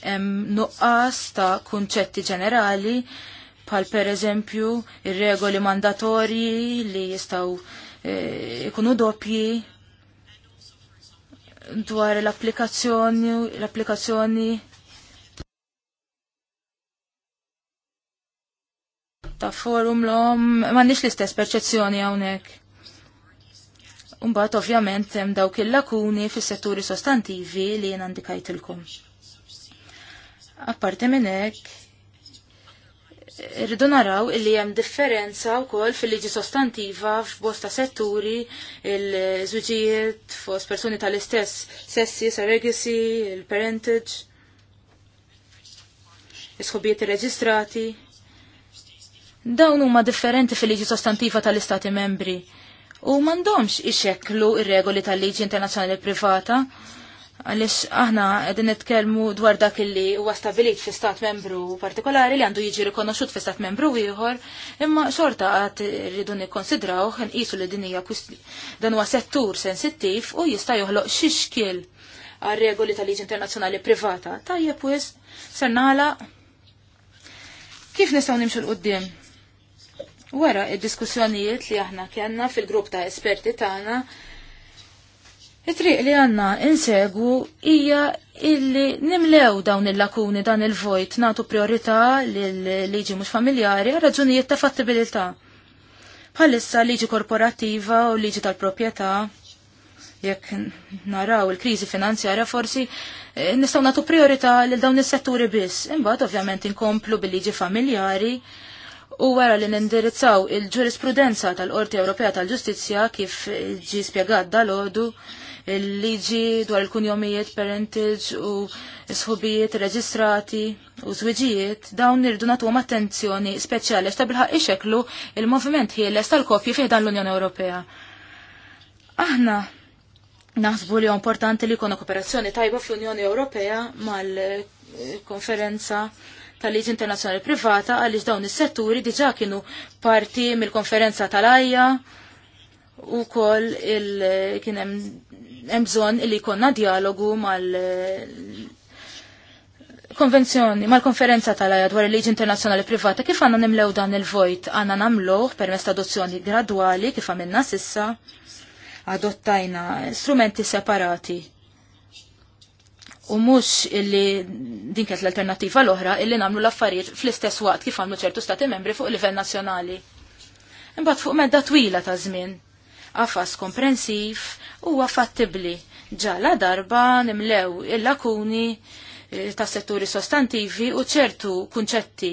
Hemm nuqqas ta' kunċetti ġenerali pal per eżempju il regoli mandatorji li jistaw eh, ikunu doppji dwar l-applikazzjoni l-applikazzjoni ta' forum l-om nix l-istess perċezzjoni hawnhekk. Umbat ovvjament hemm dawk il-lakuni fis-setturi sostantivi li jien għandikajtilkom. Apparti minn hekk, Rridu naraw illi hemm differenza wkoll fil-liġi sostantiva f'bosta setturi il-żwiġijiet fost persuni tal-istess sessi, sarregisi, il-parentage, l ħobijiet irreġistrati. Dawn huma differenti fil-liġi sostantiva tal-istati membri u m'għandhomx ixekklu ir-regoli tal-liġi internazzjonali privata Għalix aħna għedin nitkellmu dwar dak illi huwa stabilit fi stat membru partikolari li għandu jiġi rikonoxxut fi stat membru ieħor, imma xorta għad rridu nikkonsidraw nqisu li din hija dan huwa settur sensittiv u jista' joħloq xi xkiel għal regoli tal-liġi internazzjonali privata. Tajjeb wis, sernala. kif nistgħu nimxu l qudiem Wara id-diskussjonijiet li aħna kellna fil-grupp ta' esperti tagħna it-triq li għanna insegu hija illi nimlew dawn il-lakuni dan il-vojt natu priorità lill-liġi mhux familjari għal raġunijiet ta' fattibilità. Bħalissa liġi korporattiva u liġi tal-proprjetà jekk naraw il-kriżi finanzjarja forsi eh, nistgħu nagħtu priorità lil dawn is-setturi biss. Imbagħad ovvjament inkomplu bil-liġi familjari u wara li nindirizzaw il-ġurisprudenza tal-Qorti Ewropea tal-Ġustizzja kif ġi spjegat dal-għodu il-liġi dwar il-kunjomijiet parentage u sħubijiet reġistrati u żwiġijiet dawn nirdu nagħtuhom attenzjoni speċjali għax ta' bilħaq ixeklu il-moviment ħieles tal-kopji fih dan l-Unjoni Ewropea. Aħna naħsbu li importanti li kuna kooperazzjoni tajba fl-Unjoni Ewropea mal-konferenza tal-liġi internazzjonali privata għaliex dawn is-setturi diġa' kienu parti mill-konferenza tal-ajja u kol il kienem hemm bżonn li jkollna dialogu mal eh, konvenzjoni mal-konferenza tal-għaja dwar il-liġi internazjonali privata kif għanna nimlew dan il-vojt għanna namluħ per ta' adozzjoni gradwali kif għamilna sissa adottajna strumenti separati u mux illi din kienet l-alternativa l-oħra illi namlu l-affarijiet fl-istess waqt kif għamlu ċertu stati membri fuq livell nazzjonali. Imbagħad fuq medda twila ta' żmien qafas komprensiv huwa fattibbli ġala darba nimlew il-lakuni eh, ta' setturi sostantivi u ċertu kunċetti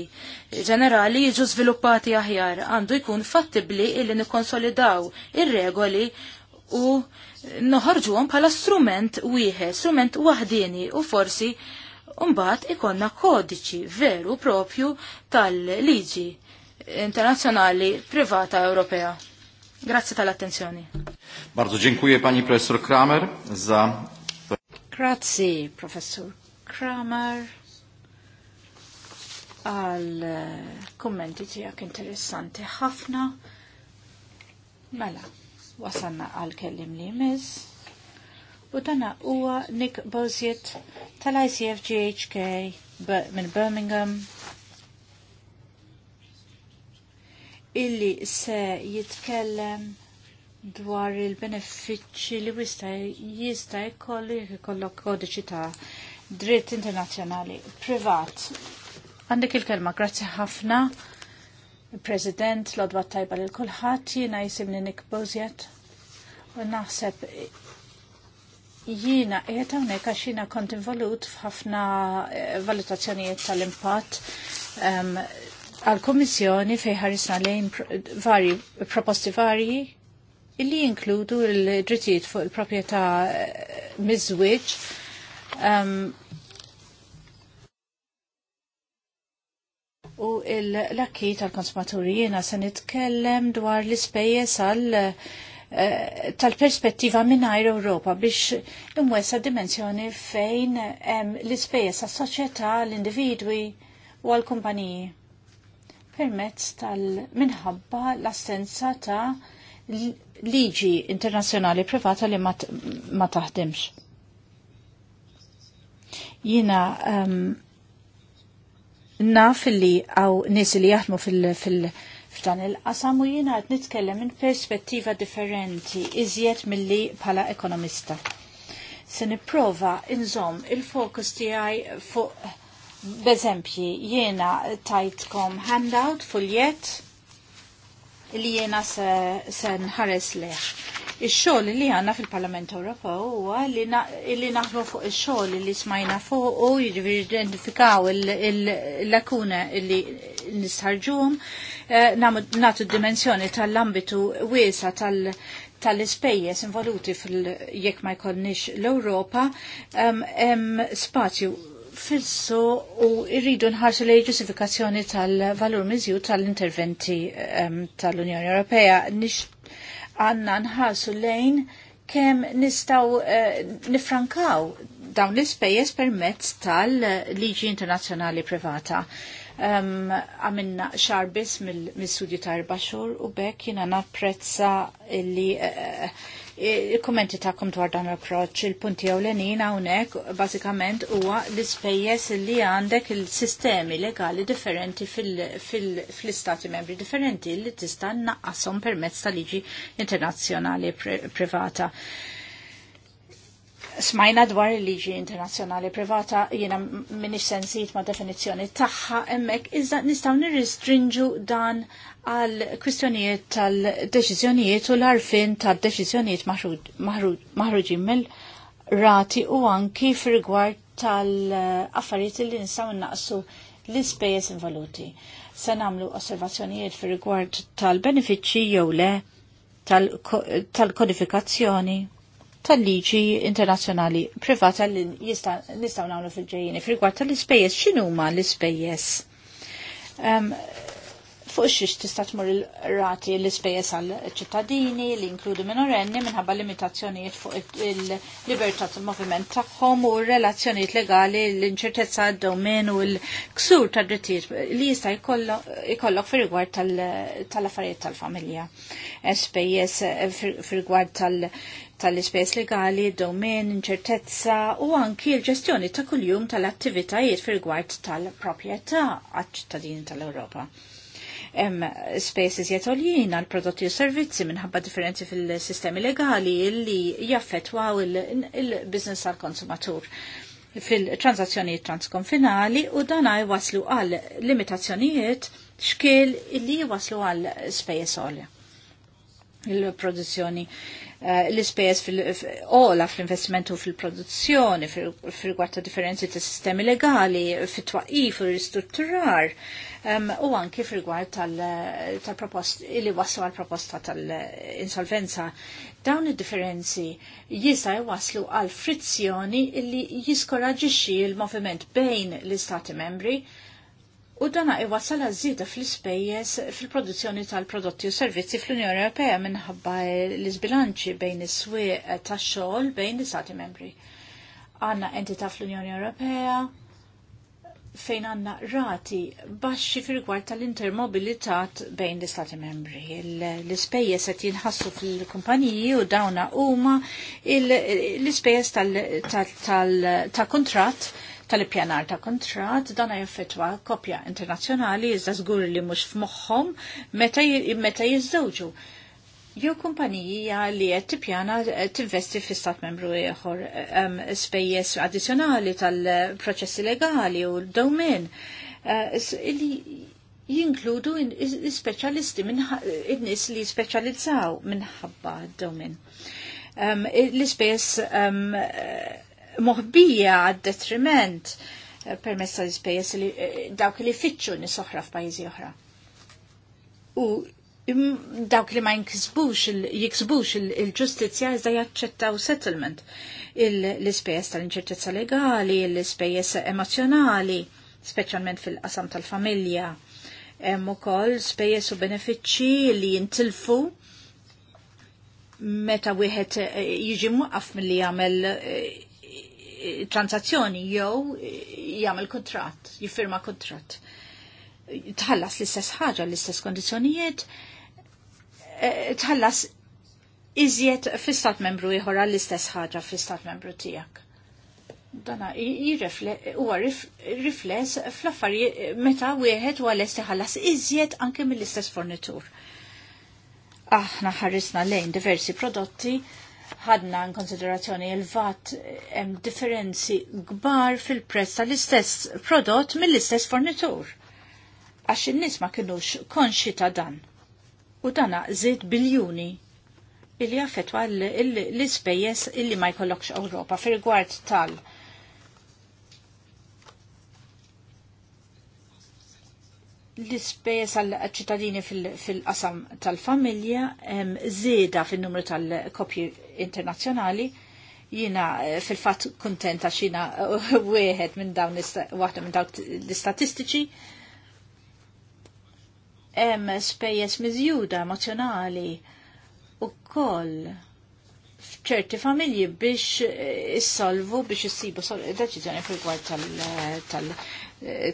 ġenerali jiġu sviluppati aħjar għandu jkun fattibli illi nikkonsolidaw ir-regoli u noħorġuhom bħala strument wieħed, strument waħdini u forsi mbagħad ikonna kodiċi veru propju tal-liġi internazzjonali privata Ewropea. Grazie tal-attenzjoni. Bardzo dziękuję pani professor Kramer za... Grazie professor Kramer għal eh, kommenti tijak interessanti ħafna. Mela, wasanna għal kellim li miz. U dana huwa Nick Boziet tal-ICFGHK minn Birmingham illi se jitkellem dwar il-benefiċċji li wista jista' jkollu jekk ikollok kodiċi ta' dritt internazzjonali privat. Għandek il-kelma, grazzi ħafna. President, l-odwa tajba l kulħadd jiena li Nick Bozjet. U naħseb jiena jieta hawnhekk għax jiena kont involut f'ħafna eh, valutazzjonijiet tal-impatt ehm, għal-Komissjoni fejħarisna lejn vari, proposti varji illi jinkludu l-drittijiet fuq il-propieta eh, mizwiċ um, u l-akki tal-konsumaturi jena se nitkellem dwar l-ispejjeż għal eh, tal-perspettiva minnajr Ewropa biex imwessa dimensjoni fejn eh, l-ispejjeż għas-soċjetà, l-individwi u għal-kumpaniji permezz tal minħabba l-assenza ta' liġi internazzjonali privata li ma taħdimx. Jina um, naf li għaw nis li jaħdmu fil-, fil f'dan il-qasam u jina għad nitkellem minn perspettiva differenti iżjed mill-li bħala ekonomista. Se niprofa inżom il-fokus tiegħi fuq B'eżempji, jiena tajtkom handout fuljet li jiena se nħares leħ. Ix-xogħol li għandna fil-Parlament Ewropew huwa li naħdmu fuq ix-xogħol li smajna fuq u jiġifieri identifikaw il-lakuna li nistarġuhom, eh, nagħtu d-dimensjoni tal-ambitu wiesa tal- tal-ispejjeż involuti fil jekk ma jkollniex l-Ewropa hemm spazju fil u irridu nħarsu li ġustifikazzjoni tal-valur miżju tal-interventi um, tal-Unjoni Ewropea. Nix għanna nħarsu lejn kem nistaw uh, nifrankaw dawn l-ispejjeż permezz tal-liġi internazzjonali privata. Uh, għamilna um, xarbis mill-studju ta' erba' xhur u bekk jiena napprezza li eh, eh, il-kommenti tagħkom dwar dan l-approċċ il-punti l-enina hawnhekk bażikament huwa l-ispejjeż li għandek il-sistemi legali differenti fl-istati membri differenti li tista' naqqasom permezz ta' liġi internazzjonali e privata smajna dwar il-liġi internazzjonali privata jiena minix sensit ma' definizzjoni tagħha hemmhekk iżda nistgħu nirristringu dan għal kwistjonijiet tal-deċiżjonijiet u l-arfin tad-deċiżjonijiet maħruġin mill-rati u anki f'rigward tal-affarijiet li nistgħu naqsu l-ispejjeż involuti. Se nagħmlu osservazzjonijiet fir-rigward tal-benefiċċji jew le tal-kodifikazzjoni. Tal tal-liġi internazzjonali privata li nistgħu nagħmlu fil-ġejjini fil tal-ispejjeż x'inhuma l-ispejjeż. Um, fuq xiex tista' tmur il-rati l-ispejjeż għal ċittadini li inkludi minorenni minħabba limitazzjonijiet fuq il-libertà tal-moviment tagħhom u r-relazzjonijiet legali l-inċertezza għad-domen u l-ksur tad drittijiet li jista' jkollok fi tal-familja. Spejjeż fir-rigward tal- tal-ispejs legali, domen, inċertezza u anki l-ġestjoni ta' kuljum tal-attivitajiet fil-gwart tal-propieta għat ċittadini tal-Europa hemm spaces jetoljien l prodotti u servizzi minħabba differenti fil-sistemi legali li jaffetwaw il-business għal konsumatur fil-transazzjonijiet transkonfinali u dan waslu għal limitazzjonijiet xkiel li waslu għal space olja il-produzzjoni eh, l-ispejjeż fil-ola fl-investimentu fil-produzzjoni fil gwarta ta' differenzi ta' sistemi legali, fit-twaqif u ristrutturar u anki fil gwarta tal-propost li waslu għal-proposta tal-insolvenza. Dawn id-differenzi jista' jwaslu għal frizzjoni li jiskoraġixxi l-moviment bejn l-istati membri u dana iwassal zida fl-ispejjeż fil-produzzjoni tal-prodotti u servizzi fl-Unjoni Ewropea minħabba l-izbilanċi bejn is-swieq tax-xogħol bejn l-istati membri. Għandna entità fl-Unjoni Ewropea fejn għandna rati baxxi fil-rigward tal-intermobilità bejn l-istati membri. L-ispejjeż qed jinħassu fil-kumpaniji u dawna huma l-ispejjeż tal-kuntratt tal, tal, tal, tal, tal, tal tal-ippjanar ta' kontrat dana jaffetwa kopja internazzjonali iżda żgur li mhux f'moħħhom meta meta jiżżewġu. Jew kumpanija li qed tippjana eh, tinvesti fi istat membru ieħor ehm, spejjeż addizzjonali tal-proċessi legali u domen domin eh, jinkludu speċjalisti in-nies li speċjalizzaw minħabba d-domin. Ehm, l-ispejjeż ehm, moħbija għad-detriment eh, permess tal-ispejjeż li eh, dawk li fitxu nies oħra f'pajjiżi oħra. U dawk li ma jinkisbux jiksbux il-ġustizzja iżda jaċċettaw settlement l-ispejjeż tal-inċertezza legali, l-ispejjeż emozjonali, speċjalment fil-qasam tal-familja. Hemm ukoll spejjeż u benefiċċji li jintilfu meta wieħed eh, jiġi muqqaf milli jagħmel transazzjoni jew jagħmel kontratt, jiffirma kontratt. Tħallas l-istess ħaġa, l-istess kondizzjonijiet, eh, tħallas iżjed fi-stat membru ieħor l-istess ħaġa fl-istat membru tiegħek. Dana huwa rifless fl-affarijiet eh, meta wieħed huwa lest iħallas iżjed anke mill-istess fornitur. Aħna ħarrisna lejn diversi prodotti ħadna in konsiderazzjoni il-vat hemm differenzi kbar fil-prezz tal-istess prodott mill-istess fornitur. Għax in-nies ma kinux konxi ta' dan. U dan żied biljuni illi affettwa l-ispejjeż illi ma jkollokx Ewropa fir-rigward tal- l-ispejjeż għal ċittadini fil-qasam tal-familja żieda fin-numru tal-kopji internazzjonali. Jina eh, fil-fatt kontenta xina eh, wieħed minn dawn waħda minn dawn l-istatistiċi. Hemm spejjeż miżjuda emozjonali koll f'ċerti familji biex eh, issolvu biex issibu deċiżjoni fil-gwar tal-, tal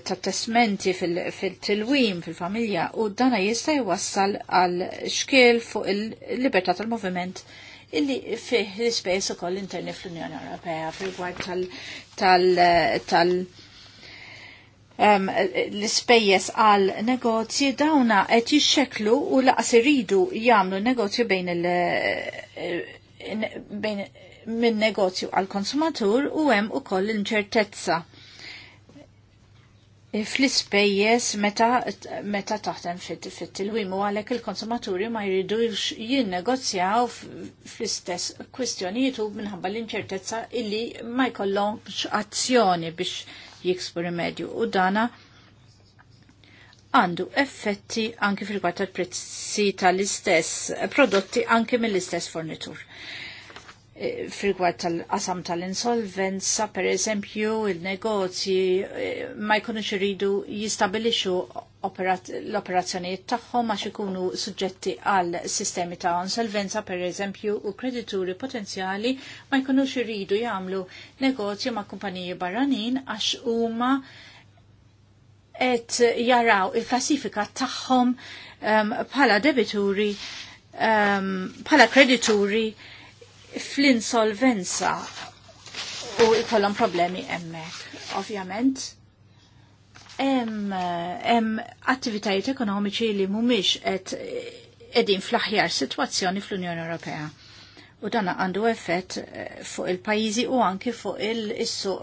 ta' tesmenti fil-tilwim fil-familja u dana jista' jwassal għal xkiel fuq il-libertà tal-moviment illi fih l-ispejs ukoll interni fl-Unjoni Ewropea fil gwart tal-, tal, tal, um, l-ispejjes għal negozji dawna qed jixxeklu u laqas iridu jagħmlu negozju bejn il- bejn minn negozju għal konsumatur u hemm ukoll l-inċertezza fl-ispejjeż meta, meta taħdem fit-tilwim u għalhekk il-konsumaturi ma jridux jinnegozjaw fl-istess kwistjonijiet u minħabba l-inċertezza illi ma jkollhomx azzjoni biex jiksbu rimedju u dana għandu effetti anki fil-kwart tal-prezzi tal-istess prodotti anki mill-istess fornitur firgwad tal-qasam tal-insolvenza, per eżempju, il-negozji eh, ma jkunux iridu jistabilixu l-operazzjonijiet tagħhom għax ikunu suġġetti għal sistemi ta' insolvenza, per eżempju, u kredituri potenzjali ma jkunux iridu jagħmlu negozju ma' kumpaniji barranin għax huma qed jaraw il-klassifika tagħhom ehm, bħala debituri ehm, bħala um, kredituri fl-insolvenza u jkollhom problemi hemmhekk. Ovvjament, hemm attivitajiet ekonomiċi li mhumiex qed qegħdin fl-aħjar sitwazzjoni fl-Unjoni Ewropea. U dan għandu effett eh, fuq il-pajjiżi u anki fuq il issu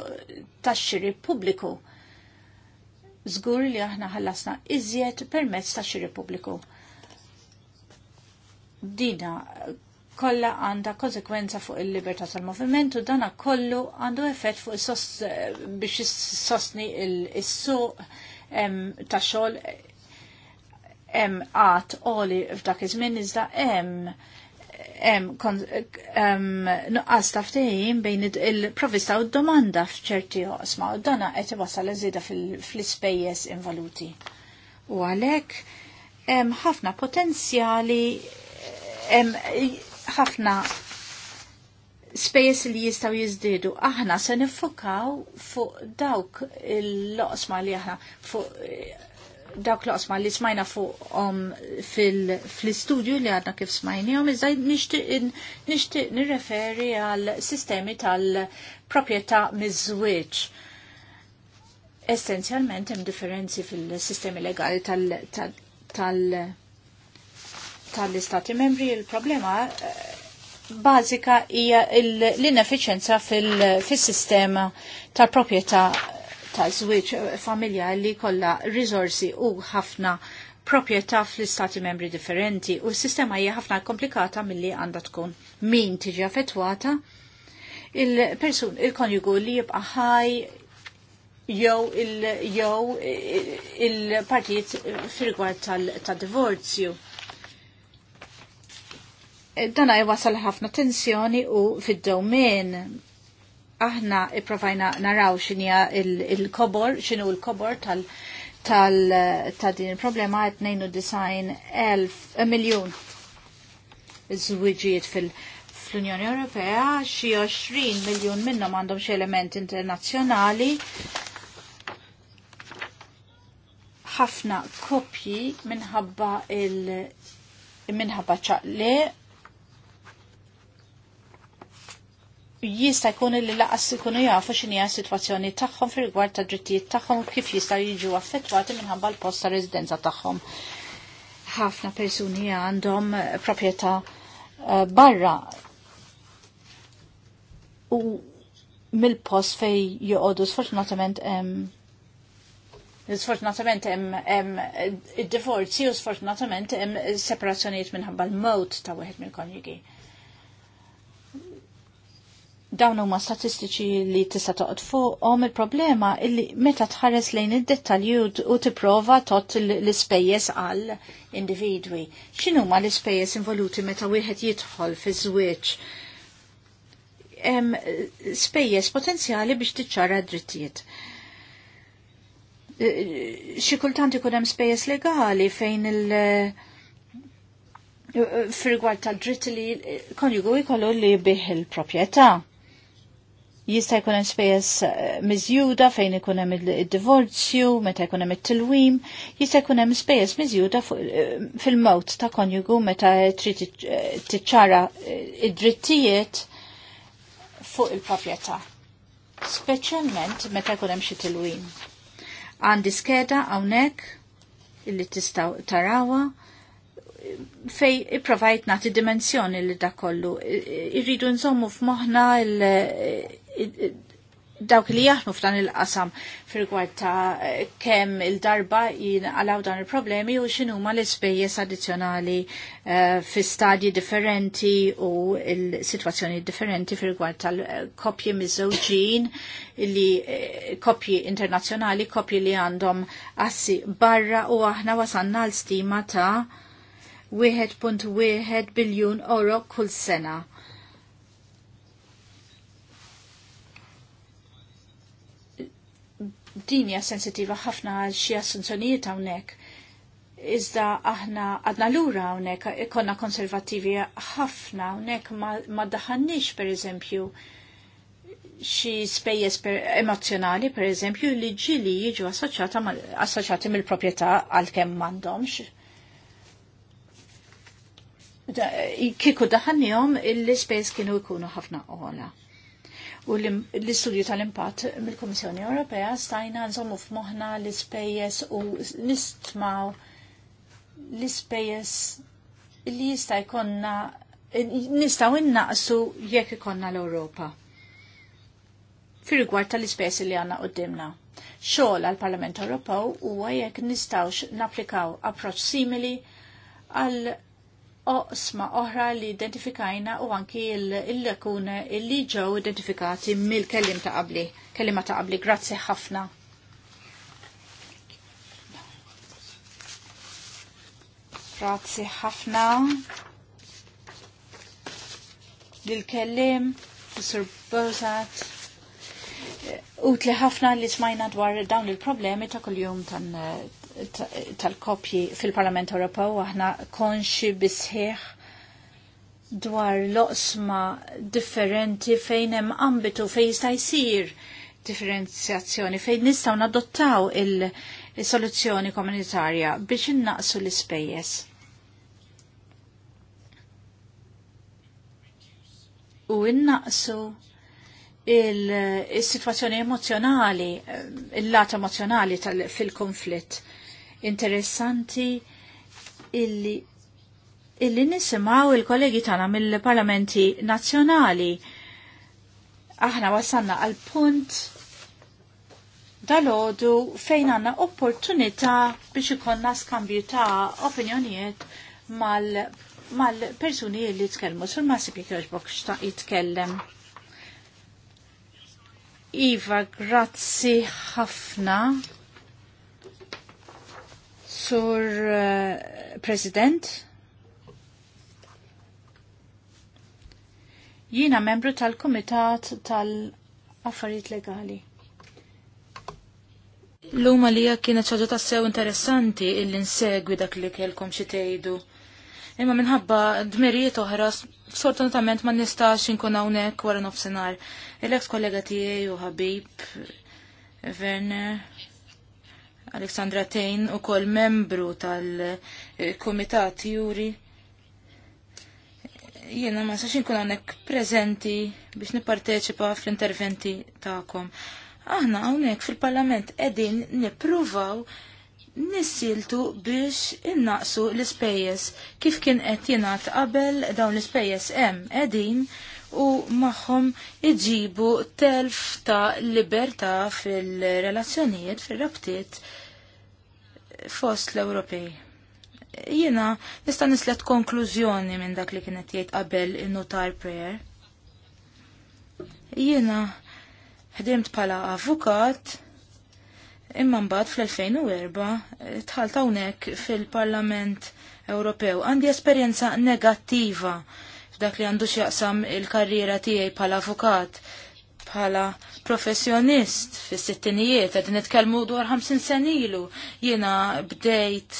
tax-xiri pubbliku. Żgur li aħna ħallasna iżjed permezz tax-xiri pubbliku. Dina kollha għandha konsekwenza fuq il-libertà tal-moviment u dana kollu għandu effett fuq is is-sos eh, biex sosni il-suq ta' xogħol hemm għat oli f'dak iż-żmien iżda hemm hemm nuqqas taftejjin bejn il-provista u d-domanda f'ċerti oqsma u dana qed iwassal iżida fl-ispejjeż involuti. U għalhekk hemm ħafna potenzjali ħafna spejjeż li jistgħu jiżdiedu. Aħna se niffokaw fuq dawk il-loqsma li aħna fuq dawk loqsma li smajna fuqhom fil-istudju li għadna kif smajnihom, iżda nixtieq nirreferi għal sistemi tal-proprjetà miż-żwieġ essenzjalment hemm differenzi fil-sistemi legali tal-, tal, tal tal-istati membri il-problema eh, bazika hija l-inefficienza fil-sistema tal-propieta tal-żwieġ familja li kollha risorsi u ħafna proprjetà fl-istati membri differenti u s-sistema hija ħafna komplikata milli għandha tkun min tiġi affettwata il-persun il-konjugu li jibqa' ħaj jew il-partijiet il partijiet tal-divorzju. Eh, dana jwasal ħafna tensjoni u fid-domen aħna ipprovajna naraw xinja il-kobor, xinu il-kobor tal- tal ta' din il-problema għet nejnu design elf eh, miljon zwiġiet fil-Unjoni Ewropea xi 20 miljon minnhom għandhom xi element internazzjonali ħafna kopji minħabba il minħabba ċaqliq jista' jkun li laqas ikunu jafu xini s-sitwazzjoni tagħhom fil rigward ta' drittijiet tagħhom kif jista' jiġu affettwati minħabba l posta ta' residenza tagħhom. Ħafna persuni għandhom eh, proprjetà eh, barra u mill-post fej joqogħdu sfortunatament Sfortunatament hemm id-divorzi u sfortunatament hemm separazzjonijiet minħabba l-mod ta' wieħed mill-konjugi dawn huma statistiċi li tista' toqgħod fuqhom il-problema illi meta tħares lejn id-dettalji u tipprova tot l-ispejjeż għal individwi. X'inhu ma l-ispejjeż involuti meta wieħed jidħol fiż-żwieġ? Hemm eh, spejjeż potenzjali biex tiċċara d-drittijiet eh, xi kultant ikun hemm spejjeż legali fejn il- eh, firgwar tal dritt li konjugu jkollu li biħ il-proprjetà jista' jkun hemm spejjeż eh, miżjuda fejn ikun hemm id-divorzju, meta jkun hemm it-tilwim, jista' jkun hemm spejjeż miżjuda eh, fil-mewt ta' konjugu meta trid eh, tiċċara id-drittijiet fuq il-proprjetà. Speċjalment meta jkun hemm xi tilwim. Għandi skeda hawnhekk illi tistgħu tarawha fej ipprovajt nagħti dimensjoni li da kollu. Irridu nżommu f'moħħna dawk li jaħnu f'dan il-qasam fil-gwad ta' kemm il-darba jinqalaw dan il-problemi u xinu ma l-ispejjeż addizzjonali eh, fi stadji differenti u l-sitwazzjoni differenti fil-gwad tal-kopji mizzoġin żewġin li eh, kopji internazzjonali, kopji li għandhom assi barra u aħna wasanna l-stima ta' 1.1 biljun euro kull sena. Din hija sensitiva ħafna għal xi assunzjonijiet hawnhekk. Iżda aħna għadna lura hawnhekk ikonna konservattivi ħafna hawnhekk ma, daħannix pereżempju xi spejjeż emozjonali pereżempju li ġili jiġu assoċjati mill-proprjetà għalkemm m'għandhomx kiku daħannihom l-ispejs kienu jkunu ħafna uħola. U l-istudju tal-impatt mill-Kummissjoni Ewropea stajna nżommu f'moħħna l-ispejjeż u nistmaw l-ispejjeż li jista' jkollna nistgħu innaqsu jekk ikollna l-Ewropa. Fir-rigward tal-ispejjeż li għandna qudiemna. Xogħol għall-Parlament Ewropew huwa jekk nistgħux napplikaw approċċ simili għal oqsma oħra li identifikajna u anki il-lakuna il li ġew identifikati mill-kellim ta' qabli, kellima ta' qabli, grazzi ħafna. Grazzi ħafna lil-kellim, Sir Bozat. Utli ħafna li smajna dwar dawn il-problemi ta' kuljum tan tal-kopji fil-Parlament Ewropew aħna konxi bisħieħ dwar loqsma differenti fejn hemm ambitu fejn jista' jsir differenzjazzjoni fejn nistgħu nadottaw il-soluzzjoni komunitarja biex innaqsu l-ispejjeż. U innaqsu il-situazzjoni emozjonali, il-lat emozjonali fil-konflitt interessanti illi illi nisimaw il-kollegi tagħna mill-parlamenti nazzjonali. Aħna wasanna għal punt dal-ħodu fejn għanna opportunità biex ikonna skambju ta' opinjonijiet mal mal-persuni li tkellmu sul masib jikroġbok xta' jitkellem. Iva, grazzi ħafna Sur uh, President, jiena membru tal-Kumitat tal-Affarijiet Legali. L-luma li kienet ċaġa sew interessanti illi nsegwi dak li kelkom xi tgħidu. Imma minħabba dmirijiet oħra sfortunatament ma nistax inkun hawnhekk wara nofsinhar. Il-ex kollega tiegħi u ħabib Werner Aleksandra Tejn u kol membru tal-Komitat Juri. Jiena ma sax inkun għanek prezenti biex nipparteċipa fl-interventi ta'kom. Aħna għonek fil-Parlament edin nipruvaw nissiltu biex innaqsu l-ispejjeż kif kien qed jingħad qabel dawn l-ispejjeż hemm qegħdin u magħhom iġibu telf ta' libertà fil-relazzjonijiet fir-rabtiet fost l-Ewropej. Jiena nista' nislet konklużjoni minn dak li kienet jgħid qabel in-notar prayer. Jiena ħdimt bħala avukat imma mbagħad fl-2004 tħalt hawnhekk fil-Parlament Ewropew. Għandi esperjenza negattiva f'dak li għandu x'jaqsam il-karriera tiegħi bħala avukat bħala professjonist fis sittinijiet qed nitkellmu dwar 50 senilu, ilu jiena bdejt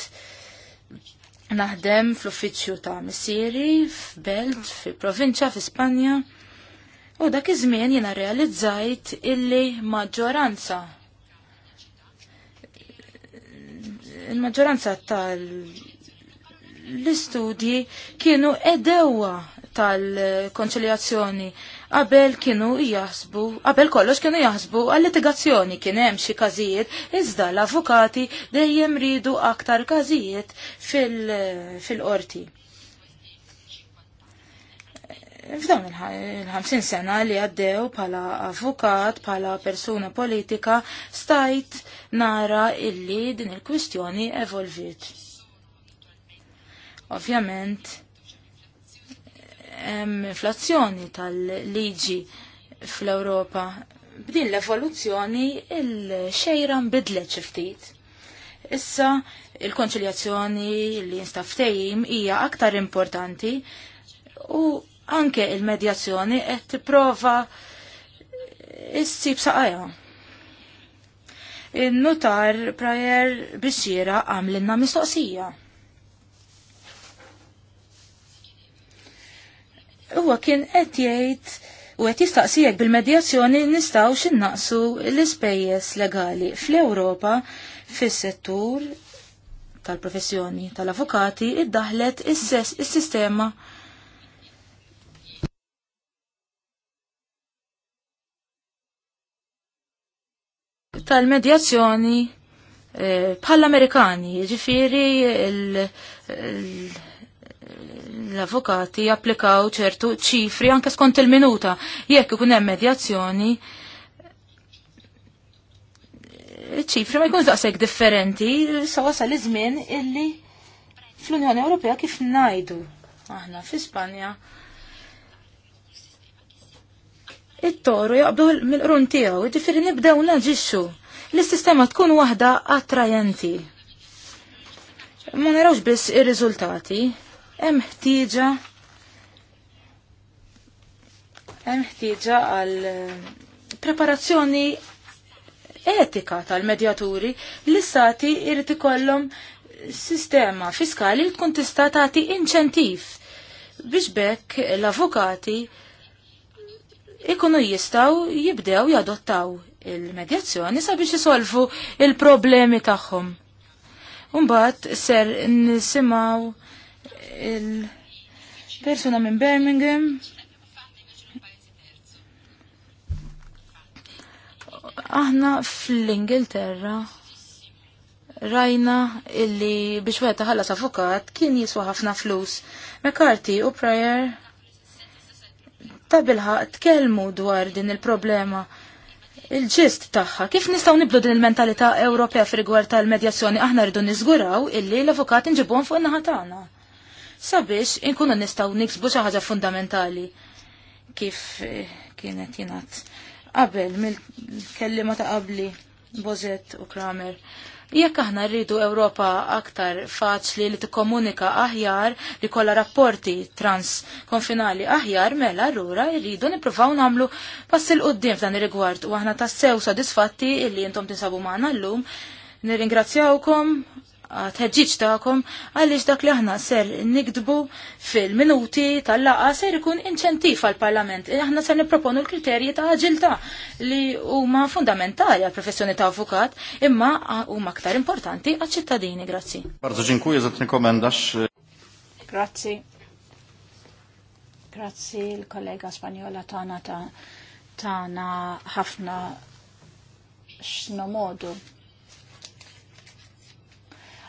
naħdem fl-uffiċċju ta' missieri f'Belt, fil-provinċja fi Spanja. U dak iż-żmien jiena realizzajt illi maġġoranza il-maġġoranza tal l-istudji kienu edewa tal-konċiljazzjoni Qabel kienu jaħsbu, qabel kollox kienu jaħsbu għall-litigazzjoni kien hemm xi każijiet, iżda l-avukati dejjem ridu aktar każijiet fil-qorti. F'dawn il-50 sena li għaddew pala avukat, pala persuna politika, stajt nara illi din il-kwistjoni evolvit. Ovvjament, inflazzjoni tal-liġi fl-Ewropa. B'din l-evoluzzjoni il-xejra nbidlet ftit. Issa il-konċiljazzjoni li jinstaftejim hija aktar importanti u anke il-medjazzjoni qed tipprova issib saqajja. Il-notar prajer biex jira għamlinna mistoqsija huwa kien qed jgħid u qed jistaqsijek bil-medjazzjoni nistgħu xinnaqsu l-ispejjeż legali fl-Ewropa fis-settur tal-professjoni tal-avukati iddaħlet is-sistema tal-medjazzjoni eh, bħall-Amerikani, ġifiri il-, l-avukati applikaw ċertu ċifri anke skont il-minuta. Jekk ikun hemm medjazzjoni, ċifri ma jkunx daqshekk differenti, sa wasal iż-żmien illi fl-Unjoni Ewropea kif ngħidu aħna fi Spanja. It-toru jaqbdu mill-qrun tiegħu, jiġifieri nibdew naġixxu. L-sistema tkun waħda attrajenti. Ma narawx biss ir-riżultati, hemm ħtieġa hemm ħtieġa għal eh, preparazzjoni etika tal-medjaturi li stati irid ikollhom sistema fiskali li tkun tista' tagħti inċentiv biex bekk l-avukati ikunu jistaw jibdew jadottaw il-medjazzjoni sabiex isolvu il-problemi tagħhom. Umbagħad ser nisimgħu il-persuna minn Birmingham aħna fl-Ingilterra rajna illi biex wieħed ħallas avukat kien jiswa ħafna flus. McCarthy u Pryor ta' bilħaq tkellmu dwar din il-problema. Il-ġist tagħha, kif nistgħu nibdu din il-mentalità Ewropea fir rigward tal-medjazzjoni aħna rridu niżguraw illi l-avukat inġibhom fuq in-naħa tagħna sabiex inkunu nistgħu niksbu xi ħaġa fundamentali kif eh, kienet jingħad qabel mill-kellima ta' qabli Bozet u Kramer. Jekk aħna rridu Ewropa aktar faċli li tikkomunika aħjar li kollha rapporti transkonfinali aħjar mela rura rridu nippruvaw nagħmlu pass il qudiem f'dan ir-rigward u aħna tassew sodisfatti illi intom tinsabu magħna llum. Nirringrazzjawkom tħeġġiġ tagħkom għaliex dak li aħna ser nikdbu fil-minuti tal-laqa ser ikun inċentiv għal parlament e, Aħna ser nipproponu l-kriterji ta' aġilta li huma fundamentali għal professjoni ta' avukat imma huma aktar importanti għal ċittadini Grazzi. Bardzo dziękuję za nikomendax. Grazzi. Grazzi l-kollega Spanjola tana ta' tana ħafna x'nomodu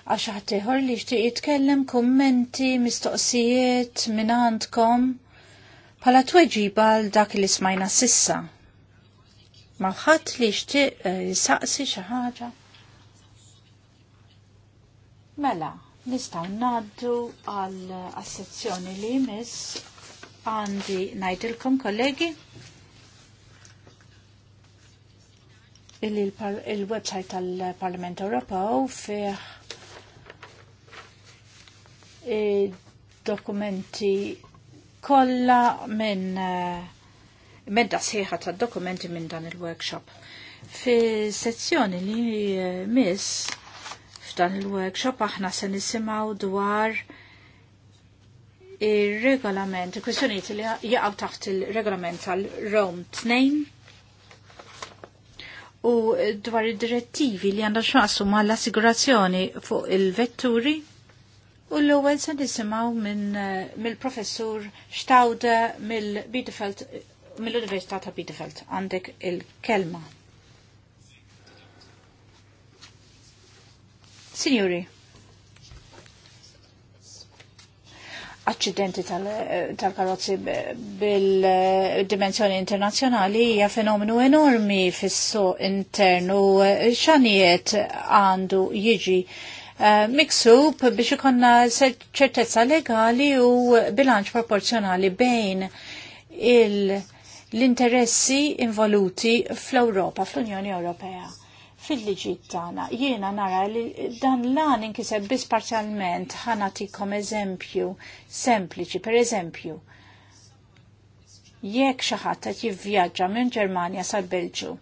għax ħattieħor li jixtieq jitkellem kommenti, mistoqsijiet minn għandkom bħala tweġiba għal dak li smajna sissa. Ma ħadd li jixtieq eh, jisaqsi xi ħaġa. Mela, nistgħu ngħaddu għal eh, assezzjoni li jmiss għandi ngħidilkom kollegi il tal-Parlament Ewropew fih dokumenti kollha minn eh, medda sħiħa ta' dokumenti minn dan il-workshop. Fi sezzjoni li eh, miss f'dan il-workshop aħna se nisimgħu dwar il-regolament, il-kwestjoniet li jaqgħu taħt il-regolament tal-Rome 2 u dwar id-direttivi li għandha ma' mal-assigurazzjoni fuq il-vetturi U l-ewwel se nisimgħu minn eh, mill-professur Stauda mill bidefeld mill-Università ta' Bidefeld, Għandek il-kelma. Signori, accidenti eh, tal-karozzi tal karozzi bil eh, dimensjoni internazjonali hija fenomenu enormi fis-suq internu xanijiet għandu jiġi Eh, miksub biex ikonna ċertezza legali u bilanċ proporzjonali bejn l-interessi involuti fl-Europa, fl-Unjoni Ewropea fil-liġit tagħna. Jiena nara li dan lan inkiseb biss parzjalment ħanatikom eżempju sempliċi, per eżempju. Jekk xi ħadd qed jivvjaġġa minn Ġermanja sal-Belġu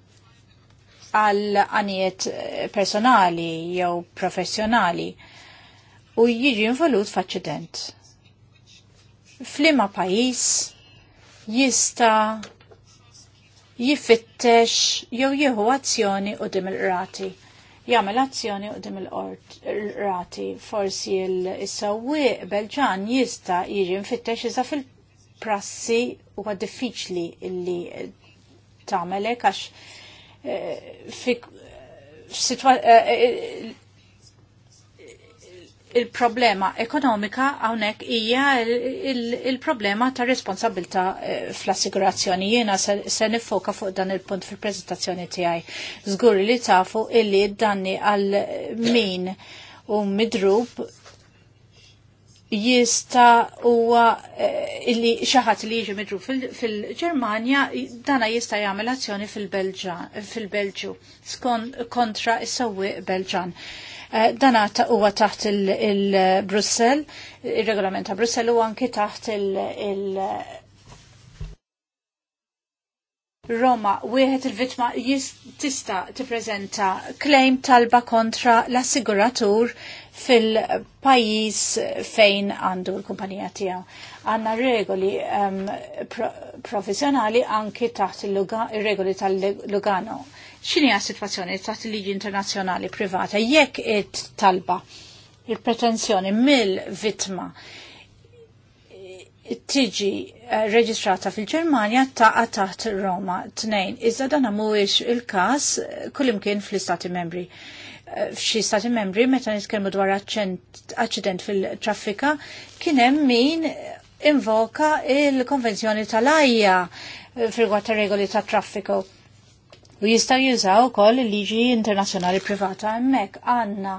għal għaniet personali jew professjonali u jiġi involut f'aċċident. Flima pajis jista jifittex jew jieħu azzjoni u dim il-rati. Jagħmel azzjoni u dim il-rati. Forsi il sawwi Belġan jista jiġi nfittex iżda fil-prassi huwa diffiċli illi tagħmelek għax Eh, eh, eh, il-problema ekonomika għawnek hija il-problema ta' responsabilta fl-assigurazzjoni. Jena se nifoka fuq dan il-punt fil-prezentazzjoni tiegħi. Żgur li tafu illi danni għal min u midrub jista huwa eh, illi xaħat li jiġi midru fil-Ġermanja dana jista jagħmel azzjoni fil-Belġu kontra is-sewwieq Belġan. Eh, dana huwa taħt il-Brussell, ir-regolament ta' Brussell u anki taħt il- Roma, wieħed il-vittma tista' tippreżenta klejm talba kontra l-assiguratur fil-pajis fejn għandu l-kumpanija tiegħu. Għanna regoli um, pro professjonali anki taħt il-regoli tal-Lugano. X'inhi situazzjoni taħt il-liġi internazzjonali privata jekk it-talba il-pretenzjoni mill-vittma tiġi eh, reġistrata fil-Ġermanja taqa taħt Roma 2. Iżda dan mhuwiex il-każ kullimkien fl-Istati Membri f'xi stati membri meta nitkellmu dwar aċċident fil-traffika kien hemm min invoka il-konvenzjoni tal-ajja fil-gwad ta' regoli ta' traffiku. U jista' jużaw ukoll il-liġi internazzjonali privata hemmhekk għandna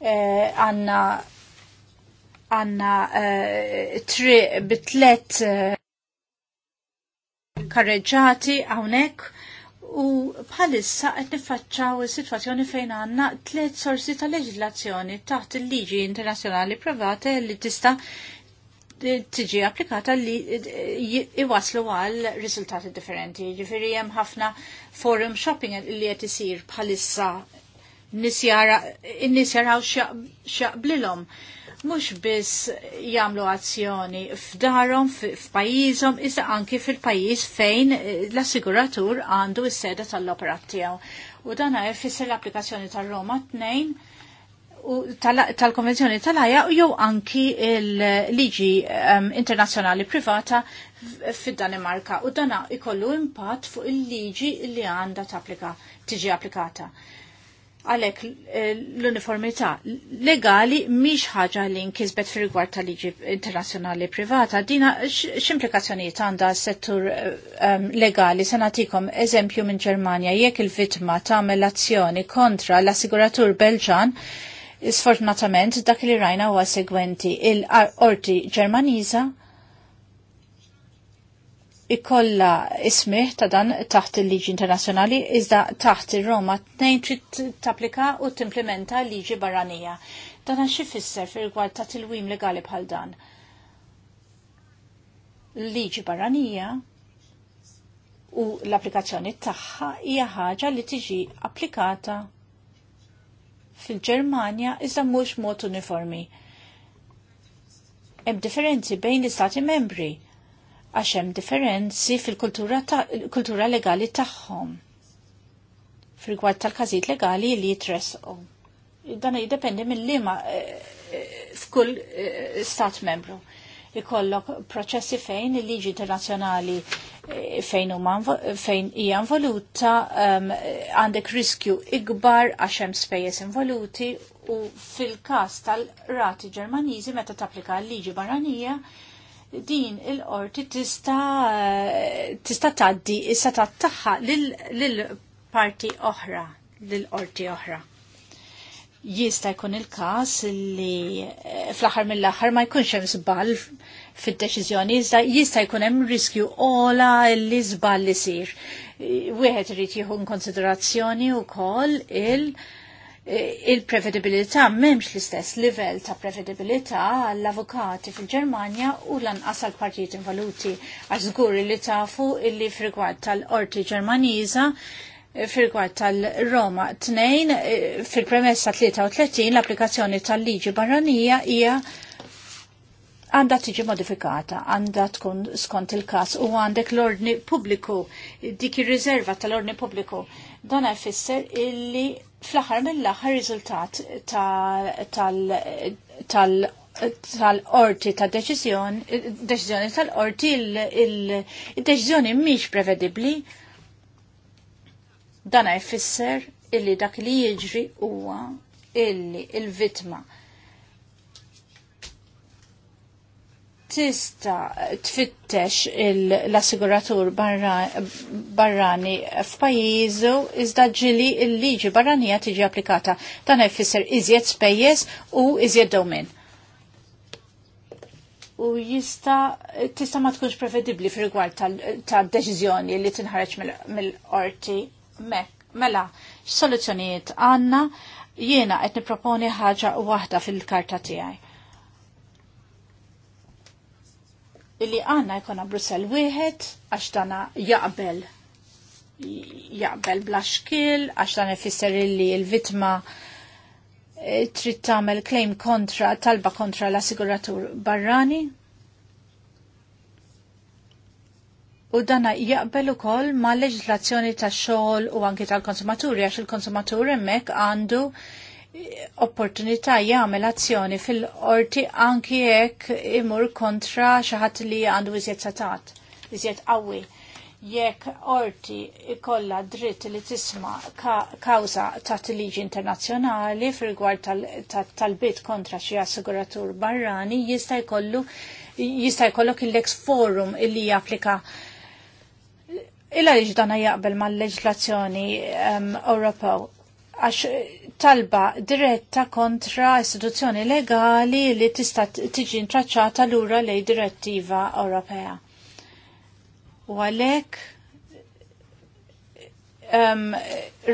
eh, għandna għandna eh, tri bitlet eh, karreġġati hawnhekk U bħalissa qed niffaċċaw is-sitwazzjoni fejn għandna tliet sorsi ta' leġislazzjoni taħt il-liġi internazzjonali privata li tista' tiġi applikata li iwaslu għal riżultati differenti. Ġifieri hemm ħafna forum shopping li qed isir bħalissa nisjara in jaraw x'jaqblilhom. Xa, mhux biss jagħmlu azzjoni f'darhom, f'pajjiżhom, iżda anki fil-pajjiż fejn eh, l-assiguratur għandu s-seda tal-operat tiegħu. U dan fisser l-applikazzjoni tal-Roma 2 tal-konvenzjoni tal-aja u jew anki l liġi ehm, internazzjonali privata fid-Danimarka u dana ikollu impatt fuq il-liġi li għanda tiġi applikata għalek eh, l-uniformità legali miex ħaġa li nkisbet fil rigward tal-liġi internazzjonali privata. Dina x'implikazzjonijiet għandha settur um, eh, legali se nagħtikom eżempju minn Ġermanja jekk il-vittma tagħmel azzjoni kontra l-assiguratur Belġan sfortunatament dak li rajna huwa segwenti il-qorti Ġermaniża ikolla ismiħ ta' dan taħt il-liġi internazjonali, iżda taħt il-Roma tnejn trid tapplika u timplementa liġi barranija. Dan għax ifisser fil-rigward ta' tilwim legali bħal dan. Liġi barranija u l-applikazzjoni tagħha hija ħaġa li tiġi applikata fil-Ġermanja iżda mhux mod uniformi. Hemm differenzi bejn l-istati membri għax hemm differenzi fil-kultura ta legali tagħhom fil-gwad tal kazit legali li jitresqu. Dan jiddependi mill-liema eh, eh, f'kull eh, stat membru. Ikollok proċessi fejn il-liġi internazzjonali fejn fejn hija involuta ehm, għandek riskju ikbar għax hemm spejjeż involuti u fil-każ tal-rati Ġermaniżi meta tapplika l-liġi barranija din il-qorti tista' tista' tgħaddi issa tattaħħa lill parti oħra, lill qorti oħra jista jkun il-kas li eh, fl aħħar mill aħħar ma jkunx hemm żball fid-deċiżjoni, iżda jista jkun hemm riskju ola li żball isir. Wieħed irid jieħu konsiderazzjoni wkoll il- il-prevedibilità memx l-istess livell ta' prevedibilità għall-avukati fil-Germania u lanqas għal partijiet involuti għax li tafu illi frigwad tal-Orti Ġermaniża fil tal-Roma 2 fil-premessa 33 l-applikazzjoni tal-liġi barranija hija għanda tiġi modifikata, għanda tkun skont il-kas u għandek l-ordni pubbliku, dik ir rizerva tal-ordni pubbliku. Dan għafisser illi fl-aħħar mill-aħħar riżultat tal qorti orti ta' deċiżjoni, deċiżjoni tal-orti il-deċiżjoni mhix prevedibbli. Dan jfisser illi dak li jiġri huwa illi il-vitma il vittma il vitma tista tfittex l-assiguratur barrani f'pajjiżu iżda ġili l-liġi barranija tiġi applikata. Dan jfisser iżjed spejjeż u iżjed domen. U jista tista ma tkunx prevedibbli fir-rigward tad-deċiżjoni li tinħareġ mill orti mela x'soluzzjonijiet għandna jiena qed nipproponi ħaġa waħda fil-karta tiegħi illi għanna jkona Brussel wieħed għax dana jaqbel jaqbel bla xkil għax dan ifisser illi l-vittma eh, trid tagħmel claim kontra talba kontra l-assiguratur barrani U dana jaqbel ukoll ma' leġislazzjoni tax xogħol u anke tal-konsumaturi għax il-konsumatur hemmhekk għandu opportunità jagħmel azzjoni fil-qorti anki jekk imur kontra xi ħadd li għandu iżjed satat, iżjed qawwi. Jekk qorti ikolla dritt li tisma kawża ta' liġi internazzjonali fil-gwar tal-bit kontra xi assiguratur barrani jista' jkollu jista' jkollok il-lex forum illi japplika Illa liġi dana jaqbel mal-leġislazzjoni um, Ewropew għax talba diretta kontra istituzzjoni legali li tista' tiġi intraċċata lura lej direttiva Ewropea. U għalhekk um,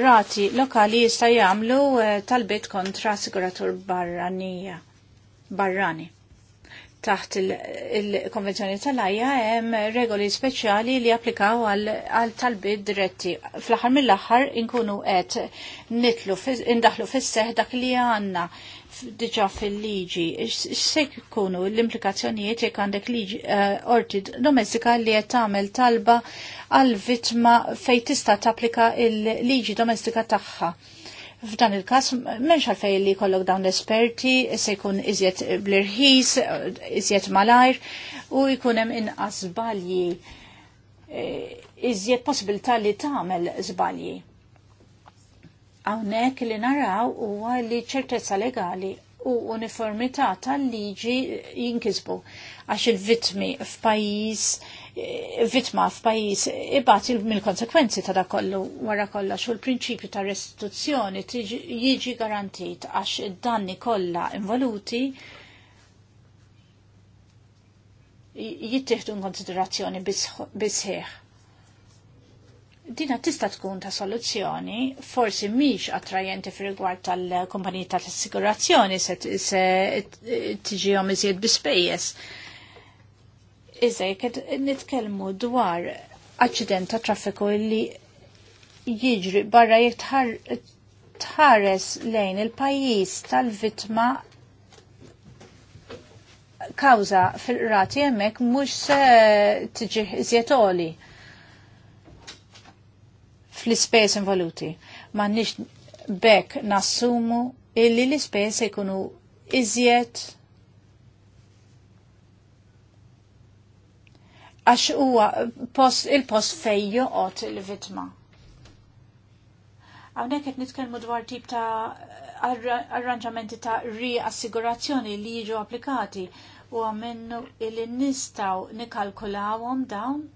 rati lokali jista' jagħmlu uh, talbiet kontra assiguratur barranija barrani taħt il-konvenzjoni tal-ajja hemm regoli speċjali li applikaw għal tal-bid diretti. Fl-aħħar mill-aħħar inkunu qed nitlu indaħlu fis-seħ dak li għandna diġà fil-liġi. X'se jkunu l-implikazzjonijiet jekk għandek liġi eh, orti domestika li qed tagħmel talba għal vittma fejn tista' tapplika l-liġi domestika tagħha F'dan il-kas, menx għalfej li kollok dawn l-esperti, se jkun iżjed bl izjet iżjed malajr, u jkunem inqas zbalji, e, iżjed possibilità li tagħmel zbalji. Hawnhekk li naraw huwa li ċertezza legali u uniformità tal-liġi jinkisbu għax il-vitmi f'pajjiż vitma f'pajjiż ibat mill-konsekwenzi ta' dakollu wara kollox u l-prinċipju ta' restituzzjoni jiġi garantit għax id-danni kollha involuti jittieħdu in konsiderazzjoni bisħieħ dina tista' tkun ta' soluzzjoni, forsi mhix attrajenti fil rigward tal-kumpaniji tal-assigurazzjoni se għom iżjed bispejjes. Iżej, ked nitkellmu dwar aċċident ta' traffiku li jiġri barra jitħares lejn il-pajjiż tal-vittma kawza fil-rati jemmek mux se tiġi zjetoli fl-ispejs involuti. Ma nix bekk nassumu illi l-ispejs ikunu iżjed għax huwa il-post fejju joqgħod il-vittma. Hawnhekk qed nitkellmu dwar tip ta' arranġamenti ta' riassigurazzjoni li jiġu applikati u għamennu il-nistaw nikalkulawom dawn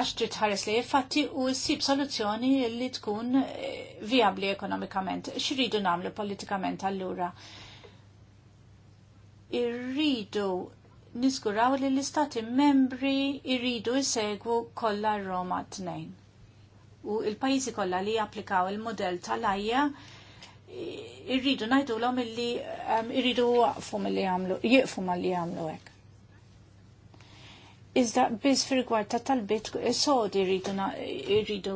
għax trid ħares li fatti u ssib soluzzjoni li tkun eh, viabli ekonomikament. X'ridu nagħmlu politikament allura? Irridu niskuraw li l-istati membri irridu jsegwu kollha Roma tnejn. U il-pajjiżi kollha li japplikaw il-modell tal-ajja eh, irridu ngħidulhom illi eh, irridu waqfu mill-li jagħmlu jieqfu mal-li jagħmlu hekk Iżda biss fil-gwar ta' tal-bit sodi rridu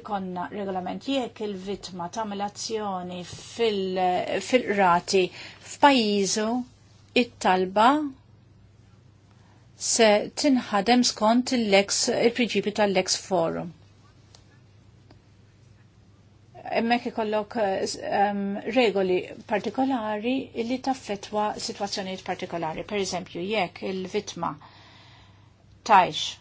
ikonna regolament jekk il-vitma tagħmel azzjoni fil-rati f'pajjiżu it-talba se tinħadem skont il-prinċipju tal-lex forum. Emmek ikollok um, regoli partikolari li taffetwa situazzjoniet partikolari. Per eżempju, jekk il-vitma tajx.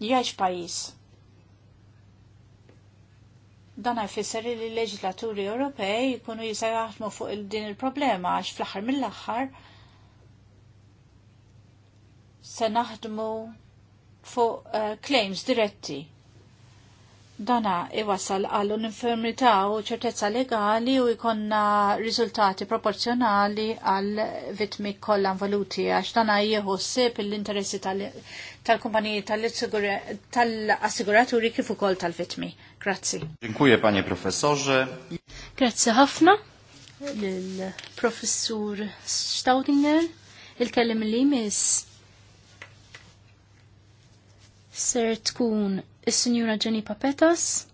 Jajx pajis. Dan jfisser li l-leġislaturi Ewropej jkunu jisaw jaħdmu fuq il din il-problema għax fl-aħħar mill-aħħar se naħdmu fuq uh, claims diretti dana iwasal un uniformità u ċertezza legali u jkonna riżultati proporzjonali għal vitmi kollha involuti għax dana jieħu sepp l-interessi tal-kumpaniji tal-assiguraturi kif ukoll tal-vitmi. Grazzi. Dziękuję panie professorze. Grazzi ħafna l professur Staudinger il-kellim li mis ser tkun is-Sinjura Jenny Papetas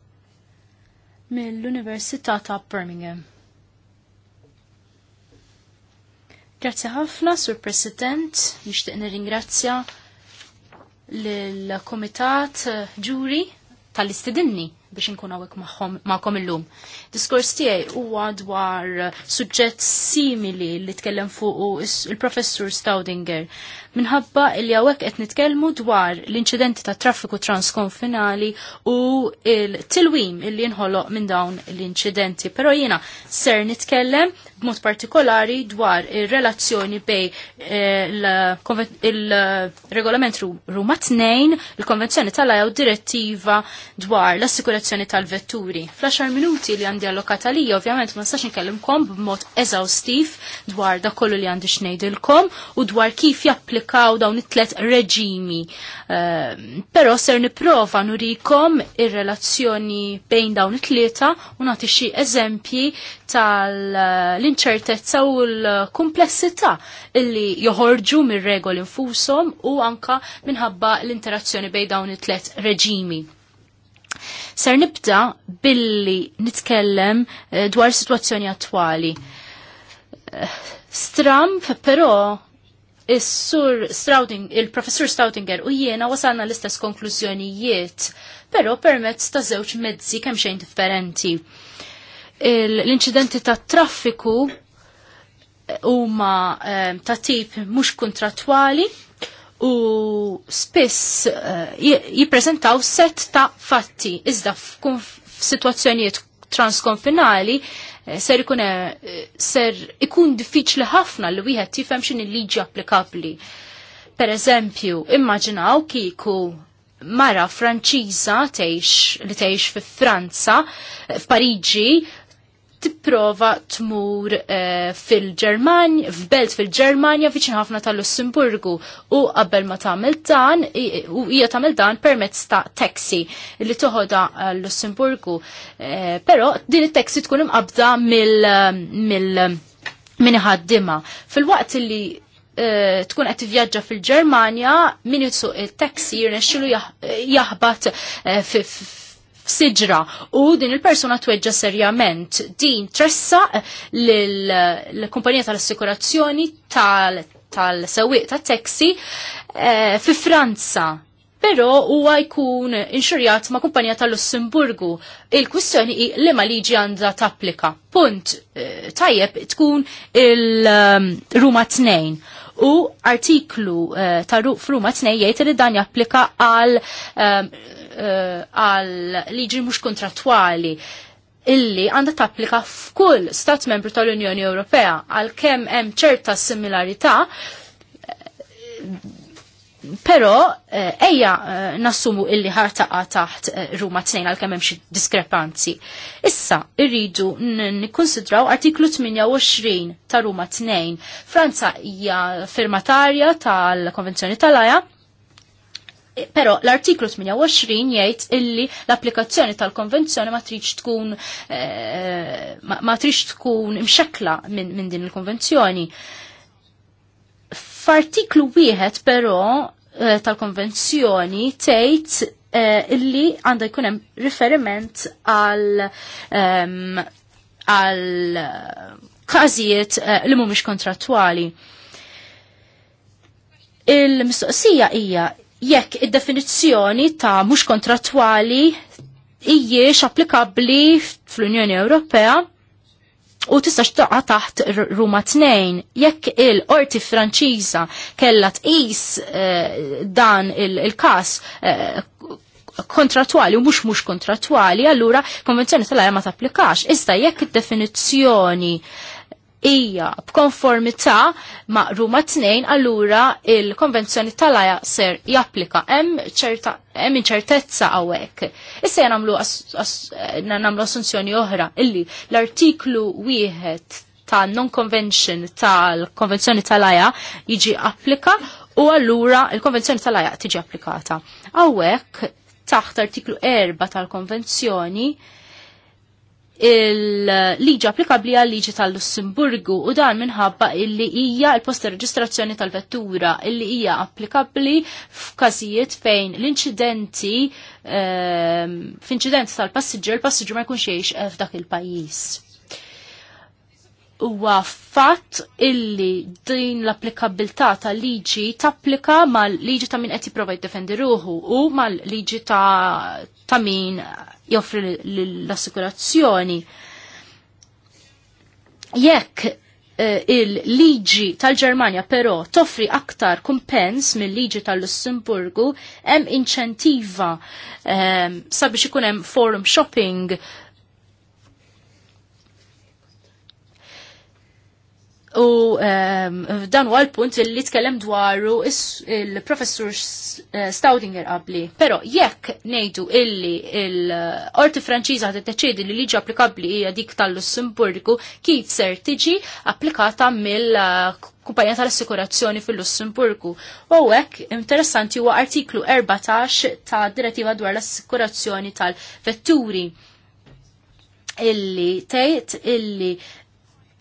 mill-Università ta' Birmingham. Grazzi ħafna, Sur President, nixtieq nirringrazzja lill-Komitat Ġuri tal-istidinni biex nkun għawek magħhom illum. Diskors tiegħi huwa dwar suġġett simili li tkellem fuq il-professur Staudinger minħabba il hawnhekk qed nitkellmu dwar l-inċidenti ta' traffiku transkonfinali u il-tilwim li jinħoloq minn dawn l-inċidenti. Però jiena ser nitkellem b'mod partikolari dwar ir-relazzjoni bej eh, il-regolament Ruma 2, il-konvenzjoni tal għaw direttiva dwar l-assikurazzjoni tal-vetturi. Fl-10 minuti li għandi allokata li, ovvjament ma nistax nkellimkom b'mod eżawstiv dwar da kollu li għandi xnejdilkom u dwar kif japplika napplikaw dawn it-tlet reġimi. Ehm, però ser niprofa nurikom ir-relazzjoni bejn dawn it-tlieta u nagħti xi eżempji tal-inċertezza u l kumplessità illi joħorġu mir-regoli infushom u anka minħabba l-interazzjoni bejn dawn it-tlet reġimi. Ser nibda billi nitkellem eh, dwar situazzjoni attwali. Eh, Stramp, però, Is-sur Strouting, il-professur Strautinger u jiena wasalna l-istess konklużjonijiet, però permezz ta' żewġ mezzi kemm xejn differenti. L-inċidenti ta' traffiku huma eh, ta' tip mhux kuntratwali u spiss eh, jippreżentaw set ta' fatti iżda f'sitwazzjonijiet transkonfinali eh, ser ikun eh, ser ikun diffiċli ħafna li wieħed tifhem x'in il-liġi applikabbli. Per eżempju, immaġinaw kieku mara Franċiża tgħix li tgħix fi Franza eh, f'Pariġi tipprova tmur eh, fil-Ġermanja, f'belt fil-Ġermanja viċin ħafna tal-Lussemburgu u qabel ma tagħmel dan u hija tagħmel dan permezz ta' taxi li toħodha l-Lussemburgu. Eh, però din it-taxi tkun imqabda mill mill min ħaddima. Fil-waqt li eh, tkun qed tivvjaġġa fil-Ġermanja min jitsuq it-taxi jirnexxilu jaħbat f'siġra u din il-persuna tweġġa serjament. Din tressa l-kumpanija tal-assikurazzjoni tal-sewiq tal taxi eh, fi Franza. Però huwa jkun inxurjat ma' kumpanija tal-Lussemburgu. Il-kwistjoni i li ma liġi għandha tapplika. Punt eh, tajjeb tkun il-ruma tnejn u artiklu eh, ta' ruma tnejn jgħid li dan japplika għal Eh, għal liġi mhux kontratwali illi għandha tapplika f'kull stat membru tal-Unjoni Ewropea għal kem hemm ċerta similarità Pero eh, ejja eh, nassumu illi ħartaqa taħt Ruma 2 għal kemm xi diskrepanzi. Issa irridu nikkonsidraw artiklu 28 ta' Ruma 2. Franza hija firmatarja tal-Konvenzjoni tal-Aja Pero l-artiklu 28 jgħid illi l-applikazzjoni tal-konvenzjoni ma trix tkun eh, ma trix tkun imxekla minn din il-konvenzjoni. F'artiklu wieħed però eh, tal-konvenzjoni tgħid eh, illi għandha jkun hemm riferiment għal ehm, għal każijiet li mhumiex kontrattwali. Il-mistoqsija hija jekk id-definizzjoni ta' mhux kontrattwali hijiex applikabbli fl-Unjoni Ewropea u tistax taqa taħt ruma tnejn. Jekk il-qorti franċiża kellha tqis eh, dan il-każ eh, kontratwali u mhux mhux kontratwali, allura konvenzjoni tal għajma ma tapplikax. Iżda jekk id-definizzjoni hija b'konformità ma' Ruma 2 allura il-konvenzjoni tal-aja ser japplika hemm ċerta hemm inċertezza hawnhekk. Issa nagħmlu eh, nagħmlu assunzjoni oħra illi l-artiklu wieħed ta' non-convention tal-konvenzjoni tal-aja jiġi applika u allura il-konvenzjoni tal-aja tiġi applikata. Għawek taħt artiklu 4 tal-konvenzjoni il-liġi applikabli għal liġi tal-Lussemburgu u dan minħabba illi hija l-post reġistrazzjoni tal-vettura illi hija applikabli f'każijiet fejn l-inċidenti f'inċidenti ehm, f'inċident tal passiġġer il passiġġer ma jkunx jgħix eh, f'dak il-pajjiż. Huwa fatt illi din l-applikabilità tal-liġi tapplika mal-liġi ta' min qed jipprova jiddefendi ruħu u mal-liġi ta' ta' min joffri l-assikurazzjoni. Jekk eh, il-liġi tal-Ġermanja però toffri aktar kumpens mill-liġi tal-Lussemburgu hemm inċentiva eh, sabiex ikun hemm forum shopping U ehm, f'dan huwa l-punt li tkellem dwaru il-professur eh, Staudinger għabli. Però jekk ngħidu illi l-orti franċiża t teċedi li liġi applikabbli hija dik tal-Lussemburgu kif ser tiġi applikata mill kumpanija tal-assikurazzjoni fil-Lussemburgu. U hekk interessanti huwa artiklu 14 ta' direttiva dwar l-assikurazzjoni tal-vetturi illi tgħid illi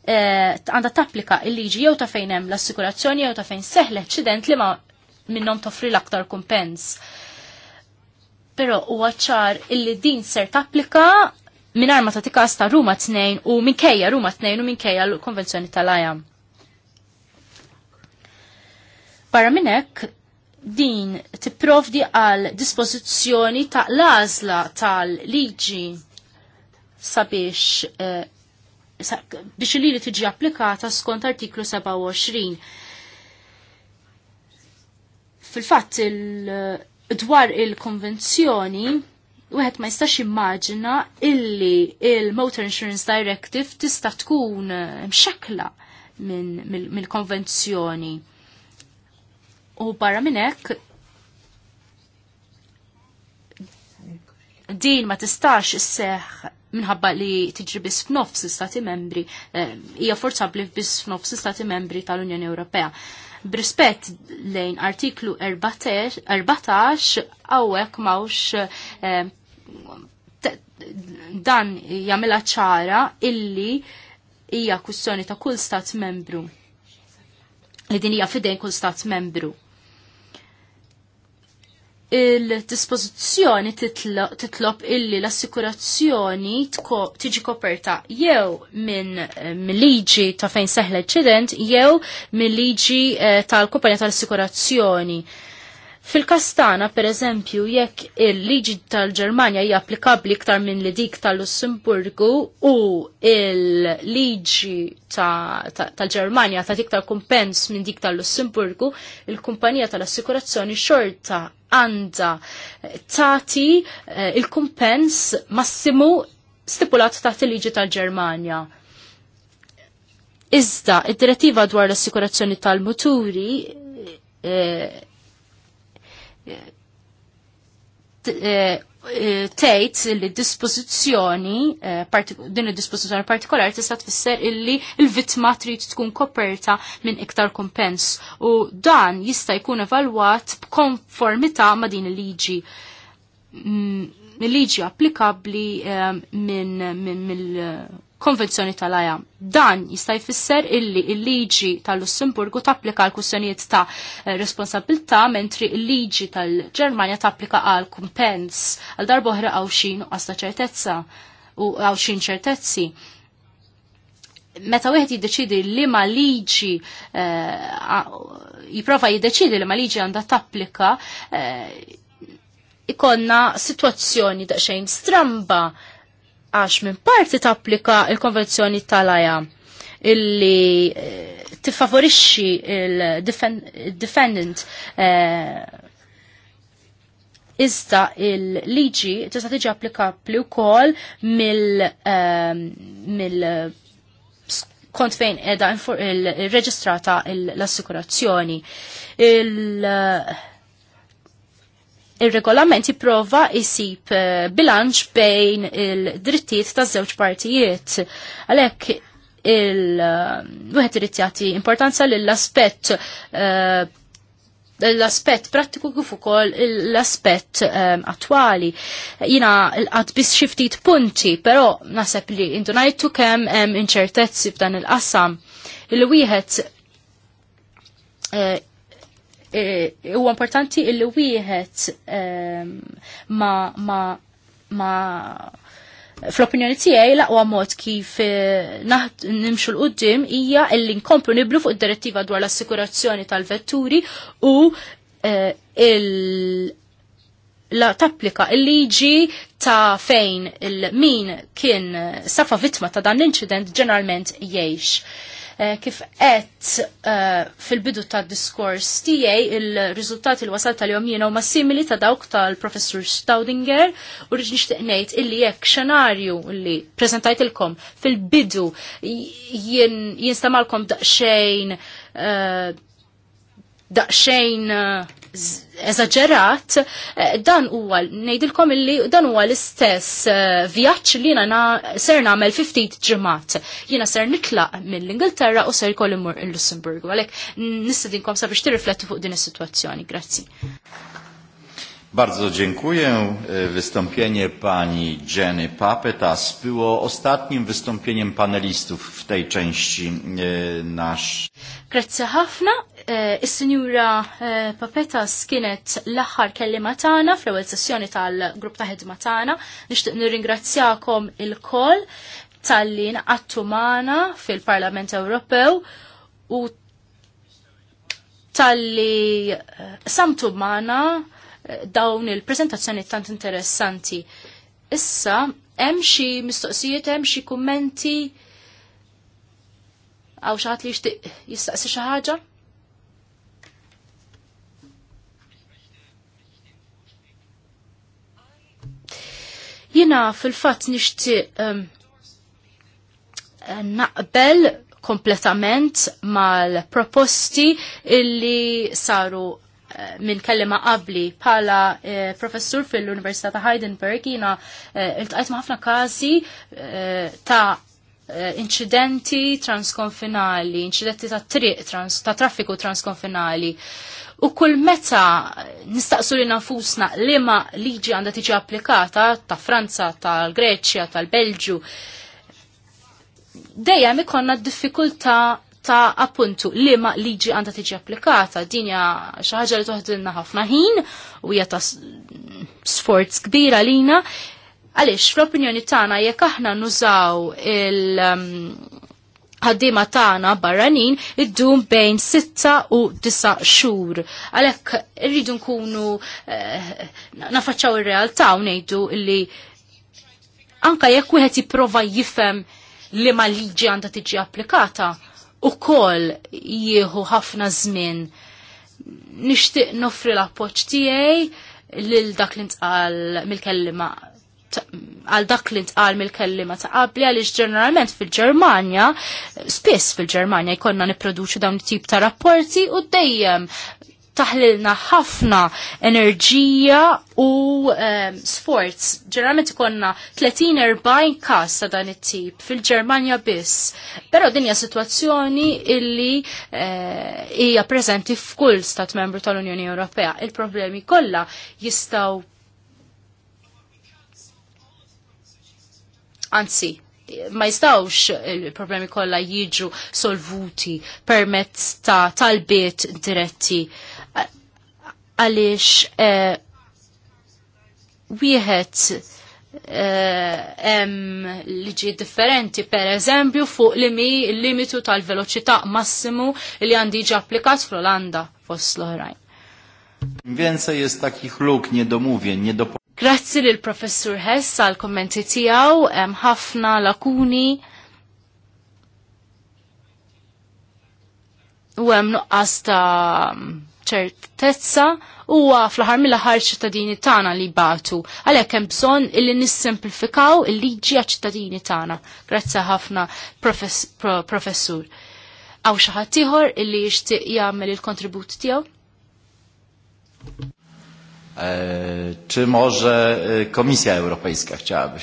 Eh, għandha tapplika il-liġi jew ta' fejn hemm l-assikurazzjoni jew ta' fejn l-eċċident li ma minnhom toffri l-aktar kumpens. Però huwa ċar illi din ser tapplika mingħajr ma ta' tikas ta' Ruma tnejn u minkejja Ruma tnejn u minkejja l-Konvenzjoni tal-Ajam. Barra minn hekk din tipprovdi għal dispożizzjoni ta' l-għażla tal-liġi sabiex eh, biex li li tiġi applikata skont artiklu 27. Fil-fatt dwar il-konvenzjoni wieħed ma jistax immaġina illi il-Motor Insurance Directive tista' tkun mxekla mill-konvenzjoni. U barra minn hekk din ma tistax isseħħ minħabba li tiġri biss f'nofs istati membri, eh, hija forzabbli biss f'nofs istati membri tal-Unjoni Ewropea. Brispett lejn artiklu 14 għawek mawx dan jamela ċara illi hija kwistjoni ta' kull stat membru. Li din hija fidejn kull stat membru il-dispożizzjoni titlob illi l-assikurazzjoni tiġi koperta jew minn eh, liġi ta' fejn seħla ċident jew minn liġi eh, tal-kumpanija tal-assikurazzjoni. Ta Fil-Kastana, per eżempju, jekk il-liġi tal-Ġermanja hija applikabli iktar minn li dik tal-Lussemburgu u il-liġi tal-Ġermanja ta', ta, ta kumpens minn dik tal-Lussemburgu, il-kumpanija tal-assikurazzjoni xorta għanda tati eh, il-kumpens massimu stipulat taħt il-liġi tal-Ġermanja. Iżda, id-direttiva dwar l-assikurazzjoni tal-muturi eh, Eh, eh, tgħid li dispozizjoni eh, din il dispożizzjoni partikolari tista' tfisser illi l-vittma trid tkun koperta minn iktar kompens u dan jista' jkun evalwat b'konformità ma' din il-liġi mm, liġi applikabli minn konvenzjoni tal-aja. Dan jista' jfisser illi il-liġi tal-Lussemburgu tapplika għal kussjonijiet ta' eh, responsabilità mentri il-liġi tal-Ġermanja tapplika għal kumpens għal darboħra għaw xin għasta ċertezza u għaw xin ċertezzi. Meta wieħed jiddeċidi li ma liġi eh, jiprofa jiddeċidi li ma liġi għandha tapplika eh, ikonna situazzjoni daqsxejn stramba għax minn parti tapplika il-konvenzjoni tal-aja illi eh, tiffavorixxi il-defendant eh, iżda il-liġi tista' tiġi applikabli wkoll mill eh, mill kont fejn edha il-reġistrata l-assikurazzjoni. Il, il-regolament jipprova jisib eh, bilanċ bejn il-drittijiet ta' żewġ partijiet. Għalhekk il-wieħed eh, irid jagħti importanza lill-aspett eh, l-aspett prattiku kif ukoll l-aspett um, attwali. Jina l biss xi ftit punti, però naħseb li intu ngħidtu kemm hemm inċertezzi f'dan il-qasam. Il-wieħed uh, Eh, huwa importanti illi wieħed ehm, ma ma ma fl-opinjoni tiegħi laqwa mod kif eh, nimxu l qudiem hija illi nkomplu niblu fuq id-direttiva dwar l-assikurazzjoni tal-vetturi u eh, il tapplika il-liġi ta' fejn il-min kien safa vittma ta' dan l-inċident ġeneralment jgħix Eh, kif qed eh, fil-bidu ta' diskors tiegħi il-riżultati l wasal tal-jom jiena huma simili ta' dawk tal-Professur Staudinger u rrid nixtieq ngħid illi hekk xenarju li preżentajtilkom fil-bidu jinstamalkom daqsxejn eh, daqsxejn eżagġerat, eh, dan huwa ngħidilkom illi dan huwa l-istess eh, vjaġġ li jiena ser nagħmel fi ftit ġimgħat. Jiena ser nitlaq mill-Ingilterra u ser jkolli mmur il-Lussemburgu, għalhekk nistedinkom sabiex tirrifletti fuq din is-sitwazzjoni. Grazzi. Bardzo dziękuję. E, wystąpienie pani Jenny Papetas było ostatnim wystąpieniem panelistów w tej części e, nasz. Grazie ħafna Eh, Is-Sinjura eh, Papetas kienet l-aħħar kellima tagħna fl-ewwel sessjoni tal-grupp ta' ħidma tagħna. Nixtieq nirringrazzjakom il-koll tal-li naqattu magħna fil-Parlament Ewropew u tal-li eh, samtu magħna dawn il-prezentazzjoni tant interessanti. Issa hemm xi mistoqsijiet, hemm xi kummenti għaw xaħat li jistaqsi xi ħaġa? Jina fil-fat nishti um, naqbel kompletament mal-proposti illi saru eh, minn kellima qabli pala eh, professur fil-Università ta' Heidenberg jina eh, il-tqajt ħafna kazi eh, ta' Eh, incidenti transkonfinali, incidenti ta' triq, trans, ta' traffiku transkonfinali. U kull meta nistaqsu li nafusna li ma liġi għanda tiġi applikata ta' Franza, tal-Greċja, tal-Belġu, dejja mi d-diffikulta ta' appuntu li ma liġi għanda tiġi applikata. Dinja xaħġa li toħdilna ħafna ħin u hija ta' sforz kbira lina, Għalix, fl-opinjoni tagħna jekk aħna nużaw il- um, ħaddima tagħna barranin iddum bejn 6 u 9 xhur. Għalhekk irridu nkunu eh, nafaċċaw ir-realtà u ngħidu li anka jekk wieħed jipprova jifhem li ma liġi għandha tiġi applikata, kol jieħu ħafna żmien. Nixtieq nofri l-appoġġ tiegħi lil dak li ntqal mill-kellima għal dak li tqal mill-kellima ta' qabli għaliex ġeneralment fil-Ġermanja, spiss fil-Ġermanja jkollna nipproduċu dawn it-tip ta' rapporti u dejjem taħlilna ħafna enerġija u um, sforz. Ġeneralment ikonna 30-40 kas ta' dan it-tip fil-Ġermanja biss. Però din hija sitwazzjoni illi eh, hija uh, preżenti f'kull stat membru tal-Unjoni Ewropea. Il-problemi kollha jistgħu anzi, ma jistawx eh, il-problemi kollha jiġu solvuti permezz ta' talbiet diretti għaliex eh, wieħed eh, hemm liġi differenti, per eżempju, fuq limi l limitu tal-veloċità massimu li għandi ġi applikat fl-Olanda fost l-oħrajn. Więcej jest takich luk, niedomówień, niedop... Grazzi lil professur Hess għal kommenti tiegħu hemm ħafna lakuni u hemm nuqqas ta' ċertezza huwa fl-aħħar mill-aħħar ċittadini tagħna li batu għalhekk hemm bżonn illi nissimplifikaw il-liġi għaċ-ċittadini tagħna. Grazzi ħafna professur. Għaw xi ħadd ieħor illi jixtieq jagħmel il-kontribut tiegħu? E, czy może e, Komisja Europejska chciałaby?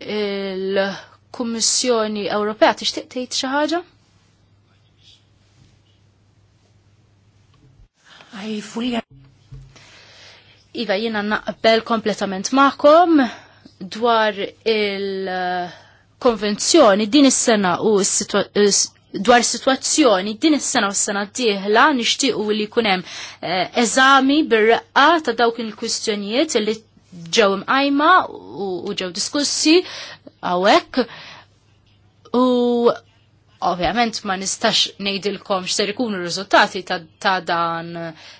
Il-Kummissjoni e, Ewropea tixtieq tgħid xi ħaġa? Iva jiena naqbel kompletament magħkom dwar il-konvenzjoni din is-sena u dwar situazzjoni din is-sena u s-sena d-dieħla nixtiequ li jkun hemm eh, eżami bir-raqqa ta' dawk il-kwistjonijiet li ġew imqajma u ġew diskussi hawnhekk u ovvjament ma nistax ngħidilkom x'ser ikunu r-riżultati ta' dan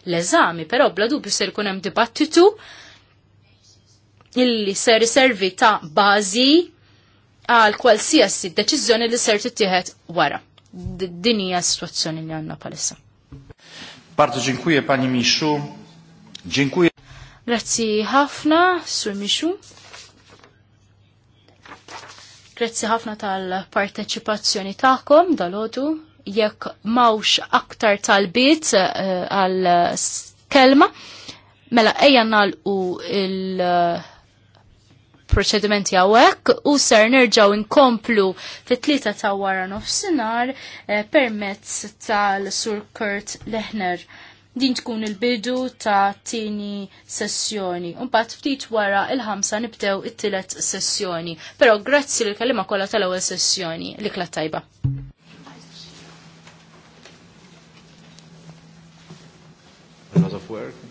l-eżami, però bla dubju ser ikun hemm dibattitu illi ser servi ta' bażi għal kwalsiasi deċiżjoni li ser titieħed wara dinija situazzjoni li għanna palissa. Parto ġinkuje, pani Mishu. Ġinkuje. Grazzi ħafna, Sur Mishu. Grazzi ħafna tal-parteċipazzjoni ta'kom dal-ħodu. Jekk mawx aktar tal-bit eh, għal-kelma, mela ejja u il- uh, proċedimenti għawek u ser nerġaw inkomplu fit-tlieta ta' wara nofsinar eh, permezz tal-Sur Kurt Lehner din tkun il-bidu ta' tini sessjoni. Unbat ftit wara il-ħamsa nibdew it-tilet sessjoni. Pero grazzi l-kalima kolla tal-ewel sessjoni. Likla tajba. A lot of work.